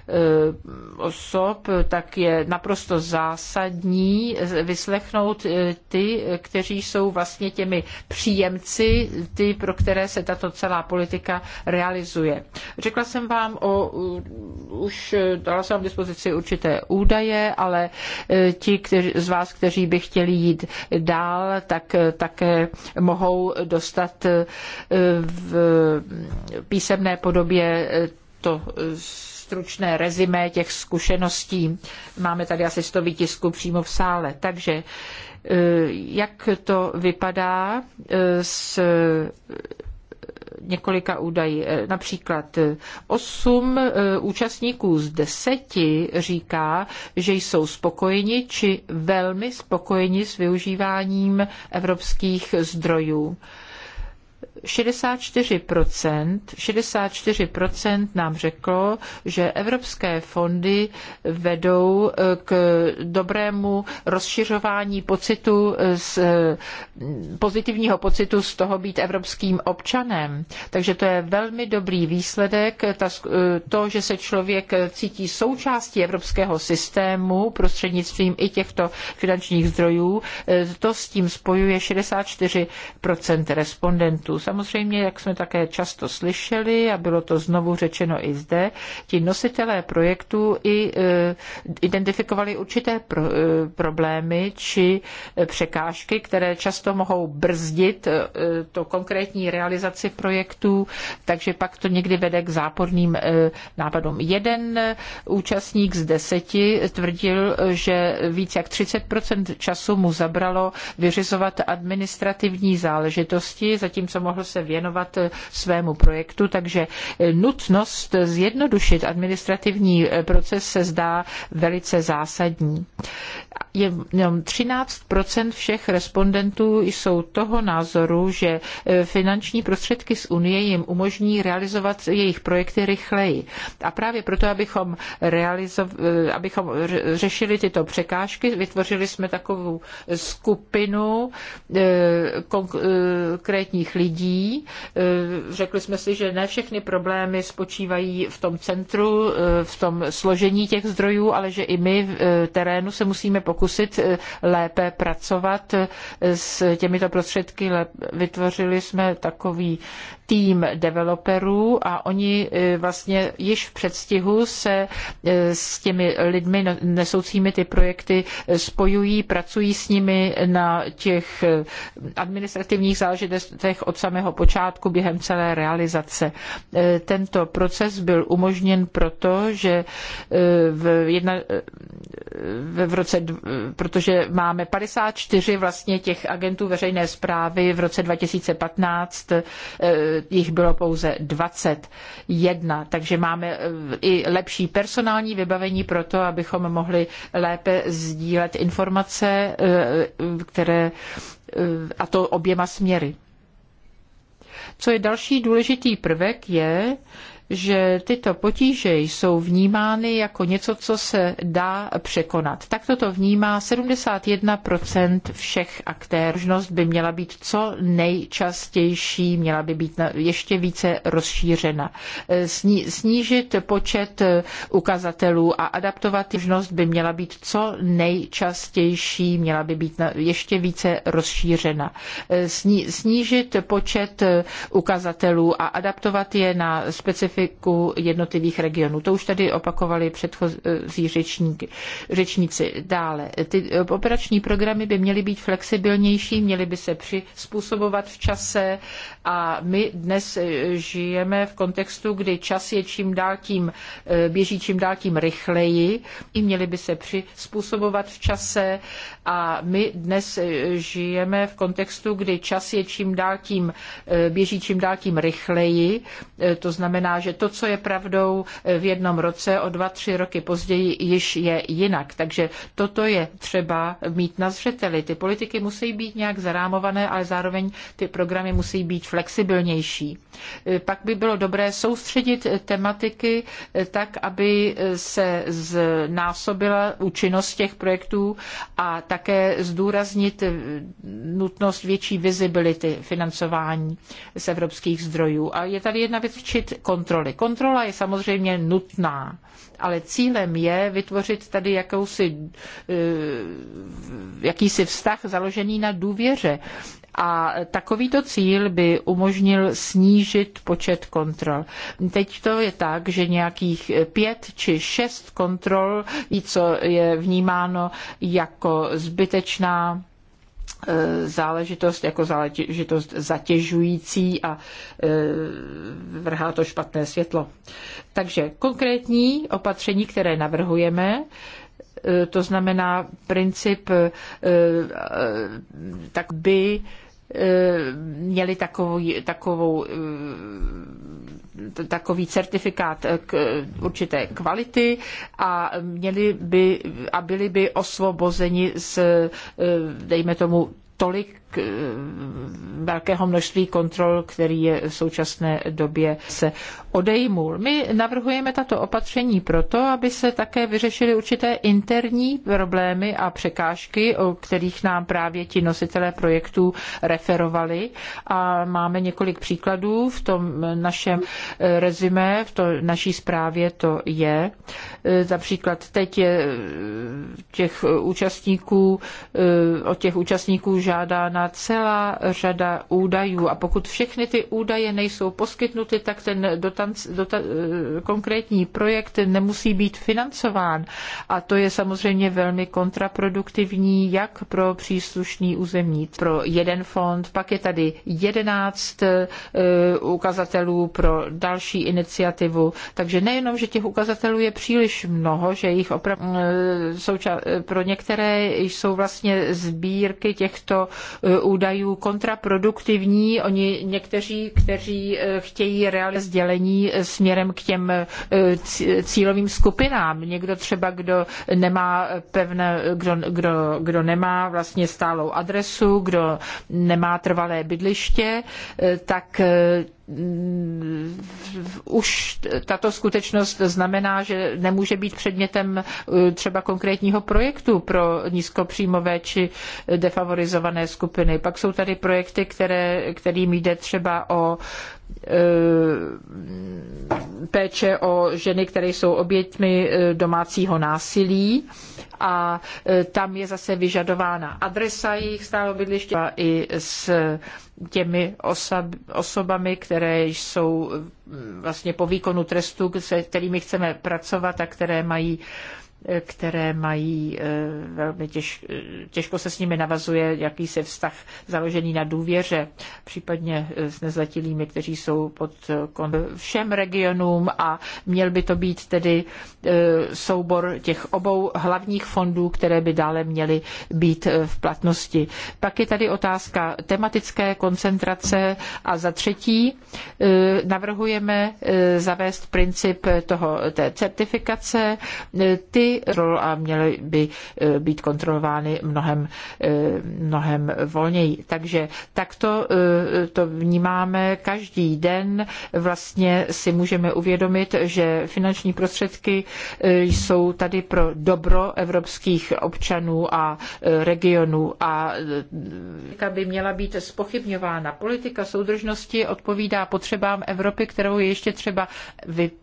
[SPEAKER 3] Eh, osob, tak je naprosto zásadní vyslechnout eh, ty, kteří jsou vlastně těmi příjemci, ty, pro které se tato celá politika realizuje. Řekla jsem vám o, už eh, dala jsem vám dispozici určité údaje, ale ti kteři, z vás, kteří by chtěli jít dál, tak také mohou dostat v písemné podobě to stručné rezimé těch zkušeností. Máme tady asi 100 výtisků přímo v sále. Takže e, jak to vypadá e, s e, několika údají. Například osm účastníků z 10 říká, že jsou spokojeni či velmi spokojeni s využíváním evropských zdrojů. 64%, 64% nám řeklo, že evropské fondy vedou eh, k dobrému rozšiřování pocitu z, eh, pozitivního pocitu z toho být evropským občanem. Takže to je velmi dobrý výsledek. Ta, eh, to, že se člověk cítí součástí evropského systému prostřednictvím i těchto finančních zdrojů, to s tím spojuje 64% respondentů samozřejmě, jak jsme také často slyšeli, a bylo to znovu řečeno i zde, ti nositelé projektu i e, identifikovali určité pro, e, problémy či e, překážky, které často mohou brzdit to konkrétní realizaci projektů, takže pak to někdy vede k záporným nápadům. Jeden účastník z deseti tvrdil, že více jak 30 času mu zabralo vyřizovat administrativní záležitosti, zatímco mohl mohl se věnovat eh, svému projektu, takže eh, nutnost zjednodušit administrativní eh, proces se zdá velice zásadní. Je, 13 všech respondentů jsou toho názoru, že finanční prostředky z Unie jim umožní realizovat jejich projekty rychleji. A právě proto, abychom, realizo- abychom řešili tyto překážky, vytvořili jsme takovou skupinu konkrétních lidí, Eh, řekli jsme si, že ne všechny problémy spočívají v tom centru, eh, v tom složení těch zdrojů, ale že i my v eh, terénu se musíme pokusit lépe pracovat s těmito prostředky. Vytvořili jsme takový tým developerů a oni e, vlastně již v předstihu se e, s těmi lidmi no, nesoucími ty projekty e, spojují, pracují s nimi na těch administrativních záležitostech od samého počátku během celé realizace. Tento proces byl umožněn proto, že v, jedna, v roce, protože máme 54 vlastně těch agentů veřejné zprávy v roce 2015, jich bylo pouze 21. Takže máme eh, i lepší personální vybavení pro to, abychom mohli lépe sdílet informace, eh, které eh, a to oběma směry. Co je další důležitý prvek, je, že tyto potíže jsou vnímány jako něco, co se dá překonat. Takto to vnímá 71% všech aktérů. Možnost by měla být co nejčastější, měla by být ještě více rozšířena. Snížit počet ukazatelů a adaptovat možnost by měla být co nejčastější, měla by být ještě více rozšířena. Snížit počet ukazatelů a adaptovat je na specifické specifiku jednotlivých regionů. To už tady opakovali předchozí řečníky, řečníci. Dále, ty eh, operační programy by měly být flexibilnější, měly by se přizpůsobovat v čase a my dnes eh, žijeme v kontextu, kdy čas je čím dál tím, eh, běží čím dál tím rychleji i měli by se přizpůsobovat v čase a my dnes eh, žijeme v kontextu, kdy čas je čím dál tím, běží čím dál tím rychleji. To znamená, že to, co je pravdou v jednom roce, o dva, tři roky později již je jinak. Takže toto je třeba mít na zřeteli. Ty politiky musí být nějak zarámované, ale zároveň ty programy musí být flexibilnější. Eh, pak by bylo dobré soustředit eh, tematiky eh, tak, aby se znásobila účinnost těch projektů a také zdůraznit nutnost větší vizibility financování z evropských zdrojů. A je tady jedna věc včit kontroly. Kontrola je samozřejmě nutná, ale cílem je vytvořit tady jakousi, jakýsi vztah založený na důvěře a takovýto cíl by umožnil snížit počet kontrol. Teď to je tak, že nějakých pět či šest kontrol, co je vnímáno jako zbytečná e, záležitost jako záležitost zatěžující a e, vrhá to špatné světlo. Takže konkrétní opatření, které navrhujeme, e, to znamená princip tak by Eh, měli takový, takovou, eh, takový certifikát k určité kvality a, měli by, a byli by osvobozeni z, eh, dejme tomu, tolik k velkého množství kontrol, který je v současné době se odejmul. My navrhujeme tato opatření proto, aby se také vyřešily určité interní problémy a překážky, o kterých nám právě ti nositelé projektů referovali. A máme několik příkladů v tom našem eh, rezime, v to naší zprávě to je. Eh, například teď je eh, těch účastníků, od těch účastníků žádá na celá řada údajů a pokud všechny ty údaje nejsou poskytnuty, tak ten dotanc, dota, eh, konkrétní projekt nemusí být financován a to je samozřejmě velmi kontraproduktivní jak pro příslušný územní, pro jeden fond, pak je tady jedenáct eh, ukazatelů pro další iniciativu, takže nejenom, že těch ukazatelů je příliš mnoho, že jich opravdu eh, pro některé jsou vlastně sbírky těchto údajů kontraproduktivní. Oni někteří, kteří eh, chtějí realizovat sdělení eh, směrem k těm eh, cílovým skupinám. Někdo třeba, kdo nemá pevné, kdo, kdo, kdo nemá vlastně stálou adresu, kdo nemá trvalé bydliště, tak Mm, už tato skutečnost znamená, že nemůže být předmětem eh, třeba konkrétního projektu pro nízkopříjmové či defavorizované skupiny. Pak jsou tady projekty, které, kterým jde třeba o Eh, péče o ženy, které jsou oběťmi eh, domácího násilí a eh, tam je zase vyžadována adresa jejich stálo bydliště a i s těmi osobami, které jsou vlastně po výkonu trestu, se kterými chceme pracovat a které mají které mají eh, velmi těž, těžko se s nimi navazuje jakýsi vztah založený na důvěře, případně eh, s nezletilými, kteří jsou pod eh, všem regionům a měl by to být tedy soubor těch obou hlavních fondů, které by dále měly být v platnosti. Pak je tady otázka tematické koncentrace a za třetí navrhujeme zavést princip toho, té certifikace. Ty rol a měly by e, být kontrolovány mnohem, e, mnohem volněji. Takže takto e, to vnímáme každý den. Vlastně si můžeme uvědomit, že finanční prostředky jsou tady pro dobro evropských občanů a regionů a by měla být spochybňována. Politika soudržnosti odpovídá potřebám Evropy, kterou je ještě třeba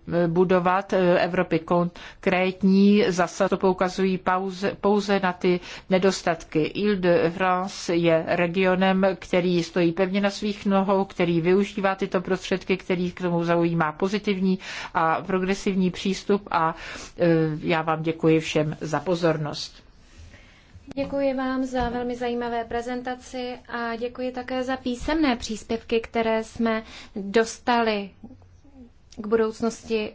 [SPEAKER 3] vybudovat, Evropy konkrétní, zase to poukazují pauze, pouze na ty nedostatky. Ile-de-France je regionem, který stojí pevně na svých nohou, který využívá tyto prostředky, který k tomu zaujímá pozitivní a progresivní přístup a e, já vám děkuji všem za pozornost.
[SPEAKER 1] Děkuji vám za velmi zajímavé prezentaci a děkuji také za písemné příspěvky, které jsme dostali k budoucnosti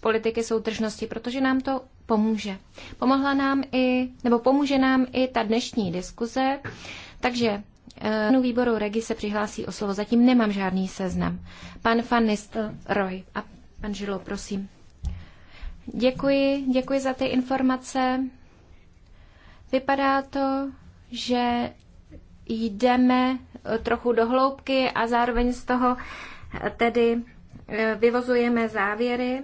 [SPEAKER 1] politiky soudržnosti, protože nám to pomůže. Pomohla nám i, nebo pomůže nám i ta dnešní diskuze, takže eh, Panu výboru Regi se přihlásí o slovo. Zatím nemám žádný seznam. Pan Fanist Roy a pan Žilo, prosím. Děkuji, děkuji za ty informace. Vypadá to, že jdeme eh, trochu do hloubky a zároveň z toho eh, tedy vyvozujeme závěry.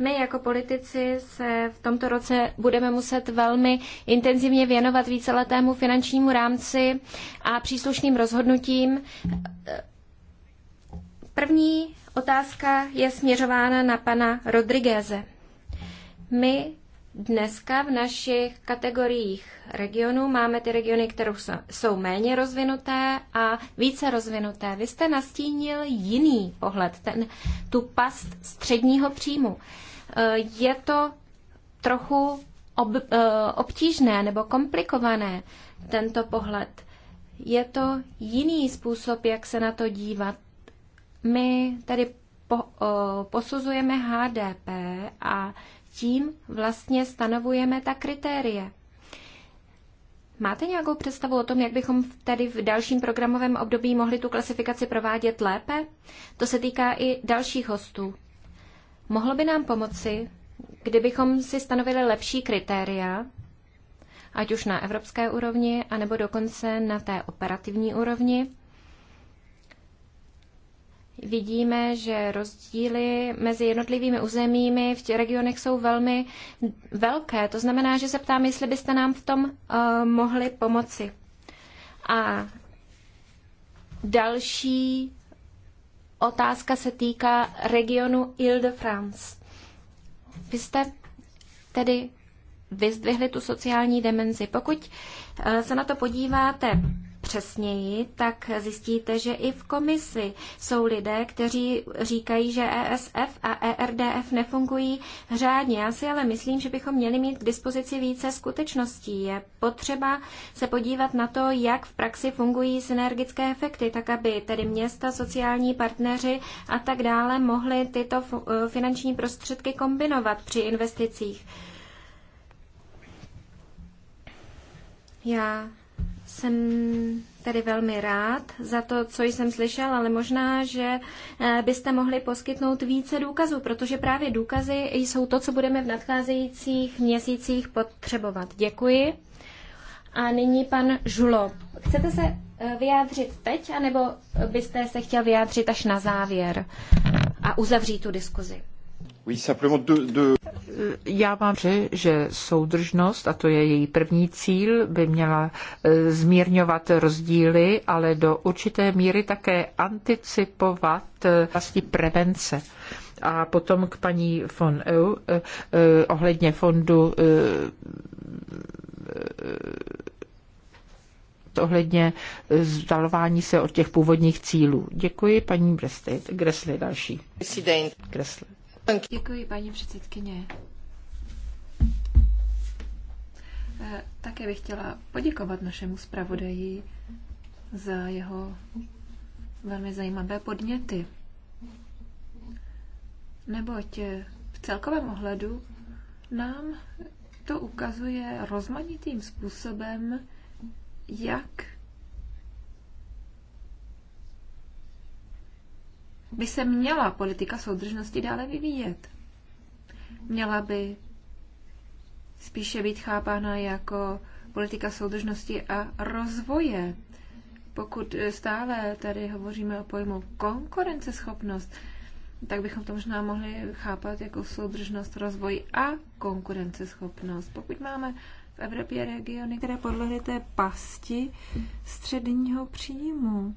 [SPEAKER 1] My jako politici se v tomto roce budeme muset velmi intenzivně věnovat víceletému finančnímu rámci a příslušným rozhodnutím. První otázka je směřována na pana Rodrigueze. My dneska v našich kategoriích regionů máme ty regiony, které jsou méně rozvinuté a více rozvinuté. Vy jste nastínil jiný pohled, ten, tu past středního příjmu. Eh, je to trochu ob, eh, obtížné nebo komplikované, tento pohled. Je to jiný způsob, jak se na to dívat. My tady po, o, eh, posuzujeme HDP a tím vlastně stanovujeme ta kritérie. Máte nějakou představu o tom, jak bychom tady v dalším programovém období mohli tu klasifikaci provádět lépe? To se týká i dalších hostů. Mohlo by nám pomoci, kdybychom si stanovili lepší kritéria, ať už na evropské úrovni, anebo dokonce na té operativní úrovni. Vidíme, že rozdíly mezi jednotlivými územími v těch regionech jsou velmi velké. To znamená, že se ptám, jestli byste nám v tom uh, mohli pomoci. A další otázka se týká regionu Ile-de-France. Vy jste tedy vyzdvihli tu sociální dimenzi. Pokud eh, se na to podíváte přesněji, tak zjistíte, že i v komisi jsou lidé, kteří říkají, že ESF a ERDF nefungují řádně. Já si ale myslím, že bychom měli mít k dispozici více skutečností. Je potřeba se podívat na to, jak v praxi fungují synergické efekty, tak aby tedy města, sociální partneři a tak dále mohli tyto finanční prostředky kombinovat při investicích. Já jsem tedy velmi rád za to, co jsem slyšel, ale možná, že eh, byste mohli poskytnout více důkazů, protože právě důkazy jsou to, co budeme v nadcházejících měsících potřebovat. Děkuji. A nyní pan Žulo. Chcete se eh, vyjádřit teď, anebo byste se chtěl vyjádřit až na závěr a uzavřít tu diskuzi?
[SPEAKER 3] Já vám že, že soudržnost, a to je její první cíl, by měla e, zmírňovat rozdíly, ale do určité míry také anticipovat vlastně prevence. A potom k paní von Eu e, ohledně fondu ohledně vzdalování se od těch původních cílů. Děkuji, paní Gresly, další. Děkuji,
[SPEAKER 2] paní předsedkyně. Eh, také bych chtěla poděkovat našemu zpravodaji za jeho velmi zajímavé podněty. Neboť eh, v celkovém ohledu nám to ukazuje rozmanitým způsobem, jak by se měla politika soudržnosti dále vyvíjet. Měla by spíše být chápána jako politika soudržnosti a rozvoje. Pokud stále tady hovoříme o pojmu konkurenceschopnost, tak bychom to možná mohli chápat jako soudržnost, rozvoj a konkurenceschopnost. Pokud máme v Evropě regiony, které podlehly té pasti středního příjmu,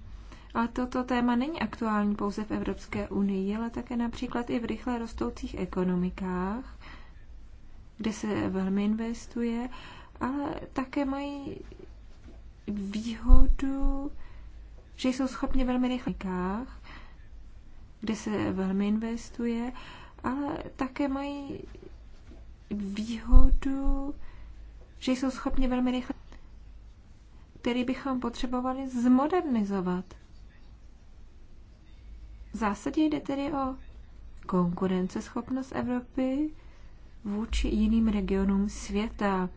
[SPEAKER 2] ale toto téma není aktuální pouze v Evropské unii, ale také například i v rychle rostoucích ekonomikách, kde se velmi investuje, ale také mají výhodu, že jsou schopni velmi rychle, kde se velmi investuje, ale také mají výhodu, že jsou schopni velmi rychle, který bychom potřebovali zmodernizovat. V zásadě jde tedy o konkurenceschopnost Evropy vůči jiným regionům světa.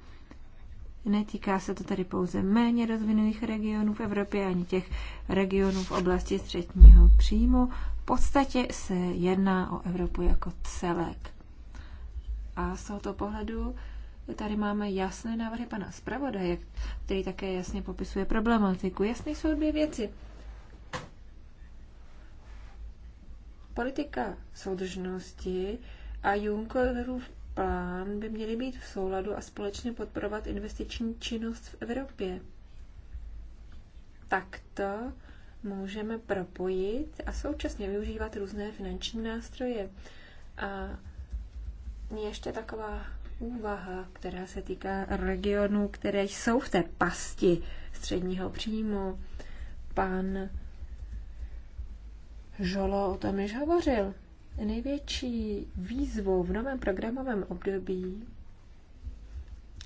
[SPEAKER 2] Netýká se to tedy pouze méně rozvinutých regionů v Evropě ani těch regionů v oblasti středního příjmu. V podstatě se jedná o Evropu jako celek. A z tohoto pohledu tady máme jasné návrhy pana zpravodaje, který také jasně popisuje problematiku. Jasné jsou dvě věci. Politika soudržnosti a Junckerův plán by měly být v souladu a společně podporovat investiční činnost v Evropě. Takto můžeme propojit a současně využívat různé finanční nástroje. A ještě taková úvaha, která se týká regionů, které jsou v té pasti středního příjmu. Pan Žolo o tom již hovořil. Největší výzvou v novém programovém období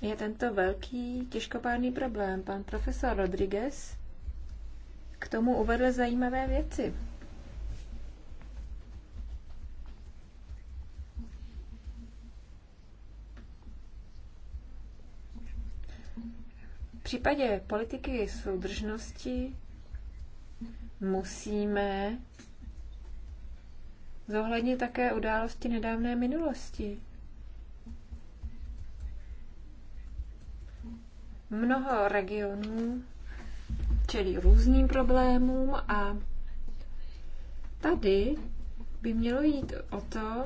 [SPEAKER 2] je tento velký těžkopádný problém. Pan profesor Rodriguez k tomu uvedl zajímavé věci. V případě politiky soudržnosti musíme zohlednit také události nedávné minulosti. Mnoho regionů čelí různým problémům a tady by mělo jít o to,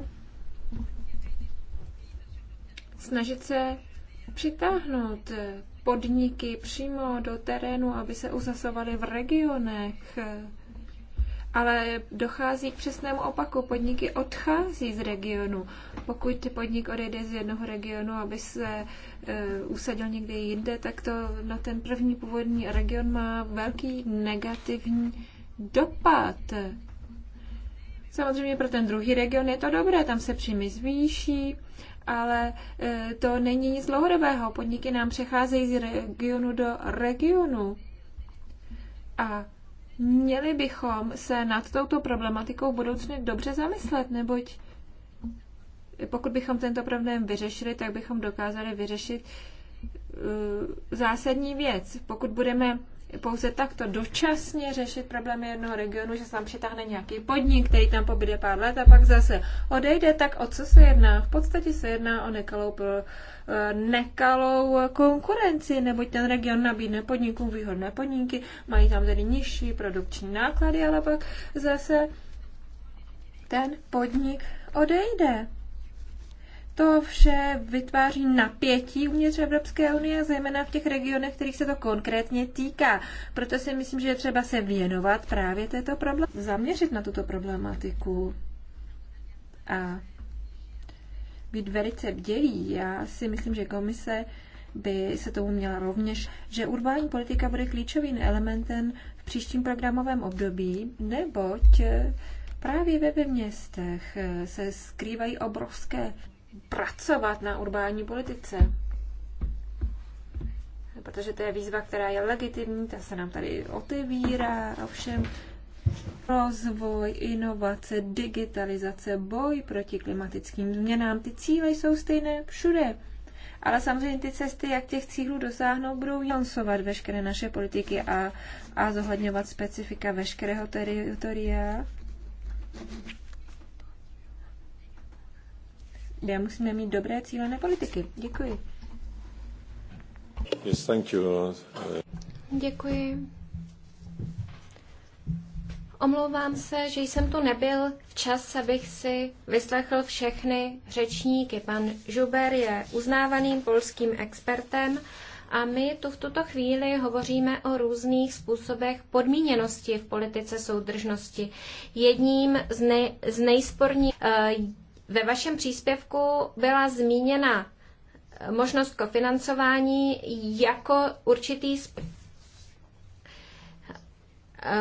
[SPEAKER 2] snažit se přitáhnout podniky přímo do terénu, aby se uzasovaly v regionech, ale dochází k přesnému opaku. Podniky odchází z regionu. Pokud podnik odejde z jednoho regionu, aby se e, usadil někde jinde, tak to na ten první původní region má velký negativní dopad. Samozřejmě pro ten druhý region je to dobré, tam se příjmy zvýší, ale e, to není nic dlouhodobého. Podniky nám přecházejí z regionu do regionu. A Měli bychom se nad touto problematikou v budoucnu dobře zamyslet, neboť pokud bychom tento problém vyřešili, tak bychom dokázali vyřešit uh, zásadní věc. Pokud budeme pouze takto dočasně řešit problémy jednoho regionu, že se tam přitáhne nějaký podnik, který tam pobyde pár let a pak zase odejde, tak o co se jedná? V podstatě se jedná o nekalou, eh, nekalou konkurenci, neboť ten region nabídne podnikům výhodné podniky, mají tam tedy nižší produkční náklady, ale pak zase ten podnik odejde. To vše vytváří napětí uvnitř Evropské unie, zejména v těch regionech, kterých se to konkrétně týká. Proto si myslím, že je třeba se věnovat právě této problematice, zaměřit na tuto problematiku a být velice bdělí. Já si myslím, že komise by se tomu měla rovněž, že urbání politika bude klíčovým elementem v příštím programovém období, neboť Právě ve městech se skrývají obrovské pracovat na urbání politice. Protože to je výzva, která je legitimní, ta se nám tady otevírá, ovšem rozvoj, inovace, digitalizace, boj proti klimatickým změnám, ty cíle jsou stejné všude. Ale samozřejmě ty cesty, jak těch cílů dosáhnout, budou jansovat veškeré naše politiky a, a zohledňovat specifika veškerého teritoria kde musíme mít dobré cílené politiky. Děkuji.
[SPEAKER 3] Yes, thank
[SPEAKER 4] you.
[SPEAKER 2] Děkuji.
[SPEAKER 1] Omlouvám se, že jsem tu nebyl včas, abych si vyslechl všechny řečníky. Pan Žuber je uznávaným polským expertem a my tu v tuto chvíli hovoříme o různých způsobech podmíněnosti v politice soudržnosti. Jedním z, nej, z nejsporní eh, ve vašem příspěvku byla zmíněna možnost kofinancování jako určitý sp-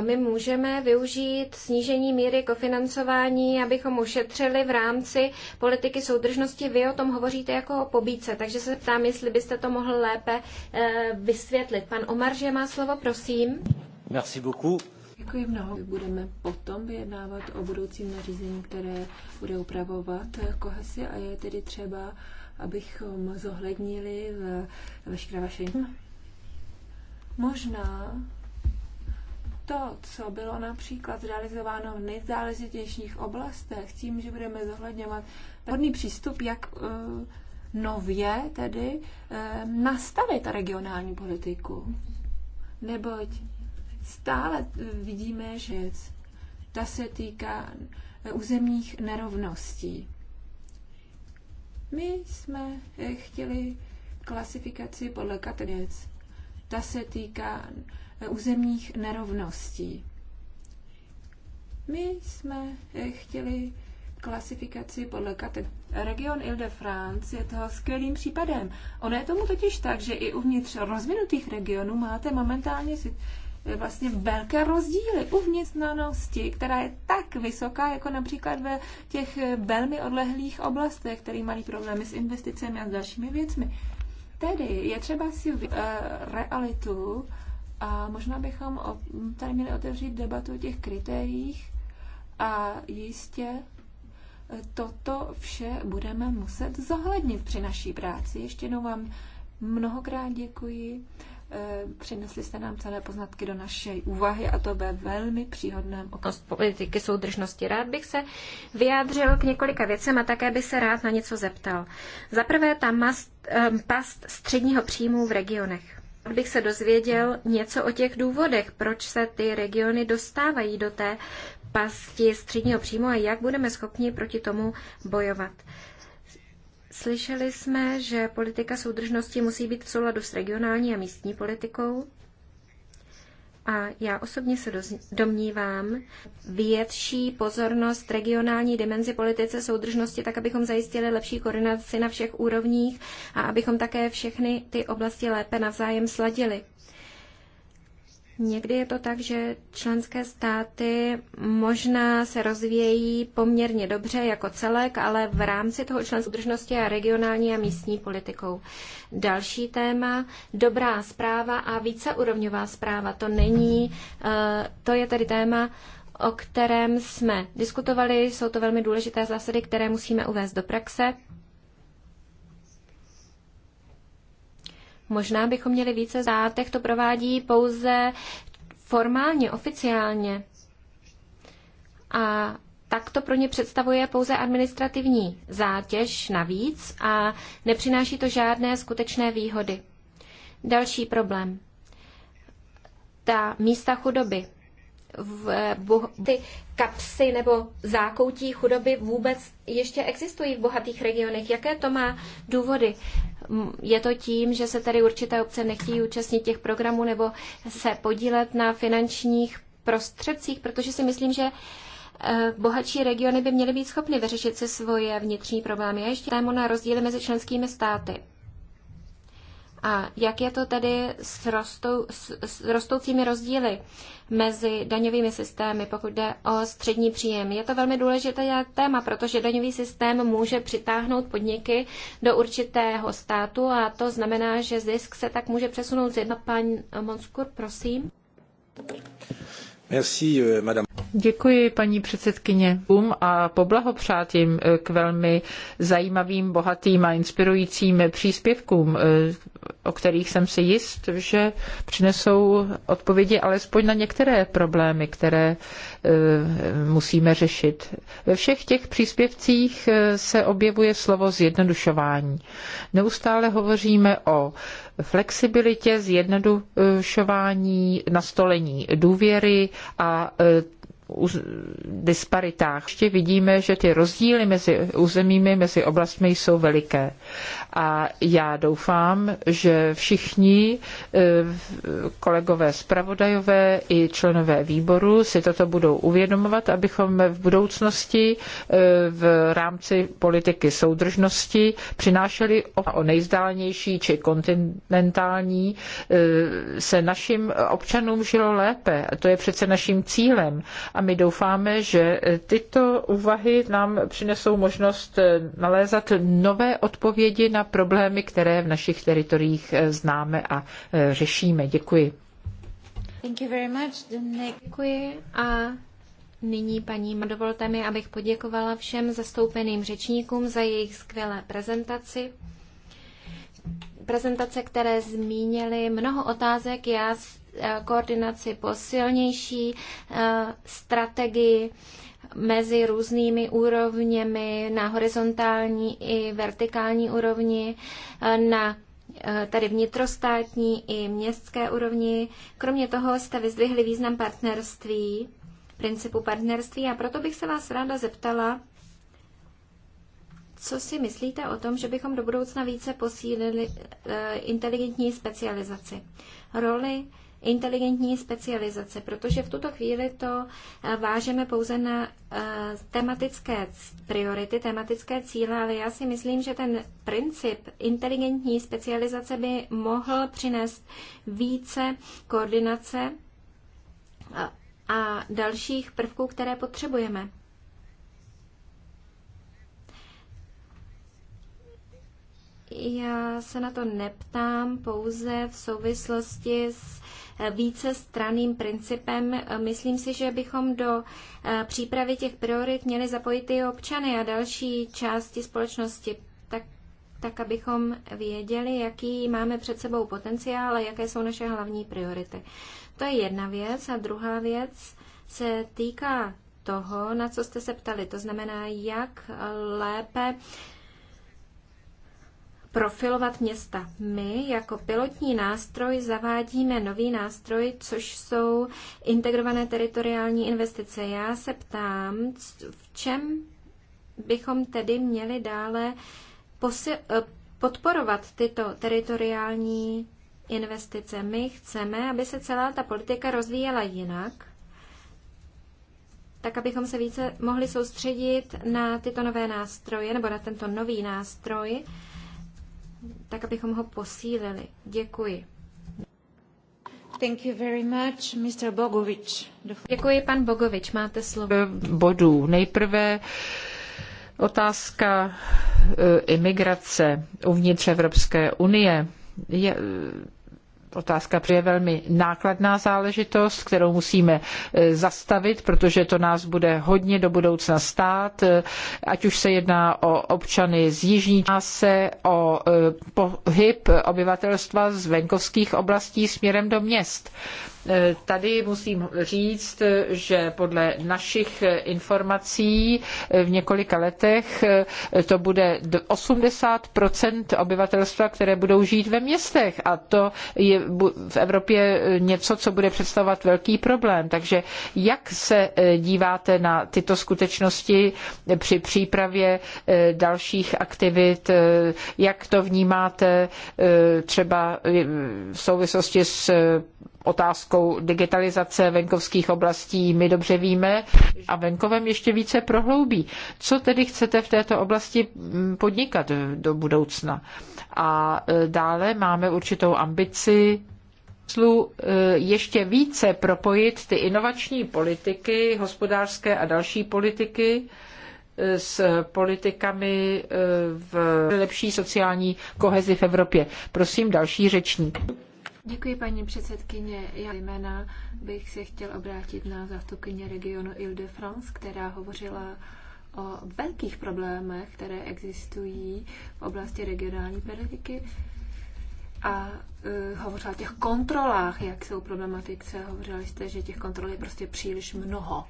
[SPEAKER 1] my můžeme využít snížení míry kofinancování, abychom ušetřili v rámci politiky soudržnosti. Vy o tom hovoříte jako o pobíce, takže se ptám, jestli byste to mohl lépe eh,
[SPEAKER 2] vysvětlit. Pan Omar, že má slovo, prosím.
[SPEAKER 3] Merci beaucoup.
[SPEAKER 2] Děkuji mnoho. Budeme potom vyjednávat o budoucím nařízení, které bude upravovat kohesy a je tedy třeba, abychom zohlednili veškeré vaše. No. Možná to, co bylo například zrealizováno v nejzáležitějších oblastech, s tím, že budeme zohledňovat podný přístup, jak eh, nově tedy eh, nastavit regionální politiku. Neboť stále vidíme, že ta se týká územních nerovností. My jsme eh, chtěli klasifikaci podle kategoric. Ta se týká eh, územních nerovností. My jsme eh, chtěli klasifikaci podle kategorií. Region Ile-de-France je toho skvělým případem. Ono je tomu totiž tak, že i uvnitř rozvinutých regionů máte momentálně vlastně velké rozdíly uvnitř znanosti, která je tak vysoká, jako například ve těch velmi odlehlých oblastech, které mají problémy s investicemi a s dalšími věcmi. Tedy je třeba si uh, realitu a možná bychom tady měli otevřít debatu o těch kritériích a jistě eh, toto vše budeme muset zohlednit při naší práci. Ještě jednou vám mnohokrát děkuji Eh, přinesli jste nám celé poznatky do naší úvahy a to ve velmi příhodném
[SPEAKER 1] okamžiku. Politiky soudržnosti. Rád bych se vyjádřil k několika věcem a také bych se rád na něco zeptal. Za prvé ta mast, eh, past středního příjmu v regionech. Rád bych se dozvěděl něco o těch důvodech, proč se ty regiony dostávají do té pasti středního příjmu a jak budeme schopni proti tomu bojovat. Slyšeli jsme, že politika soudržnosti musí být v souladu s regionální a místní politikou. A já osobně se domnívám větší pozornost regionální dimenzi politice soudržnosti, tak abychom zajistili lepší koordinaci na všech úrovních a abychom také všechny ty oblasti lépe navzájem sladili. Někdy je to tak, že členské státy možná se rozvíjejí poměrně dobře jako celek, ale v rámci toho členské udržnosti a regionální a místní politikou. Další téma, dobrá zpráva a víceúrovňová zpráva. To není, eh, to je tedy téma, o kterém jsme diskutovali. Jsou to velmi důležité zásady, které musíme uvést do praxe. Možná bychom měli více zátech, to provádí pouze formálně, oficiálně. A tak to pro ně představuje pouze administrativní zátěž navíc a nepřináší to žádné skutečné výhody. Další problém. Ta místa chudoby v ty kapsy nebo zákoutí chudoby vůbec ještě existují v bohatých regionech. Jaké to má důvody? Je to tím, že se tady určité obce nechtějí účastnit těch programů nebo se podílet na finančních prostředcích, protože si myslím, že eh, bohatší regiony by měly být schopny vyřešit si svoje vnitřní problémy. A ještě tému na rozdíly mezi členskými státy. A jak je to tedy s, rostou, s, s rostoucími rozdíly mezi daňovými systémy, pokud jde o střední příjem? Je to velmi důležité téma, protože daňový systém může přitáhnout podniky do určitého státu a to znamená, že zisk se tak může přesunout z jedna. Pan Monskur, prosím.
[SPEAKER 2] Merci, euh, madame.
[SPEAKER 3] Děkuji paní předsedkyně a poblahopřát jim eh, k velmi zajímavým, bohatým a inspirujícím příspěvkům, eh, o kterých jsem si jist, že přinesou odpovědi alespoň na některé problémy, které Eh, musíme řešit. Ve všech těch příspěvcích eh, se objevuje slovo zjednodušování. Neustále hovoříme o flexibilitě, zjednodušování, nastolení důvěry a eh, disparitách. Ještě vidíme, že ty rozdíly mezi územími, mezi oblastmi jsou veliké. A já doufám, že všichni eh, kolegové zpravodajové i členové výboru si toto budou uvědomovat, abychom v budoucnosti eh, v rámci politiky soudržnosti přinášeli o nejvzdálenější či kontinentální eh, se našim občanům žilo lépe. A to je přece naším cílem. A my doufáme, že eh, tyto úvahy nám přinesou možnost eh, nalézat nové odpovědi na problémy, které v našich teritoriích eh, známe a řešíme. Děkuji.
[SPEAKER 1] Thank you very much. Děkuji a Nyní, paní, dovolte mi, abych poděkovala všem zastoupeným řečníkům za jejich skvělé prezentaci. Prezentace, které zmínily mnoho otázek, já Eh, koordinaci, po silnější eh, strategii mezi různými úrovněmi na horizontální i vertikální úrovni, eh, na tady vnitrostátní i městské úrovni. Kromě toho jste vyzdvihli význam partnerství, principu partnerství a proto bych se vás ráda zeptala, co si myslíte o tom, že bychom do budoucna více posílili inteligentní specializaci? Roli inteligentní specializace, protože v tuto chvíli to eh, vážeme pouze na eh, tematické priority, tematické cíle, ale já si myslím, že ten princip inteligentní specializace by mohl přinést více koordinace eh, a dalších prvků, které potřebujeme. Já se na to neptám pouze v souvislosti s více straným principem. Myslím si, že bychom do eh, přípravy těch priorit měli zapojit i občany a další části společnosti, tak, tak abychom věděli, jaký máme před sebou potenciál a jaké jsou naše hlavní priority. To je jedna věc. A druhá věc se týká toho, na co jste se ptali. To znamená, jak lépe uh, profilovat města. My jako pilotní nástroj zavádíme nový nástroj, což jsou integrované teritoriální investice. Já se ptám, v čem bychom tedy měli dále eh, podporovat tyto teritoriální investice. My chceme, aby se celá ta politika rozvíjela jinak, tak abychom se více mohli soustředit na tyto nové nástroje nebo na tento nový nástroj, tak abychom ho posílili. Děkuji. Thank you very much, Mr. Bogovič. Děkuji, pan Bogovič, máte
[SPEAKER 3] slovo. Bodů. Nejprve otázka e, imigrace uvnitř Evropské unie. Je, otázka, protože je velmi nákladná záležitost, kterou musíme eh, zastavit, protože to nás bude hodně do budoucna stát, eh, ať už se jedná o občany z jižní čáse, o eh, pohyb obyvatelstva z venkovských oblastí směrem do měst. Eh, tady musím říct, že podle našich informací eh, v několika letech eh, to bude 80 obyvatelstva, které budou žít ve městech a to je v Evropě něco, co bude představovat velký problém. Takže jak se díváte na tyto skutečnosti při přípravě dalších aktivit, jak to vnímáte třeba v souvislosti s otázkou digitalizace venkovských oblastí, my dobře víme, a venkovem ještě více prohloubí. Co tedy chcete v této oblasti mm, podnikat do budoucna? A e, dále máme určitou ambici e, ještě více propojit ty inovační politiky, hospodářské a další politiky e, s politikami v lepší sociální kohezi v Evropě. Prosím, další řečník.
[SPEAKER 2] Děkuji, paní předsedkyně. Já jména bych se chtěl obrátit na zástupkyně regionu Ile-de-France, která hovořila o velkých problémech, které existují v oblasti regionální politiky a uh, hovořila o těch kontrolách, jak jsou problematice. Hovořila jste, že těch kontrol je prostě příliš mnoho.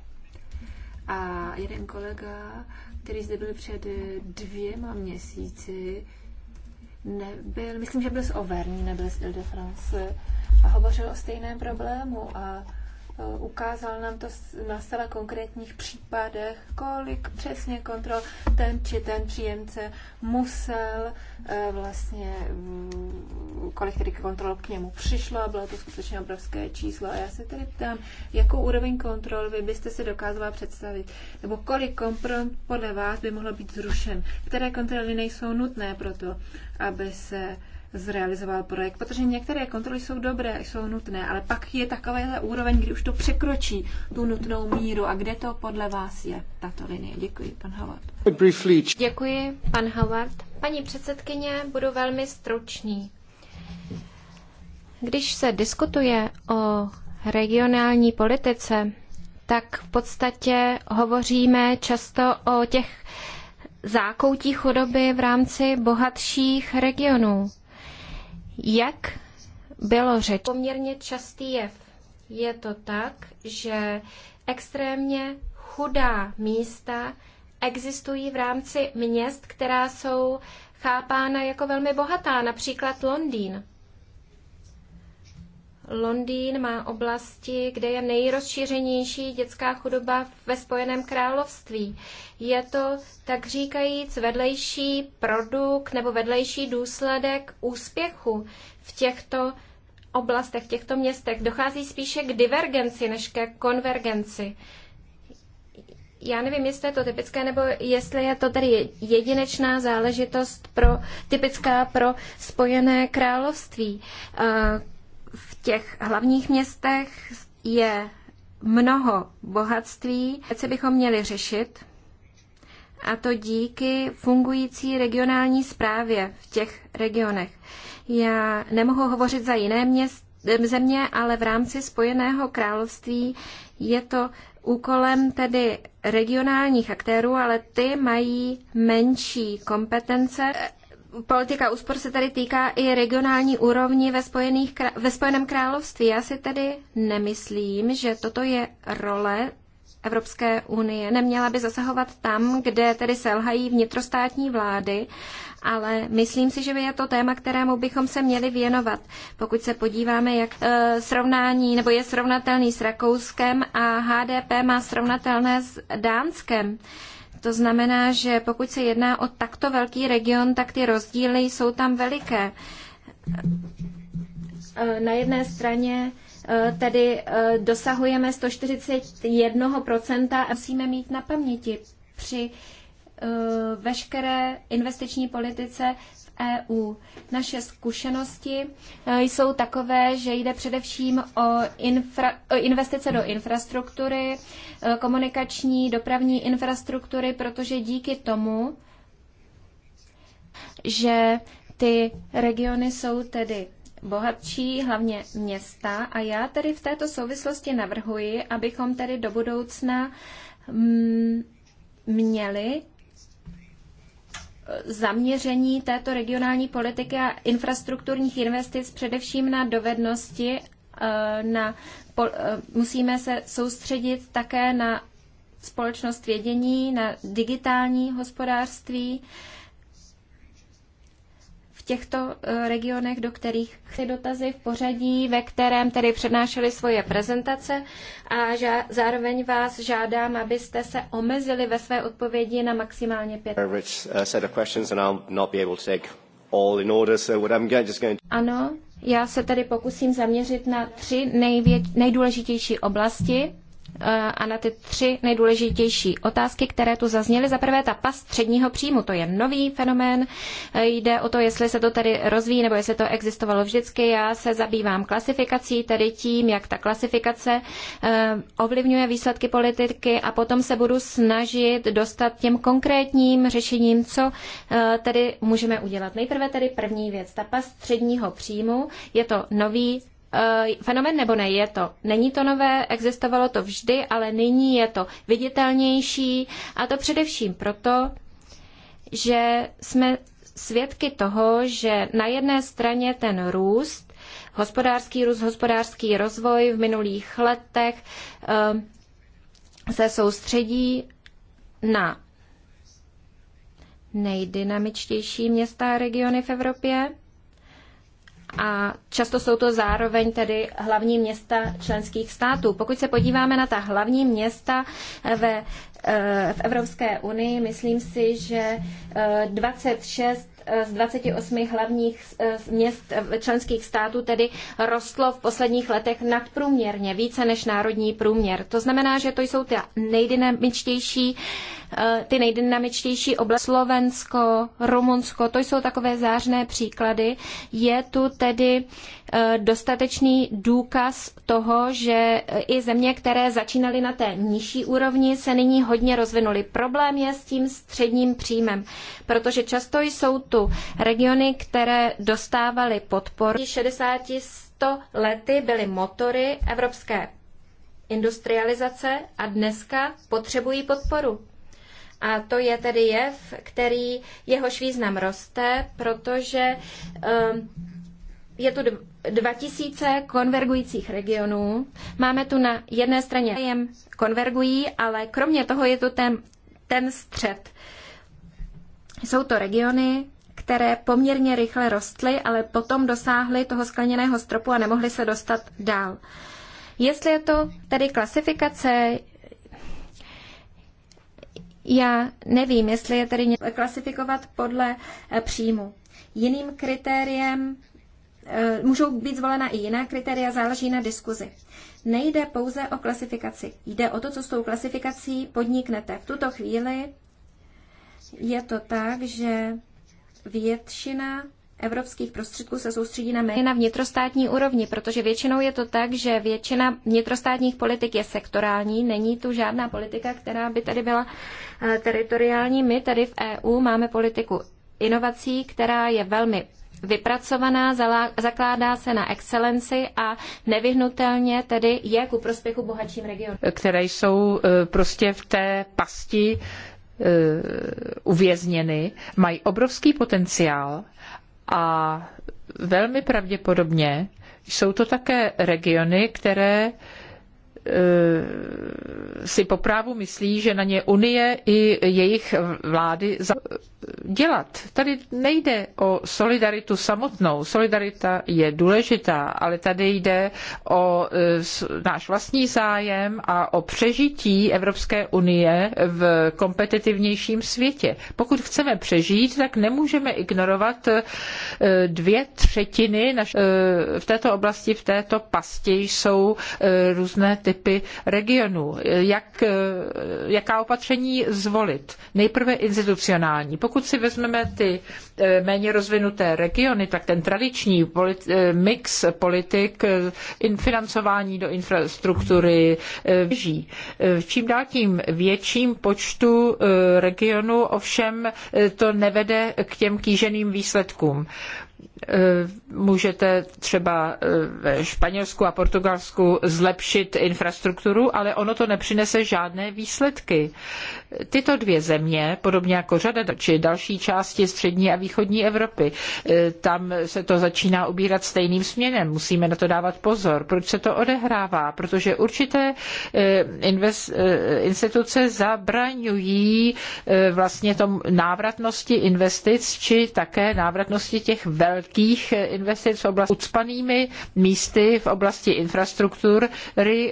[SPEAKER 2] A jeden kolega, který zde byl před dvěma měsíci, nebyl, myslím, že byl z Overní, nebyl z Ile de France a hovořil o stejném problému a Eh, ukázal nám to na zcela konkrétních případech, kolik přesně kontrol ten či ten příjemce musel eh, vlastně, mm, kolik tedy kontrol k němu přišlo, bylo to skutečně obrovské číslo. A já se tedy ptám, jakou úroveň kontrol vy byste si dokázala představit, nebo kolik kompron podle vás by mohlo být zrušen, které kontroly nejsou nutné pro to, aby se zrealizoval projekt, protože některé kontroly jsou dobré, jsou nutné, ale pak je takovéhle úroveň, kdy už to překročí tu nutnou míru. A kde to podle vás je, tato linie? Děkuji, pan Howard. Děkuji, pan Howard.
[SPEAKER 1] Paní předsedkyně, budu velmi stručný. Když se diskutuje o regionální politice, tak v podstatě hovoříme často o těch zákoutí chudoby v rámci bohatších regionů. Jak bylo řečeno, poměrně častý jev. Je to tak, že extrémně chudá místa existují v rámci měst, která jsou chápána jako velmi bohatá, například Londýn. Londýn má oblasti, kde je nejrozšířenější dětská chudoba ve Spojeném království. Je to, tak říkajíc, vedlejší produkt nebo vedlejší důsledek úspěchu v těchto oblastech, v těchto městech. Dochází spíše k divergenci než ke konvergenci. Já nevím, jestli je to typické, nebo jestli je to tedy jedinečná záležitost pro, typická pro Spojené království v těch hlavních městech je mnoho bohatství, co bychom měli řešit, a to díky fungující regionální správě v těch regionech. Já nemohu hovořit za jiné měst, eh, země, ale v rámci Spojeného království je to úkolem tedy regionálních aktérů, ale ty mají menší kompetence politika úspor se tady týká i regionální úrovni ve, Spojených, ve Spojeném království. Já si tedy nemyslím, že toto je role Evropské unie. Neměla by zasahovat tam, kde tedy selhají vnitrostátní vlády, ale myslím si, že je to téma, kterému bychom se měli věnovat. Pokud se podíváme, jak e, srovnání nebo je srovnatelný s Rakouskem a HDP má srovnatelné s Dánskem. E, to znamená, že pokud se jedná o takto velký region, tak ty rozdíly jsou tam veliké. E, na jedné straně e, tedy e, dosahujeme 141% a musíme mít na paměti při veškeré investiční politice EU. Naše zkušenosti eh, jsou takové, že jde především o, infra, o investice do infrastruktury, eh, komunikační, dopravní infrastruktury, protože díky tomu, že ty regiony jsou tedy bohatší, hlavně města. A já tedy v této souvislosti navrhuji, abychom tedy do budoucna mm, měli zaměření této regionální politiky a infrastrukturních investic především na dovednosti. Eh, na, eh, musíme se soustředit také na společnost vědění, na digitální hospodářství těchto eh, regionech, do kterých chci dotazy v pořadí, ve kterém tedy přednášeli svoje prezentace a ža- zároveň vás žádám, abyste se omezili ve své odpovědi na maximálně pět. Uh, ano, já se tady pokusím zaměřit na tři největ- nejdůležitější oblasti. Eh, a na ty tři nejdůležitější otázky, které tu zazněly. Za prvé ta past středního příjmu, to je nový fenomén. Eh, jde o to, jestli se to tedy rozvíjí nebo jestli to existovalo vždycky. Já se zabývám klasifikací, tedy tím, jak ta klasifikace eh, ovlivňuje výsledky politiky a potom se budu snažit dostat těm konkrétním řešením, co tedy můžeme udělat. Nejprve tedy první věc, ta past středního příjmu, je to nový Eh, fenomen nebo ne, je to. Není to nové, existovalo to vždy, ale nyní je to viditelnější a to především proto, že jsme svědky toho, že na jedné straně ten růst, hospodářský růst, hospodářský rozvoj v minulých letech eh, se soustředí na nejdynamičtější města a regiony v Evropě a často jsou to zároveň tedy hlavní města členských států. Pokud se podíváme na ta hlavní města ve, eh, v Evropské unii, myslím si, že 26 eh, eh, z 28 hlavních měst členských států tedy rostlo v posledních letech nadprůměrně, více než národní průměr. To znamená, že to jsou ty nejdynamičtější Eh, ty nejdynamičtější oblasti, Slovensko, Rumunsko, to jsou takové zářné příklady. Je tu tedy eh, dostatečný důkaz toho, že eh, i země, které začínaly na té nižší úrovni, se nyní hodně rozvinuly. Problém je s tím středním příjmem, protože často jsou tu regiony, které dostávaly podporu. 60 100 lety byly motory evropské industrializace a dneska potřebují podporu. A to je tedy jev, který jehož význam roste, protože ehm, je tu 2000 konvergujících regionů. Máme tu na jedné straně jem konvergují, ale kromě toho je tu ten, ten střed. Jsou to regiony, které poměrně rychle rostly, ale potom dosáhly toho skleněného stropu a nemohly se dostat dál. Jestli je to tedy klasifikace já nevím, jestli je tedy klasifikovat podle eh, příjmu. Jiným kritériem eh, můžou být zvolena i jiná kritéria, záleží na diskuzi. Nejde pouze o klasifikaci, jde o to, co s tou klasifikací podniknete. V tuto chvíli je to tak, že většina evropských prostředků se soustředí na méně na vnitrostátní úrovni, protože většinou je to tak, že většina vnitrostátních politik je sektorální, není tu žádná politika, která by tady byla eh, teritoriální. My tady v EU máme politiku inovací, která je velmi vypracovaná, zakládá se na excelenci a nevyhnutelně tedy je ku prospěchu bohatším regionům.
[SPEAKER 3] Které jsou eh, prostě v té pasti eh, uvězněny, mají obrovský potenciál a velmi pravděpodobně jsou to také regiony, které e, si po právu myslí, že na ně Unie i jejich vlády dělat. Tady nejde o solidaritu samotnou. Solidarita je důležitá, ale tady jde o e, náš vlastní zájem a o přežití Evropské unie v kompetitivnějším světě. Pokud chceme přežít, tak nemůžeme ignorovat e, dvě třetiny naš... E, v této oblasti, v této pasti jsou různé typy regionů. Jak, jaká opatření zvolit? Nejprve institucionální. Pokud pokud si vezmeme ty eh, méně rozvinuté regiony, tak ten tradiční eh, mix politik, eh, financování do infrastruktury, ží. V čím dál tím větším počtu regionů ovšem to nevede k těm kýženým výsledkům Eh, můžete třeba eh, ve Španělsku a Portugalsku zlepšit infrastrukturu, ale ono to nepřinese žádné výsledky. Tyto dvě země, podobně jako řada či další části střední a východní Evropy, eh, tam se to začíná ubírat stejným směrem. Musíme na to dávat pozor. Proč se to odehrává? Protože určité invest, instituce zabraňují vlastně tom návratnosti investic či také návratnosti těch velkých prudkých investic v oblasti ucpanými místy v oblasti infrastruktury,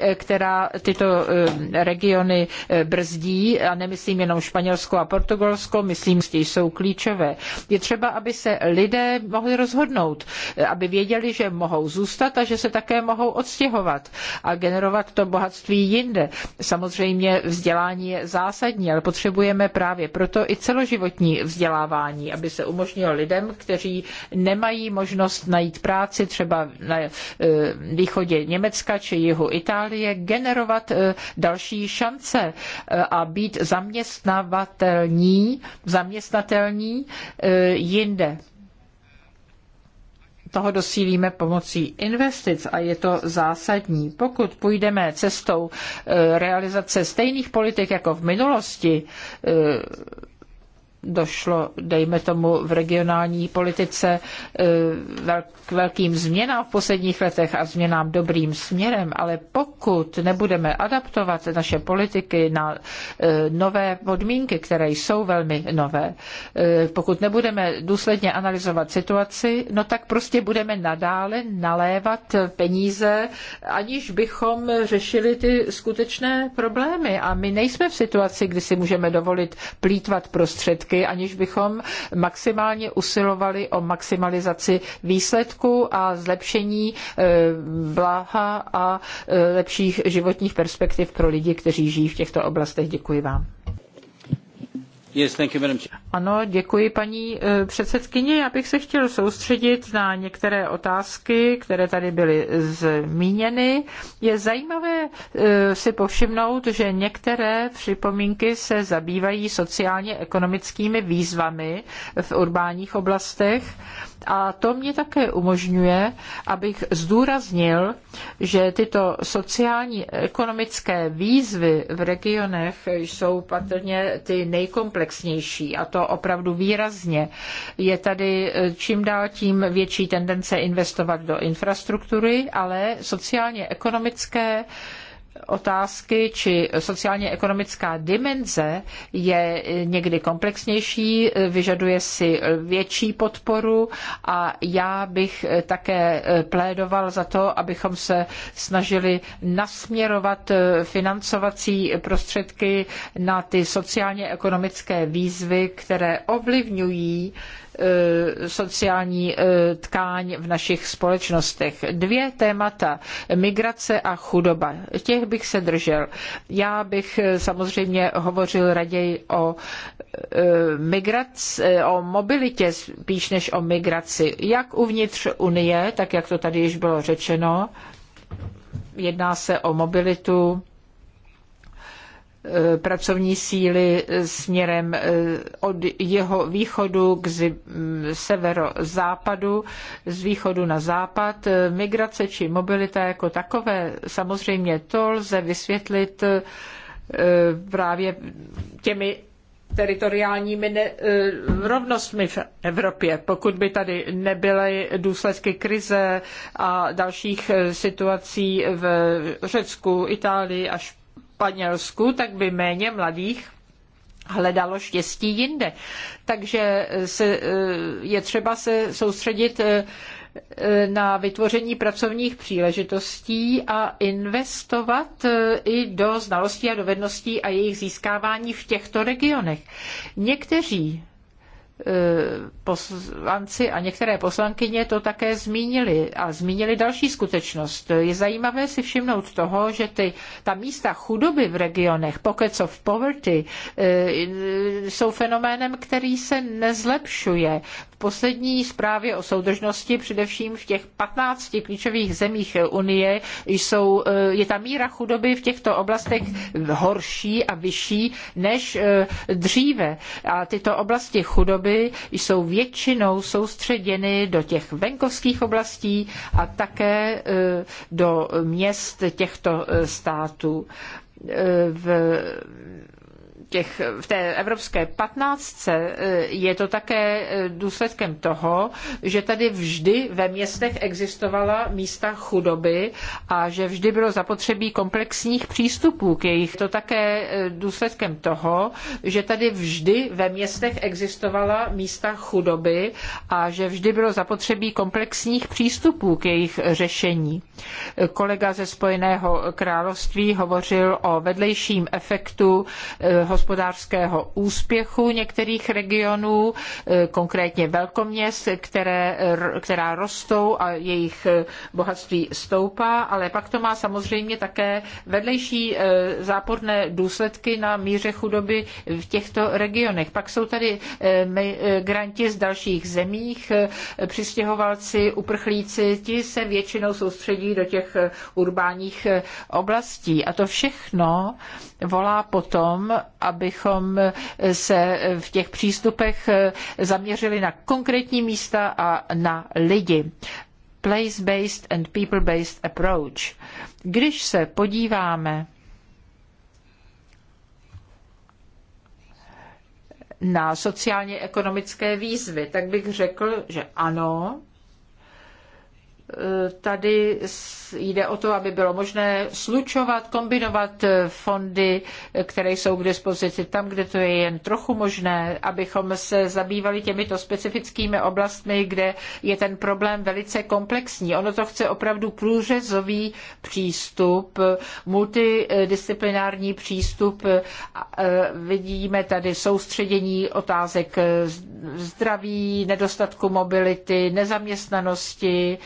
[SPEAKER 3] eh, která tyto eh, regiony eh, brzdí a nemyslím jenom Španělsko a Portugalsko, myslím, že jsou klíčové. Je třeba, aby se lidé mohli rozhodnout, aby věděli, že mohou zůstat a že se také mohou odstěhovat a generovat to bohatství jinde. Samozřejmě vzdělání je zásadní, ale potřebujeme právě proto i celoživotní vzdělávání, aby se umožnilo lidem, kteří nemají nemají možnost najít práci třeba na eh, východě Německa či jihu Itálie, generovat eh, další šance eh, a být zaměstnavatelní, zaměstnatelní jinde toho dosílíme pomocí investic a je to zásadní. Pokud půjdeme cestou realizace stejných politik jako v minulosti, došlo, dejme tomu, v regionální politice e, k velkým změnám v posledních letech a změnám dobrým směrem, ale pokud nebudeme adaptovat naše politiky na e, nové podmínky, které jsou velmi nové, e, pokud nebudeme důsledně analyzovat situaci, no tak prostě budeme nadále nalévat peníze, aniž bychom řešili ty skutečné problémy. A my nejsme v situaci, kdy si můžeme dovolit plítvat prostředky výsledky, aniž bychom maximálně usilovali o maximalizaci výsledků a zlepšení eh, blaha a eh, lepších životních perspektiv pro lidi, kteří žijí v těchto oblastech. Děkuji vám. Ano, děkuji paní eh, předsedkyně. Já bych se chtěl soustředit na některé otázky, které tady byly zmíněny. Je zajímavé eh, si povšimnout, že některé připomínky se zabývají sociálně-ekonomickými výzvami v urbánních oblastech a to mě také umožňuje, abych zdůraznil, že tyto sociální ekonomické výzvy v regionech jsou patrně ty nejkomplexnější a to opravdu výrazně. Je tady eh, čím dál tím větší tendence investovat do infrastruktury, ale sociálně ekonomické otázky či sociálně-ekonomická dimenze je někdy komplexnější, vyžaduje si větší podporu a já bych také plédoval za to, abychom se snažili nasměrovat financovací prostředky na ty sociálně-ekonomické výzvy, které ovlivňují Eh, sociální eh, tkáň v našich společnostech. Dvě témata, migrace a chudoba. Těch bych se držel. Já bych eh, samozřejmě hovořil raději o migraci, o mobilitě spíš než o migraci. Jak uvnitř Unie, tak jak to tady již bylo řečeno, jedná se o mobilitu Eh, pracovní síly eh, směrem eh, od jeho východu k mm, severozápadu, z východu na západ. Migrace či mobilita jako takové, samozřejmě to lze vysvětlit právě těmi teritoriálními rovnostmi v Evropě. Pokud by tady nebyly důsledky krize a dalších situací v Řecku, Itálii a Španělsku, Španělsku, tak by méně mladých hledalo štěstí jinde. Takže se, eh, je třeba se soustředit eh, eh, na vytvoření pracovních příležitostí a investovat i do znalostí a dovedností a jejich získávání v těchto regionech. Někteří Eh, poslanci a některé poslankyně to také zmínili a zmínili další skutečnost. Je zajímavé si všimnout toho, že ty, ta místa chudoby v regionech, pockets of poverty, eh, jsou fenoménem, který se nezlepšuje poslední zprávě o soudržnosti, především v těch 15 klíčových zemích Unie, jsou, eh, je ta míra chudoby v těchto oblastech horší a vyšší než eh, dříve. A tyto oblasti chudoby jsou většinou soustředěny do těch venkovských oblastí a také eh, do měst těchto států v těch, v té evropské patnáctce eh, je to také eh, důsledkem toho, že tady vždy ve městech existovala místa chudoby a že vždy bylo zapotřebí komplexních přístupů k jejich. To také eh, důsledkem toho, že tady vždy ve městech existovala místa chudoby a že vždy bylo zapotřebí komplexních přístupů k jejich řešení. Kolega ze Spojeného království hovořil o vedlejším efektu hospodářství hospodářského úspěchu některých regionů, eh, konkrétně velkoměst, které, která rostou a jejich eh, bohatství stoupá, ale pak to má samozřejmě také vedlejší eh, záporné důsledky na míře chudoby v těchto regionech. Pak jsou tady migranti z dalších zemích, přistěhovalci, uprchlíci, ti se většinou soustředí do těch urbánních oblastí. A to všechno volá potom, abychom se v těch přístupech zaměřili na konkrétní místa a na lidi place-based and people-based approach. Když se podíváme na sociálně ekonomické výzvy, tak bych řekl, že ano, Tady jde o to, aby bylo možné slučovat, kombinovat fondy, které jsou k dispozici tam, kde to je jen trochu možné, abychom se zabývali těmito specifickými oblastmi, kde je ten problém velice komplexní. Ono to chce opravdu průřezový přístup, multidisciplinární přístup. E, vidíme tady soustředění otázek zdraví, nedostatku mobility, nezaměstnanosti,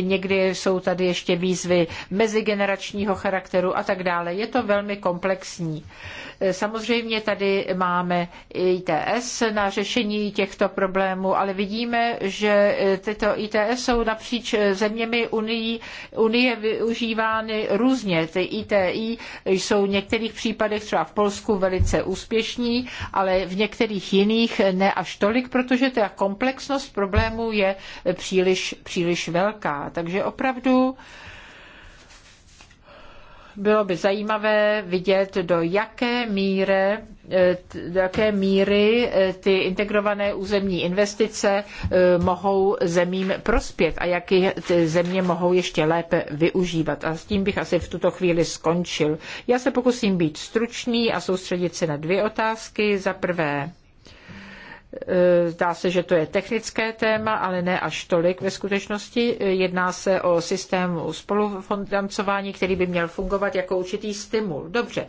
[SPEAKER 3] někdy jsou tady ještě výzvy mezigeneračního charakteru a tak dále. Je to velmi komplexní. Samozřejmě tady máme ITS na řešení těchto problémů, ale vidíme, že tyto ITS jsou napříč zeměmi Unii, Unie využívány různě. Ty ITI jsou v některých případech třeba v Polsku velice úspěšní, ale v některých jiných ne až tolik, protože ta komplexnost problémů je příliš, příliš velká. Takže opravdu bylo by zajímavé vidět, do jaké míry, eh, do jaké míry eh, ty integrované územní investice eh, mohou zemím prospět a jak ty země mohou ještě lépe využívat. A s tím bych asi v tuto chvíli skončil. Já se pokusím být stručný a soustředit se na dvě otázky. Za prvé, Eh, zdá se, že to je technické téma, ale ne až tolik ve skutečnosti. Eh, jedná se o systém spolufinancování, který by měl fungovat jako určitý stimul. Dobře,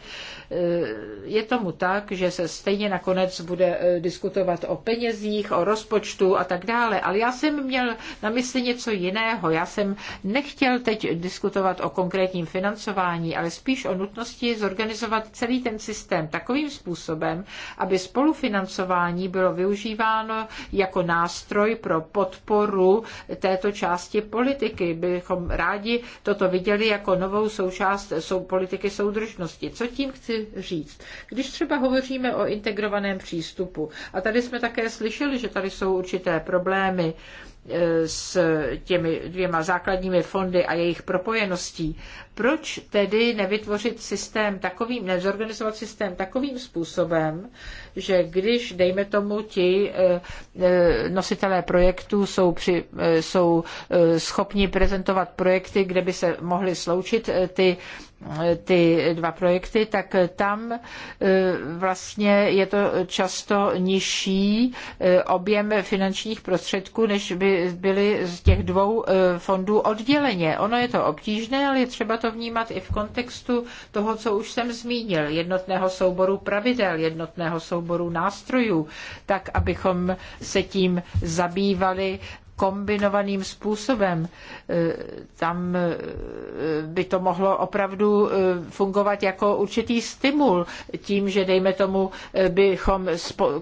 [SPEAKER 3] je tomu tak, že se stejně nakonec bude e, diskutovat o penězích, o rozpočtu a tak dále. Ale já jsem měl na mysli něco jiného. Já jsem nechtěl teď diskutovat o konkrétním financování, ale spíš o nutnosti zorganizovat celý ten systém takovým způsobem, aby spolufinancování bylo využíváno jako nástroj pro podporu této části politiky. Bychom rádi toto viděli jako novou součást politiky soudržnosti. Co tím chci říct. Když třeba hovoříme o integrovaném přístupu, a tady jsme také slyšeli, že tady jsou určité problémy, e, s těmi dvěma základními fondy a jejich propojeností. Proč tedy nevytvořit systém takovým, nezorganizovat systém takovým způsobem, že když, dejme tomu, ti e, e, nositelé projektů jsou, při, jsou schopni prezentovat projekty, kde by se mohly sloučit ty ty dva projekty, tak tam e, vlastně je to často nižší e, objem finančních prostředků, než by byly z těch dvou e, fondů odděleně. Ono je to obtížné, ale je třeba to vnímat i v kontextu toho, co už jsem zmínil, jednotného souboru pravidel, jednotného souboru nástrojů, tak abychom se tím zabývali kombinovaným způsobem. E, tam e, by to mohlo opravdu e, fungovat jako určitý stimul tím, že dejme tomu, bychom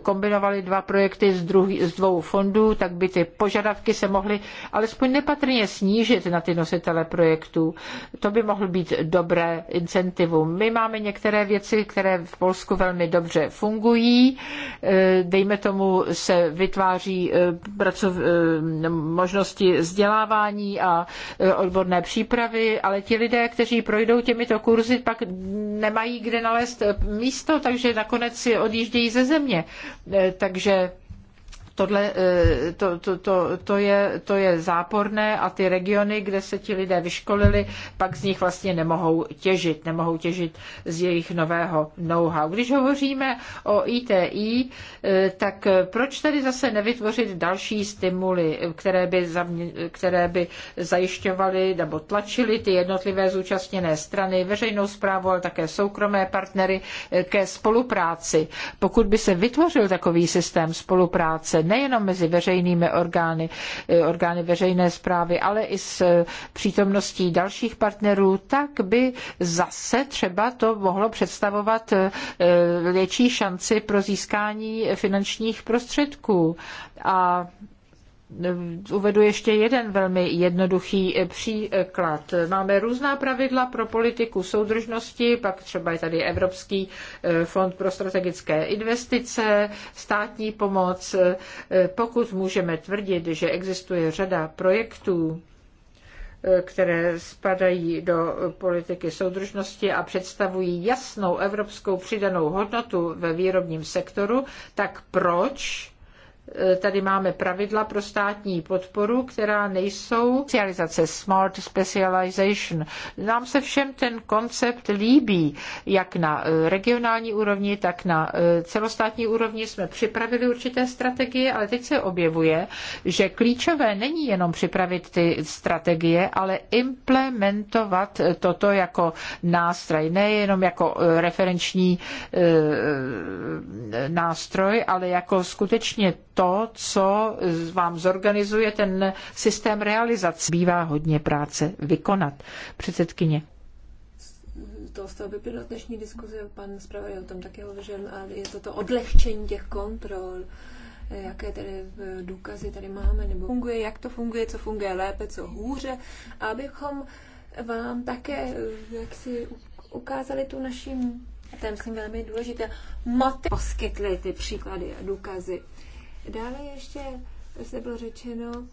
[SPEAKER 3] kombinovali dva projekty z, druhý, z dvou fondů, tak by ty požadavky se mohly alespoň nepatrně snížit na ty nositele projektů. To by mohl být dobré incentivum. My máme některé věci, které v Polsku velmi dobře fungují. Dejme tomu, se vytváří pracov, možnosti vzdělávání a e, odborné přípravy, ale ti lidé, kteří projdou těmito kurzy, pak nemají kde nalézt e, místo, takže nakonec si odjíždějí ze země. E, takže Tohle, eh, to, to, to, to, je, to je záporné a ty regiony, kde se ti lidé vyškolili, pak z nich vlastně nemohou těžit, nemohou těžit z jejich nového know-how. Když hovoříme o ITI, eh, tak proč tady zase nevytvořit další stimuly, které by, které by zajišťovaly nebo tlačily ty jednotlivé zúčastněné strany, veřejnou zprávu, ale také soukromé partnery eh, ke spolupráci. Pokud by se vytvořil takový systém spolupráce, nejenom mezi veřejnými orgány, eh, orgány veřejné zprávy, ale i s eh, přítomností dalších partnerů, tak by zase třeba to mohlo představovat eh, větší šanci pro získání finančních prostředků. A Uvedu ještě jeden velmi jednoduchý eh, příklad. Máme různá pravidla pro politiku soudržnosti, pak třeba je tady Evropský eh, fond pro strategické investice, státní pomoc. Eh, pokud můžeme tvrdit, že existuje řada projektů, které spadají do politiky soudržnosti a představují jasnou evropskou přidanou hodnotu ve výrobním sektoru, tak proč Eh, tady máme pravidla pro státní podporu, která nejsou specializace, smart specialization. Nám se všem ten koncept líbí, jak na eh, regionální úrovni, tak na eh, celostátní úrovni jsme připravili určité strategie, ale teď se objevuje, že klíčové není jenom připravit ty strategie, ale implementovat toto jako nástroj, nejenom jako referenční nástroj, ale jako skutečně to, to, co vám zorganizuje ten systém realizace. Bývá hodně práce vykonat. Předsedkyně.
[SPEAKER 2] To z toho vyplynulo dnešní diskuze, pan zpravodaj o tom také hovořil, ale je to to odlehčení těch kontrol, jaké tedy důkazy tady máme, nebo funguje, jak to funguje, co funguje lépe, co hůře, abychom vám také jak si ukázali tu naši, to je myslím velmi důležité, moty poskytli ty příklady a důkazy. Dále ještě se bylo řečeno,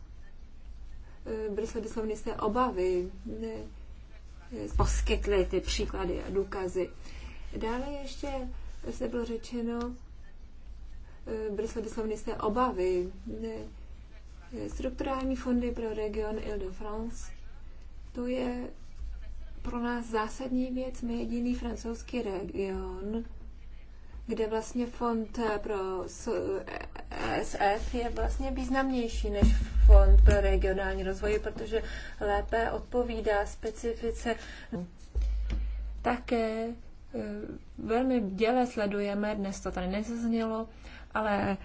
[SPEAKER 2] eh, Brusel vyslovny se obavy, ne, eh, poskytly ty příklady a důkazy. Dále ještě se bylo řečeno, eh, Brusel vyslovny se obavy, ne, strukturální fondy pro region Ile-de-France, to je pro nás zásadní věc, my jediný francouzský region, kde vlastně fond eh, pro SF eh, je vlastně významnější než fond pro regionální rozvoj, protože lépe odpovídá specifice. Také eh, velmi děle sledujeme, dnes to tady nezaznělo, ale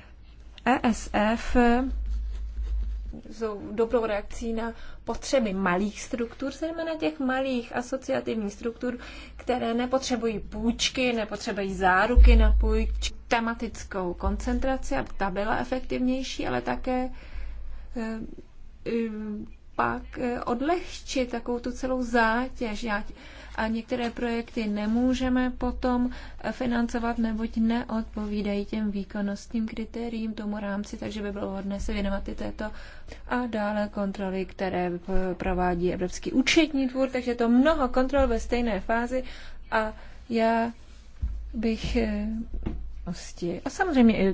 [SPEAKER 2] ESF jsou dobrou reakcí na potřeby malých struktur, zejména těch malých asociativních struktur, které nepotřebují půjčky, nepotřebují záruky na půjčky, tematickou koncentraci, aby ta byla efektivnější, ale také eh, pak eh, odlehčit takovou tu celou zátěž a některé projekty nemůžeme potom financovat, neboť neodpovídají těm výkonnostním kritériím tomu rámci, takže by bylo hodné se věnovat i této a dále kontroly, které provádí Evropský účetní dvůr, takže je to mnoho kontrol ve stejné fázi a já bych eh, A samozřejmě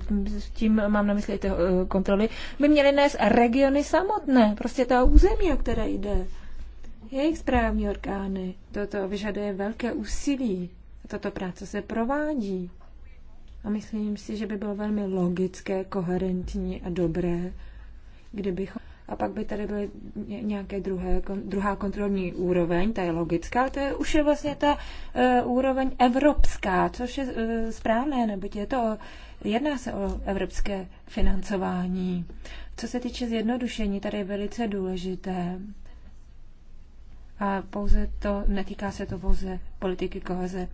[SPEAKER 2] tím mám na mysli ty eh, kontroly, by měly nést regiony samotné, prostě ta území, o které jde jejich správní orgány. Toto vyžaduje velké úsilí. Tato práce se provádí. A myslím si, že by bylo velmi logické, koherentní a dobré, kdybychom. A pak by tady byly nějaké druhé, druhá kontrolní úroveň, ta je logická, ale to je, už je vlastně ta uh, úroveň evropská, což je uh, správné, neboť je to, jedná se o evropské financování. Co se týče zjednodušení, tady je velice důležité, a pouze to, netýká se to pouze politiky koheze.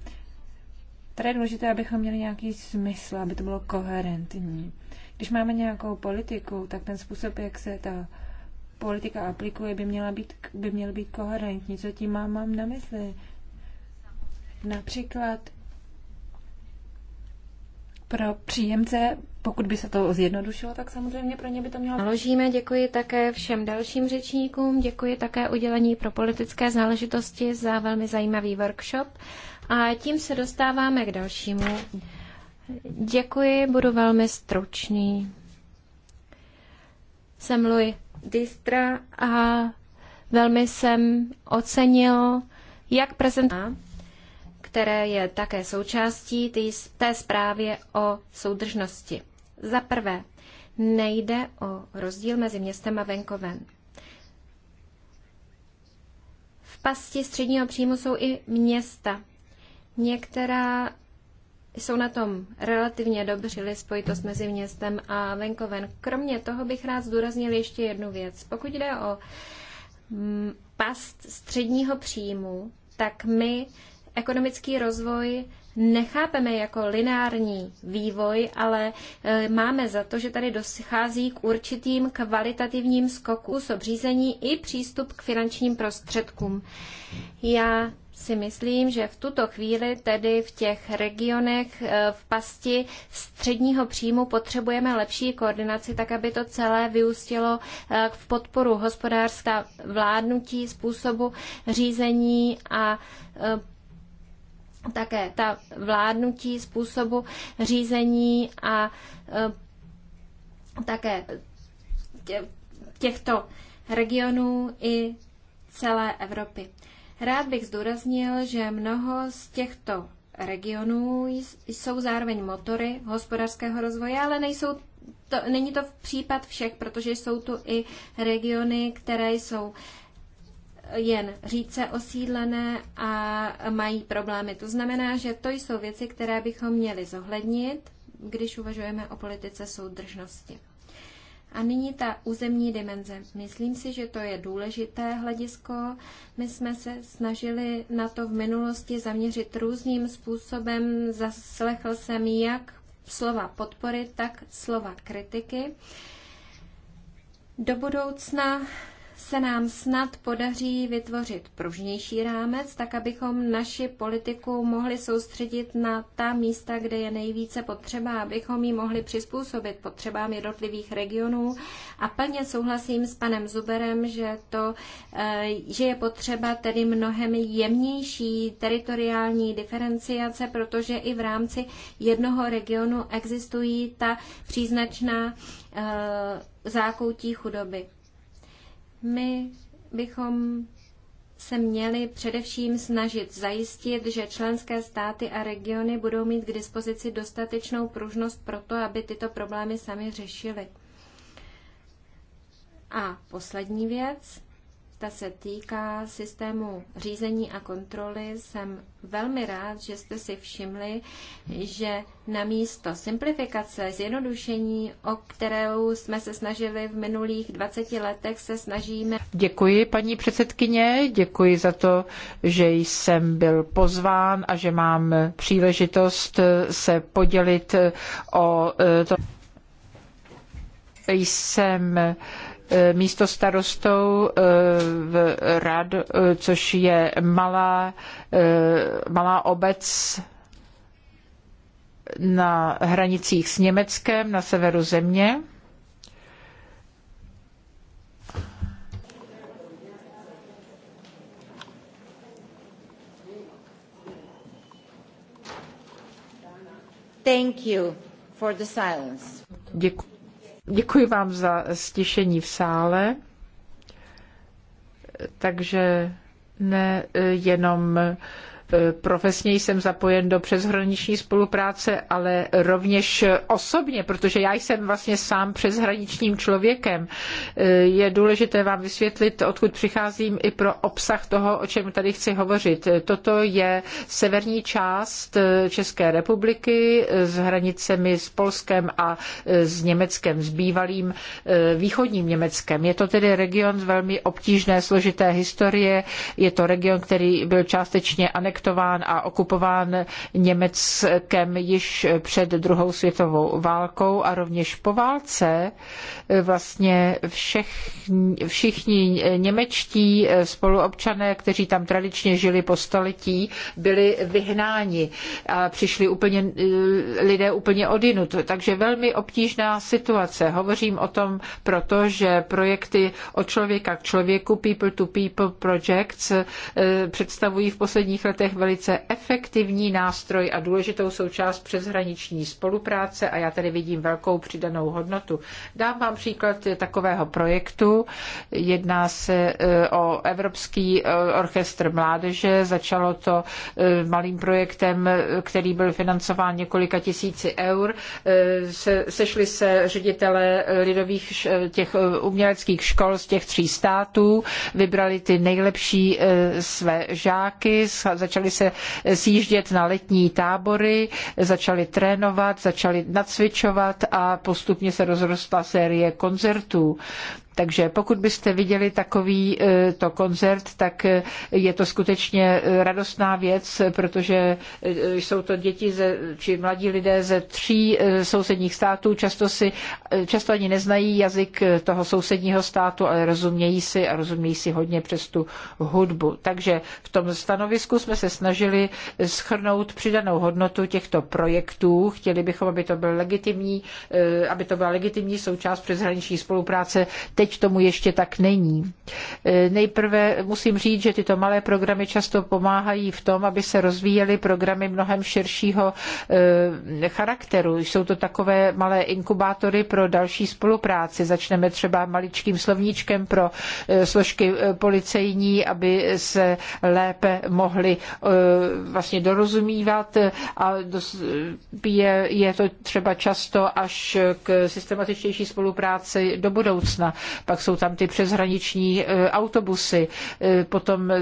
[SPEAKER 2] Tady je důležité, abychom měli nějaký smysl, aby to bylo koherentní. Když máme nějakou politiku, tak ten způsob, jak se ta politika aplikuje, by, měla být, by měl být koherentní. Co tím mám, mám na mysli? Například pro příjemce, pokud by se to zjednodušilo, tak samozřejmě pro ně by to mělo. Naložíme, děkuji
[SPEAKER 1] také všem dalším řečníkům, děkuji také udělení pro politické záležitosti za velmi zajímavý workshop a tím se dostáváme k dalšímu. Děkuji, budu velmi stručný. Jsem Louis Distra a velmi jsem ocenil, jak prezentá které je také součástí té zprávě o soudržnosti. Za prvé, nejde o rozdíl mezi městem a venkovem. V pasti středního příjmu jsou i města. Některá jsou na tom relativně dobře spojitost mezi městem a venkoven. Kromě toho bych rád zdůraznil ještě jednu věc. Pokud jde o mm, past středního příjmu, tak my ekonomický rozvoj nechápeme jako lineární vývoj, ale e, máme za to, že tady dochází k určitým kvalitativním skoku sobřízení i přístup k finančním prostředkům. Já si myslím, že v tuto chvíli tedy v těch regionech e, v pasti středního příjmu potřebujeme lepší koordinaci, tak aby to celé vyústilo e, v podporu hospodářská vládnutí, způsobu řízení a také ta vládnutí způsobu řízení a e, také těchto regionů i celé Evropy. Rád bych zdůraznil, že mnoho z těchto regionů jsou zároveň motory hospodářského rozvoje, ale nejsou to, není to případ všech, protože jsou tu i regiony, které jsou jen řídce osídlené a mají problémy. To znamená, že to jsou věci, které bychom měli zohlednit, když uvažujeme o politice soudržnosti. A nyní ta územní dimenze. Myslím si, že to je důležité hledisko. My jsme se snažili na to v minulosti zaměřit různým způsobem. Zaslechl jsem jak slova podpory, tak slova kritiky. Do budoucna se nám snad podaří vytvořit pružnější rámec, tak abychom naši politiku mohli soustředit na ta místa, kde je nejvíce potřeba, abychom ji mohli přizpůsobit potřebám jednotlivých regionů. A plně souhlasím s panem Zuberem, že, to, eh, že je potřeba tedy mnohem jemnější teritoriální diferenciace, protože i v rámci jednoho regionu existují ta příznačná eh, zákoutí chudoby. My bychom se měli především snažit zajistit, že členské státy a regiony budou mít k dispozici dostatečnou pružnost pro to, aby tyto problémy sami řešily. A poslední věc. Ta se týká systému řízení a kontroly. Jsem velmi rád, že jste si všimli, že na místo simplifikace, zjednodušení, o kterou jsme se snažili v minulých 20 letech, se snažíme.
[SPEAKER 3] Děkuji, paní předsedkyně, děkuji za to, že jsem byl pozván a že mám příležitost se podělit o eh, to. Jsem E, místo starostou e, v Rad, e, což je malá, malá obec na hranicích s Německem na severu země. Thank you for the silence. Děkuji. Děkuji vám za stišení v sále. Takže ne jenom E, Profesně jsem zapojen do přeshraniční spolupráce, ale rovněž osobně, protože já jsem vlastně sám přeshraničním člověkem. E, je důležité vám vysvětlit, odkud přicházím i pro obsah toho, o čem tady chci hovořit. E, toto je severní část České republiky s hranicemi s Polskem a s Německem, s bývalým východním Německem. Je to tedy region z velmi obtížné, složité historie. Je to region, který byl částečně anexován anektován a okupován Německem již před druhou světovou válkou a rovněž po válce vlastně všech, všichni němečtí spoluobčané, kteří tam tradičně žili po století, byli vyhnáni a přišli úplně, lidé úplně odinut. Takže velmi obtížná situace. Hovořím o tom proto, že projekty od člověka k člověku, people to people projects, eh, představují v posledních letech oblastech velice efektivní nástroj a důležitou součást přeshraniční spolupráce a já tady vidím velkou přidanou hodnotu. Dám vám příklad takového projektu. Jedná se e, o Evropský e, orchestr mládeže. Začalo to e, malým projektem, který byl financován několika tisíci eur. Sešli se ředitele lidových těch uměleckých škol z těch tří států, vybrali ty nejlepší své žáky, začali začali se sjíždět na letní tábory, začali trénovat, začali nacvičovat a postupně se rozrostla série koncertů. Takže pokud byste viděli takový e, to koncert, tak e, je to skutečně e, radostná věc, protože jsou to děti ze, či mladí lidé ze tří sousedních států, často, si, často ani neznají jazyk toho sousedního státu, ale rozumějí si a rozumějí si hodně přes tu hudbu. Takže v tom stanovisku jsme se snažili schrnout přidanou hodnotu těchto projektů. Chtěli bychom, aby to, byl legitimní, aby to byla legitimní součást přeshraniční spolupráce. Teď Teď tomu ještě tak není. E, nejprve musím říct, že tyto malé programy často pomáhají v tom, aby se rozvíjely programy mnohem širšího e, charakteru. Jsou to takové malé inkubátory pro další spolupráci. Začneme třeba maličkým slovníčkem pro e, složky policejní, aby se lépe mohli vlastně dorozumívat a je, je to třeba často až k systematičtější spolupráci do budoucna pak jsou tam ty přeshraniční e, autobusy, e, potom e,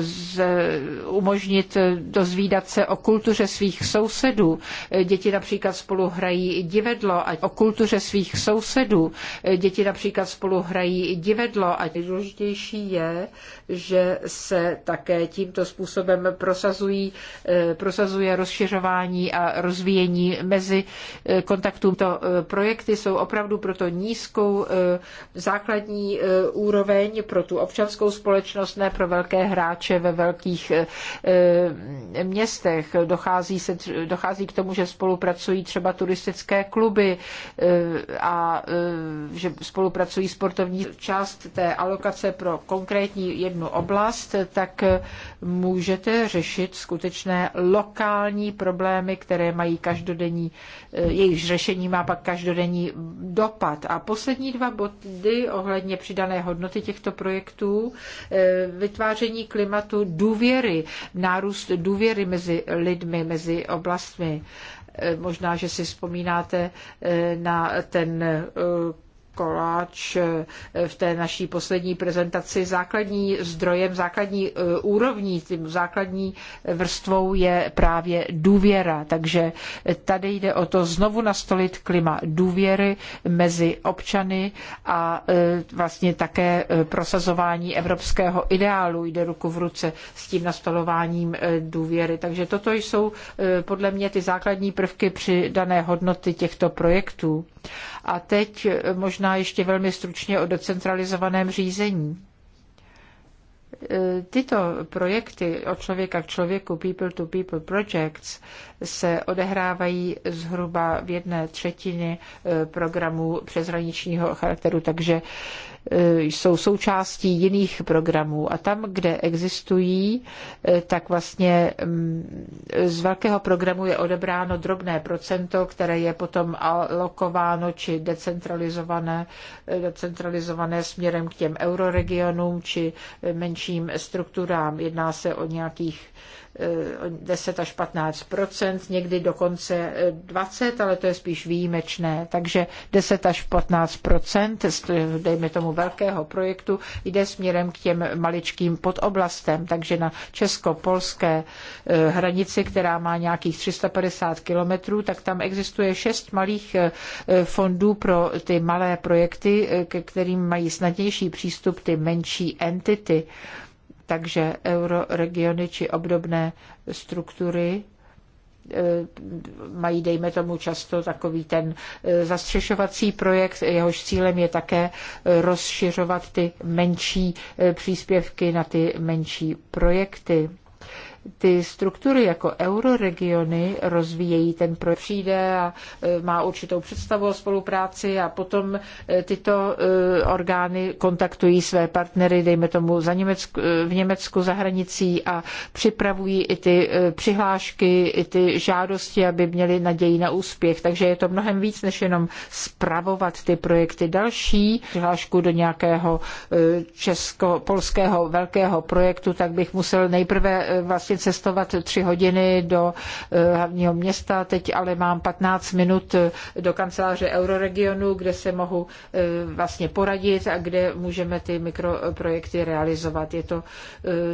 [SPEAKER 3] umožnit dozvídat se o kultuře svých sousedů. Děti například spolu hrají divadlo a o kultuře svých sousedů. Děti například spolu hrají divadlo a nejdůležitější je, že se také tímto způsobem prosazují, eh, prosazuje rozšiřování a rozvíjení mezi eh, kontaktů. To eh, projekty jsou opravdu pro to nízkou základní úroveň pro tu občanskou společnost, ne pro velké hráče ve velkých městech. Dochází, se, dochází k tomu, že spolupracují třeba turistické kluby a že spolupracují sportovní část té alokace pro konkrétní jednotlivé jednu oblast, tak můžete řešit skutečné lokální problémy, které mají každodenní, eh, jejich řešení má pak každodenní dopad. A poslední dva body ohledně přidané hodnoty těchto projektů, eh, vytváření klimatu důvěry, nárůst důvěry mezi lidmi, mezi oblastmi. Eh, možná, že si vzpomínáte na ten Koláč eh, v té naší poslední prezentaci základní zdrojem, základní eh, úrovní, tím základní vrstvou je právě důvěra. Takže eh, tady jde o to znovu nastolit klima důvěry mezi občany a vlastně také prosazování evropského ideálu jde ruku v ruce s tím nastolováním důvěry. Takže toto jsou podle mě ty základní prvky přidané hodnoty těchto projektů. A teď možná ještě velmi stručně o decentralizovaném řízení. E, tyto projekty od člověka k člověku, people to people projects, se odehrávají zhruba v jedné třetině e, programů přeshraničního charakteru, takže Eh, jsou součástí jiných programů a tam, kde existují, eh, tak vlastně mm, z velkého programu je odebráno drobné procento, které je potom alokováno či decentralizované, eh, decentralizované směrem k těm euroregionům či menším strukturám. Jedná se o nějakých 10 eh, až 15 někdy dokonce 20, eh, ale to je spíš výjimečné. Takže 10 až 15 z, dejme tomu, velkého projektu jde směrem k těm maličkým podoblastem. Takže na česko-polské eh, hranici, která má nějakých 350 kilometrů, tak tam existuje šest malých fondů pro ty malé projekty, ke kterým mají snadnější přístup ty menší entity. Takže euroregiony či obdobné struktury eh, mají, dejme tomu, často takový ten eh, zastřešovací projekt, jehož cílem je také eh, rozšiřovat ty menší příspěvky na ty menší projekty ty struktury jako euroregiony rozvíjejí ten projekt, přijde a e, má určitou představu o spolupráci a potom e, tyto e, orgány kontaktují své partnery, dejme tomu za Německu, v Německu za hranicí a připravují i ty přihlášky, i ty žádosti, aby měli naději na úspěch. Takže je to mnohem víc, než jenom spravovat ty projekty další. Přihlášku do nějakého česko-polského velkého projektu, tak bych musel nejprve vlastně prostě cestovat tři hodiny do eh, hlavního města, teď ale mám 15 minut eh, do kanceláře Euroregionu, kde se mohu eh, vlastně poradit a kde můžeme ty mikroprojekty realizovat. Je to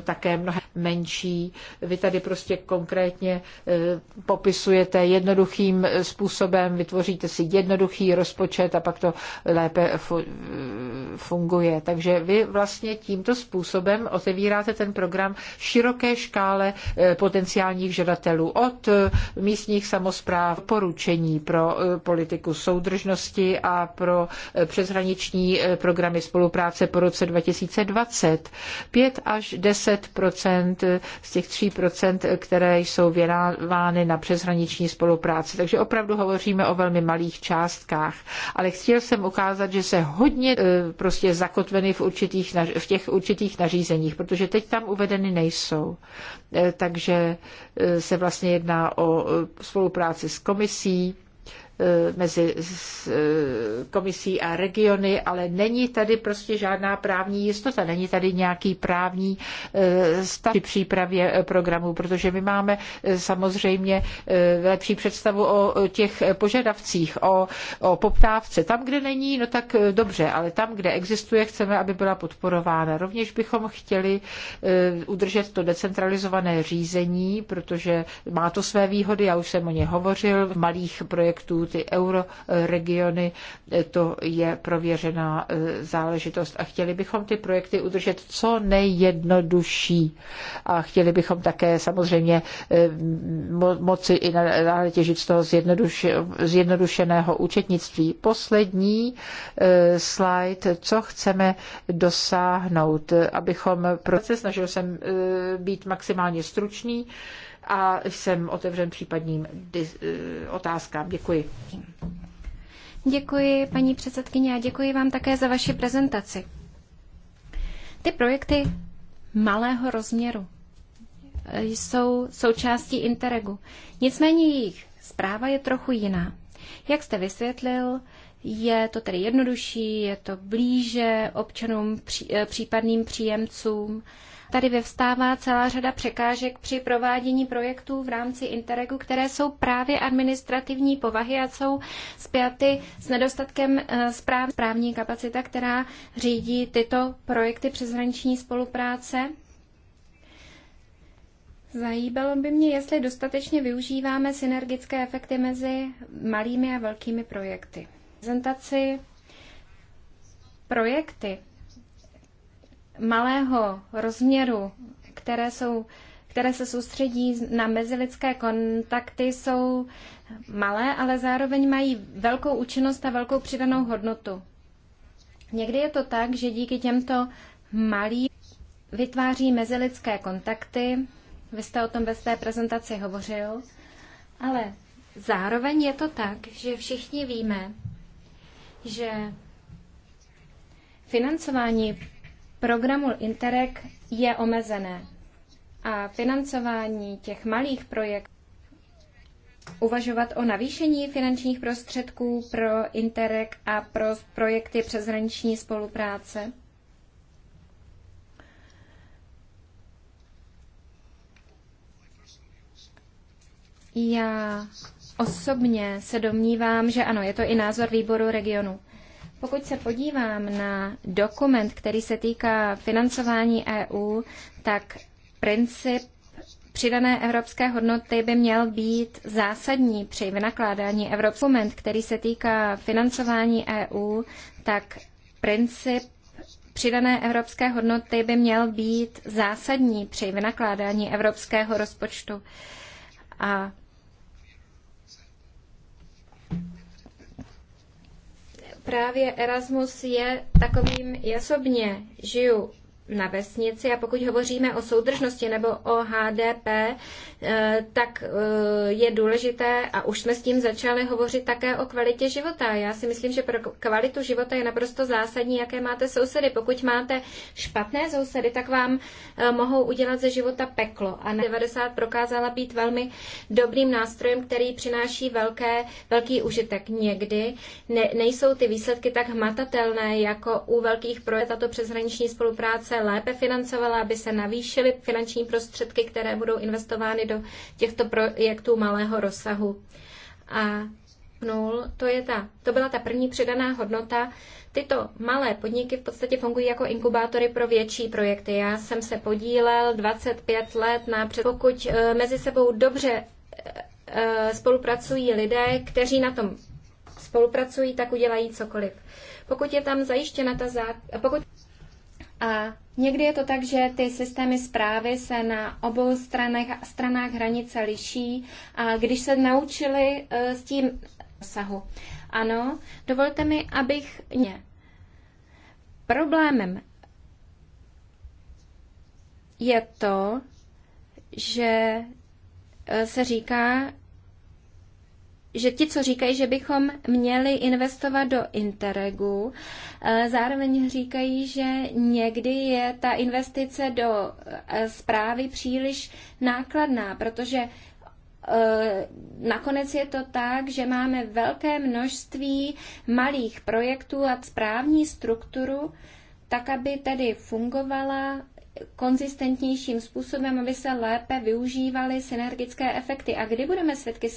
[SPEAKER 3] také mnohem menší. Vy tady prostě konkrétně popisujete jednoduchým způsobem, vytvoříte si jednoduchý rozpočet a pak to lépe funguje. Takže vy vlastně tímto způsobem otevíráte ten program široké škále Eh, potenciálních žadatelů od eh, místních samozpráv, poručení pro eh, politiku soudržnosti a pro přeshraniční programy spolupráce po roce 2020. 5 až 10 z těch 3 které jsou věnovány na přeshraniční spolupráci. Takže opravdu hovoříme o velmi malých částkách. Ale chtěl jsem ukázat, že se hodně prostě zakotveny v, určitých, v těch určitých nařízeních, protože teď tam uvedeny nejsou. Eh, takže eh, se vlastně jedná o eh, spolupráci s komisí Eh, mezi eh, komisí a regiony, ale není tady prostě žádná právní jistota, není tady nějaký právní eh, stav při přípravě programu, protože my máme samozřejmě lepší představu o těch požadavcích, o, o poptávce. Tam, kde není, no tak dobře, ale tam, kde existuje, chceme, aby byla podporována. Rovněž bychom chtěli udržet to decentralizované řízení, protože má to své výhody, já už jsem o ně hovořil, v malých projektů ty euroregiony, to je prověřená e, záležitost a chtěli bychom ty projekty udržet co nejjednodušší a chtěli bychom také samozřejmě e, moci i nadále těžit z toho zjednodušeného účetnictví. Poslední e, slide, co chceme dosáhnout, abychom proces, snažil jsem být maximálně stručný, a jsem otevřen případným eh, otázkám. Děkuji.
[SPEAKER 1] Děkuji, paní předsedkyně, a děkuji vám také za vaši prezentaci. Ty projekty malého rozměru eh, jsou součástí Interregu. Nicméně jejich zpráva je trochu jiná. Jak jste vysvětlil, je to tedy jednodušší, je to blíže občanům, eh, případným příjemcům tady vyvstává celá řada překážek při provádění projektů v rámci Interregu, které jsou právě administrativní povahy a jsou spjaty s nedostatkem eh, správ, správní kapacita, která řídí tyto projekty přeshraniční spolupráce. Zajíbalo by mě, jestli dostatečně využíváme synergické efekty mezi malými a velkými projekty. Prezentaci projekty malého rozměru, které, jsou, které se soustředí na mezilidské kontakty, jsou malé, ale zároveň mají velkou účinnost a velkou přidanou hodnotu. Někdy je to tak, že díky těmto malým vytváří mezilidské kontakty, vy jste o tom ve své prezentaci hovořil, ale zároveň je to tak, že všichni víme, že financování programu Interreg je omezené a financování těch malých projektů uvažovat o navýšení finančních prostředků pro Interreg a pro projekty přeshraniční spolupráce? Já osobně se domnívám, že ano, je to i názor výboru regionu. Pokud se podívám na dokument, který se týká financování EU, tak princip přidané evropské hodnoty by měl být zásadní při vynakládání evropského dokument, který se týká financování EU, tak princip přidané evropské hodnoty by měl být zásadní při vynakládání evropského rozpočtu. A právě Erasmus je takovým, já osobně žiju na vesnici. A pokud hovoříme o soudržnosti nebo o HDP, eh, tak eh, je důležité, a už jsme s tím začali hovořit také o kvalitě života. Já si myslím, že pro kvalitu života je naprosto zásadní, jaké máte sousedy. Pokud máte špatné sousedy, tak vám eh, mohou udělat ze života peklo. A 90 prokázala být velmi dobrým nástrojem, který přináší velké, velký užitek. Někdy ne, nejsou ty výsledky tak hmatatelné, jako u velkých projektů, tato přeshraniční spolupráce lépe financovala, aby se navýšily finanční prostředky, které budou investovány do těchto projektů malého rozsahu. A nul, to, je ta, to byla ta první přidaná hodnota. Tyto malé podniky v podstatě fungují jako inkubátory pro větší projekty. Já jsem se podílel 25 let na před... Pokud eh, mezi sebou dobře eh, eh, spolupracují lidé, kteří na tom spolupracují, tak udělají cokoliv. Pokud je tam zajištěna ta zá... pokud a někdy je to tak, že ty systémy zprávy se na obou stranách, stranách hranice liší a když se naučili e, s tím sahu. Ano, dovolte mi, abych mě problémem je to, že e, se říká, že ti, co říkají, že bychom měli investovat do Interregu, eh, zároveň říkají, že někdy je ta investice do zprávy eh, příliš nákladná, protože eh, Nakonec je to tak, že máme velké množství malých projektů a správní strukturu, tak aby tedy fungovala konzistentnějším způsobem, aby se lépe využívaly synergické efekty. A kdy budeme svědky